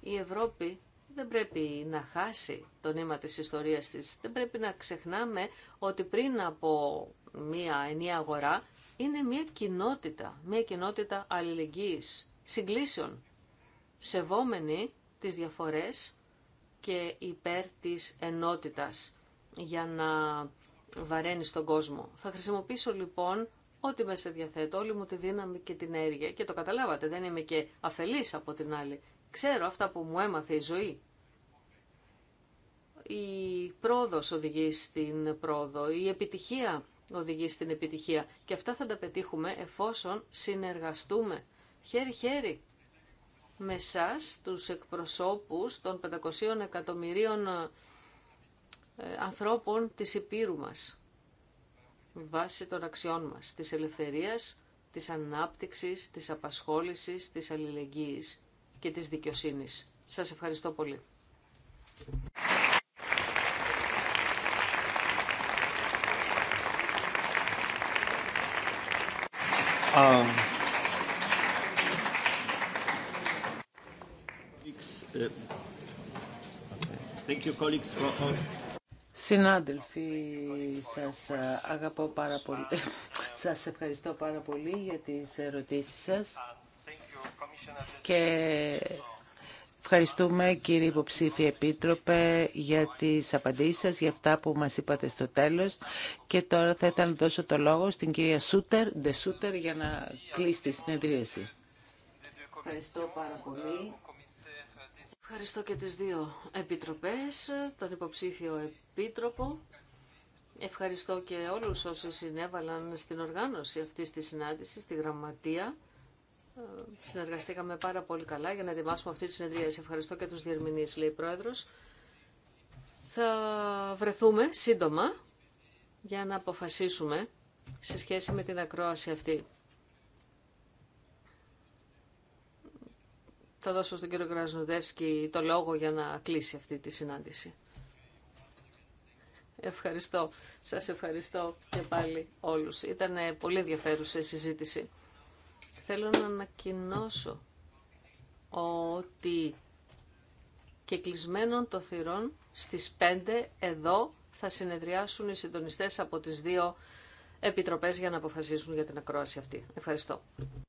η Ευρώπη δεν πρέπει να χάσει το νήμα της ιστορίας της. Δεν πρέπει να ξεχνάμε ότι πριν από μία ενια αγορά είναι μία κοινότητα, μία κοινότητα αλληλεγγύης, συγκλήσεων, σεβόμενη τις διαφορές και υπέρ της ενότητας για να βαραίνει στον κόσμο. Θα χρησιμοποιήσω λοιπόν ό,τι μέσα διαθέτω, όλη μου τη δύναμη και την έργεια. Και το καταλάβατε, δεν είμαι και αφελής από την άλλη. Ξέρω αυτά που μου έμαθε η ζωή. Η πρόοδος οδηγεί στην πρόοδο, η επιτυχία οδηγεί στην επιτυχία. Και αυτά θα τα πετύχουμε εφόσον συνεργαστούμε χέρι-χέρι με εσά, τους εκπροσώπους των 500 εκατομμυρίων ε, ανθρώπων της Επίρου μας, βάσει των αξιών μας, της ελευθερίας, της ανάπτυξης, της απασχόλησης, της αλληλεγγύης και της δικαιοσύνης. Σας ευχαριστώ πολύ. Um, Συνάδελφοι, σας αγαπώ πάρα πολύ. Σας ευχαριστώ πάρα πολύ για τις ερωτήσεις σας. Και ευχαριστούμε κύριε υποψήφιε επίτροπε για τις απαντήσεις σας, για αυτά που μας είπατε στο τέλος. Και τώρα θα ήθελα να δώσω το λόγο στην κυρία Σούτερ, Σούτερ, για να κλείσει τη συνεδρίαση. Ευχαριστώ πάρα πολύ. Ευχαριστώ και τις δύο επιτροπές, τον υποψήφιο επίτροπο. Ευχαριστώ και όλους όσοι συνέβαλαν στην οργάνωση αυτής της συνάντησης, στη γραμματεία. Ε, συνεργαστήκαμε πάρα πολύ καλά για να ετοιμάσουμε αυτή τη συνεδρία. ευχαριστώ και τους διερμηνείς, λέει Πρόεδρος. Θα βρεθούμε σύντομα για να αποφασίσουμε σε σχέση με την ακρόαση αυτή. Θα δώσω στον κύριο Γρασνοδεύσκη το λόγο για να κλείσει αυτή τη συνάντηση. Ευχαριστώ. Σας ευχαριστώ και πάλι όλους. Ήταν ε, πολύ ενδιαφέρουσα η συζήτηση. Θέλω να ανακοινώσω ότι και κλεισμένων των θυρών στις 5 εδώ θα συνεδριάσουν οι συντονιστές από τις δύο επιτροπές για να αποφασίσουν για την ακρόαση αυτή. Ευχαριστώ.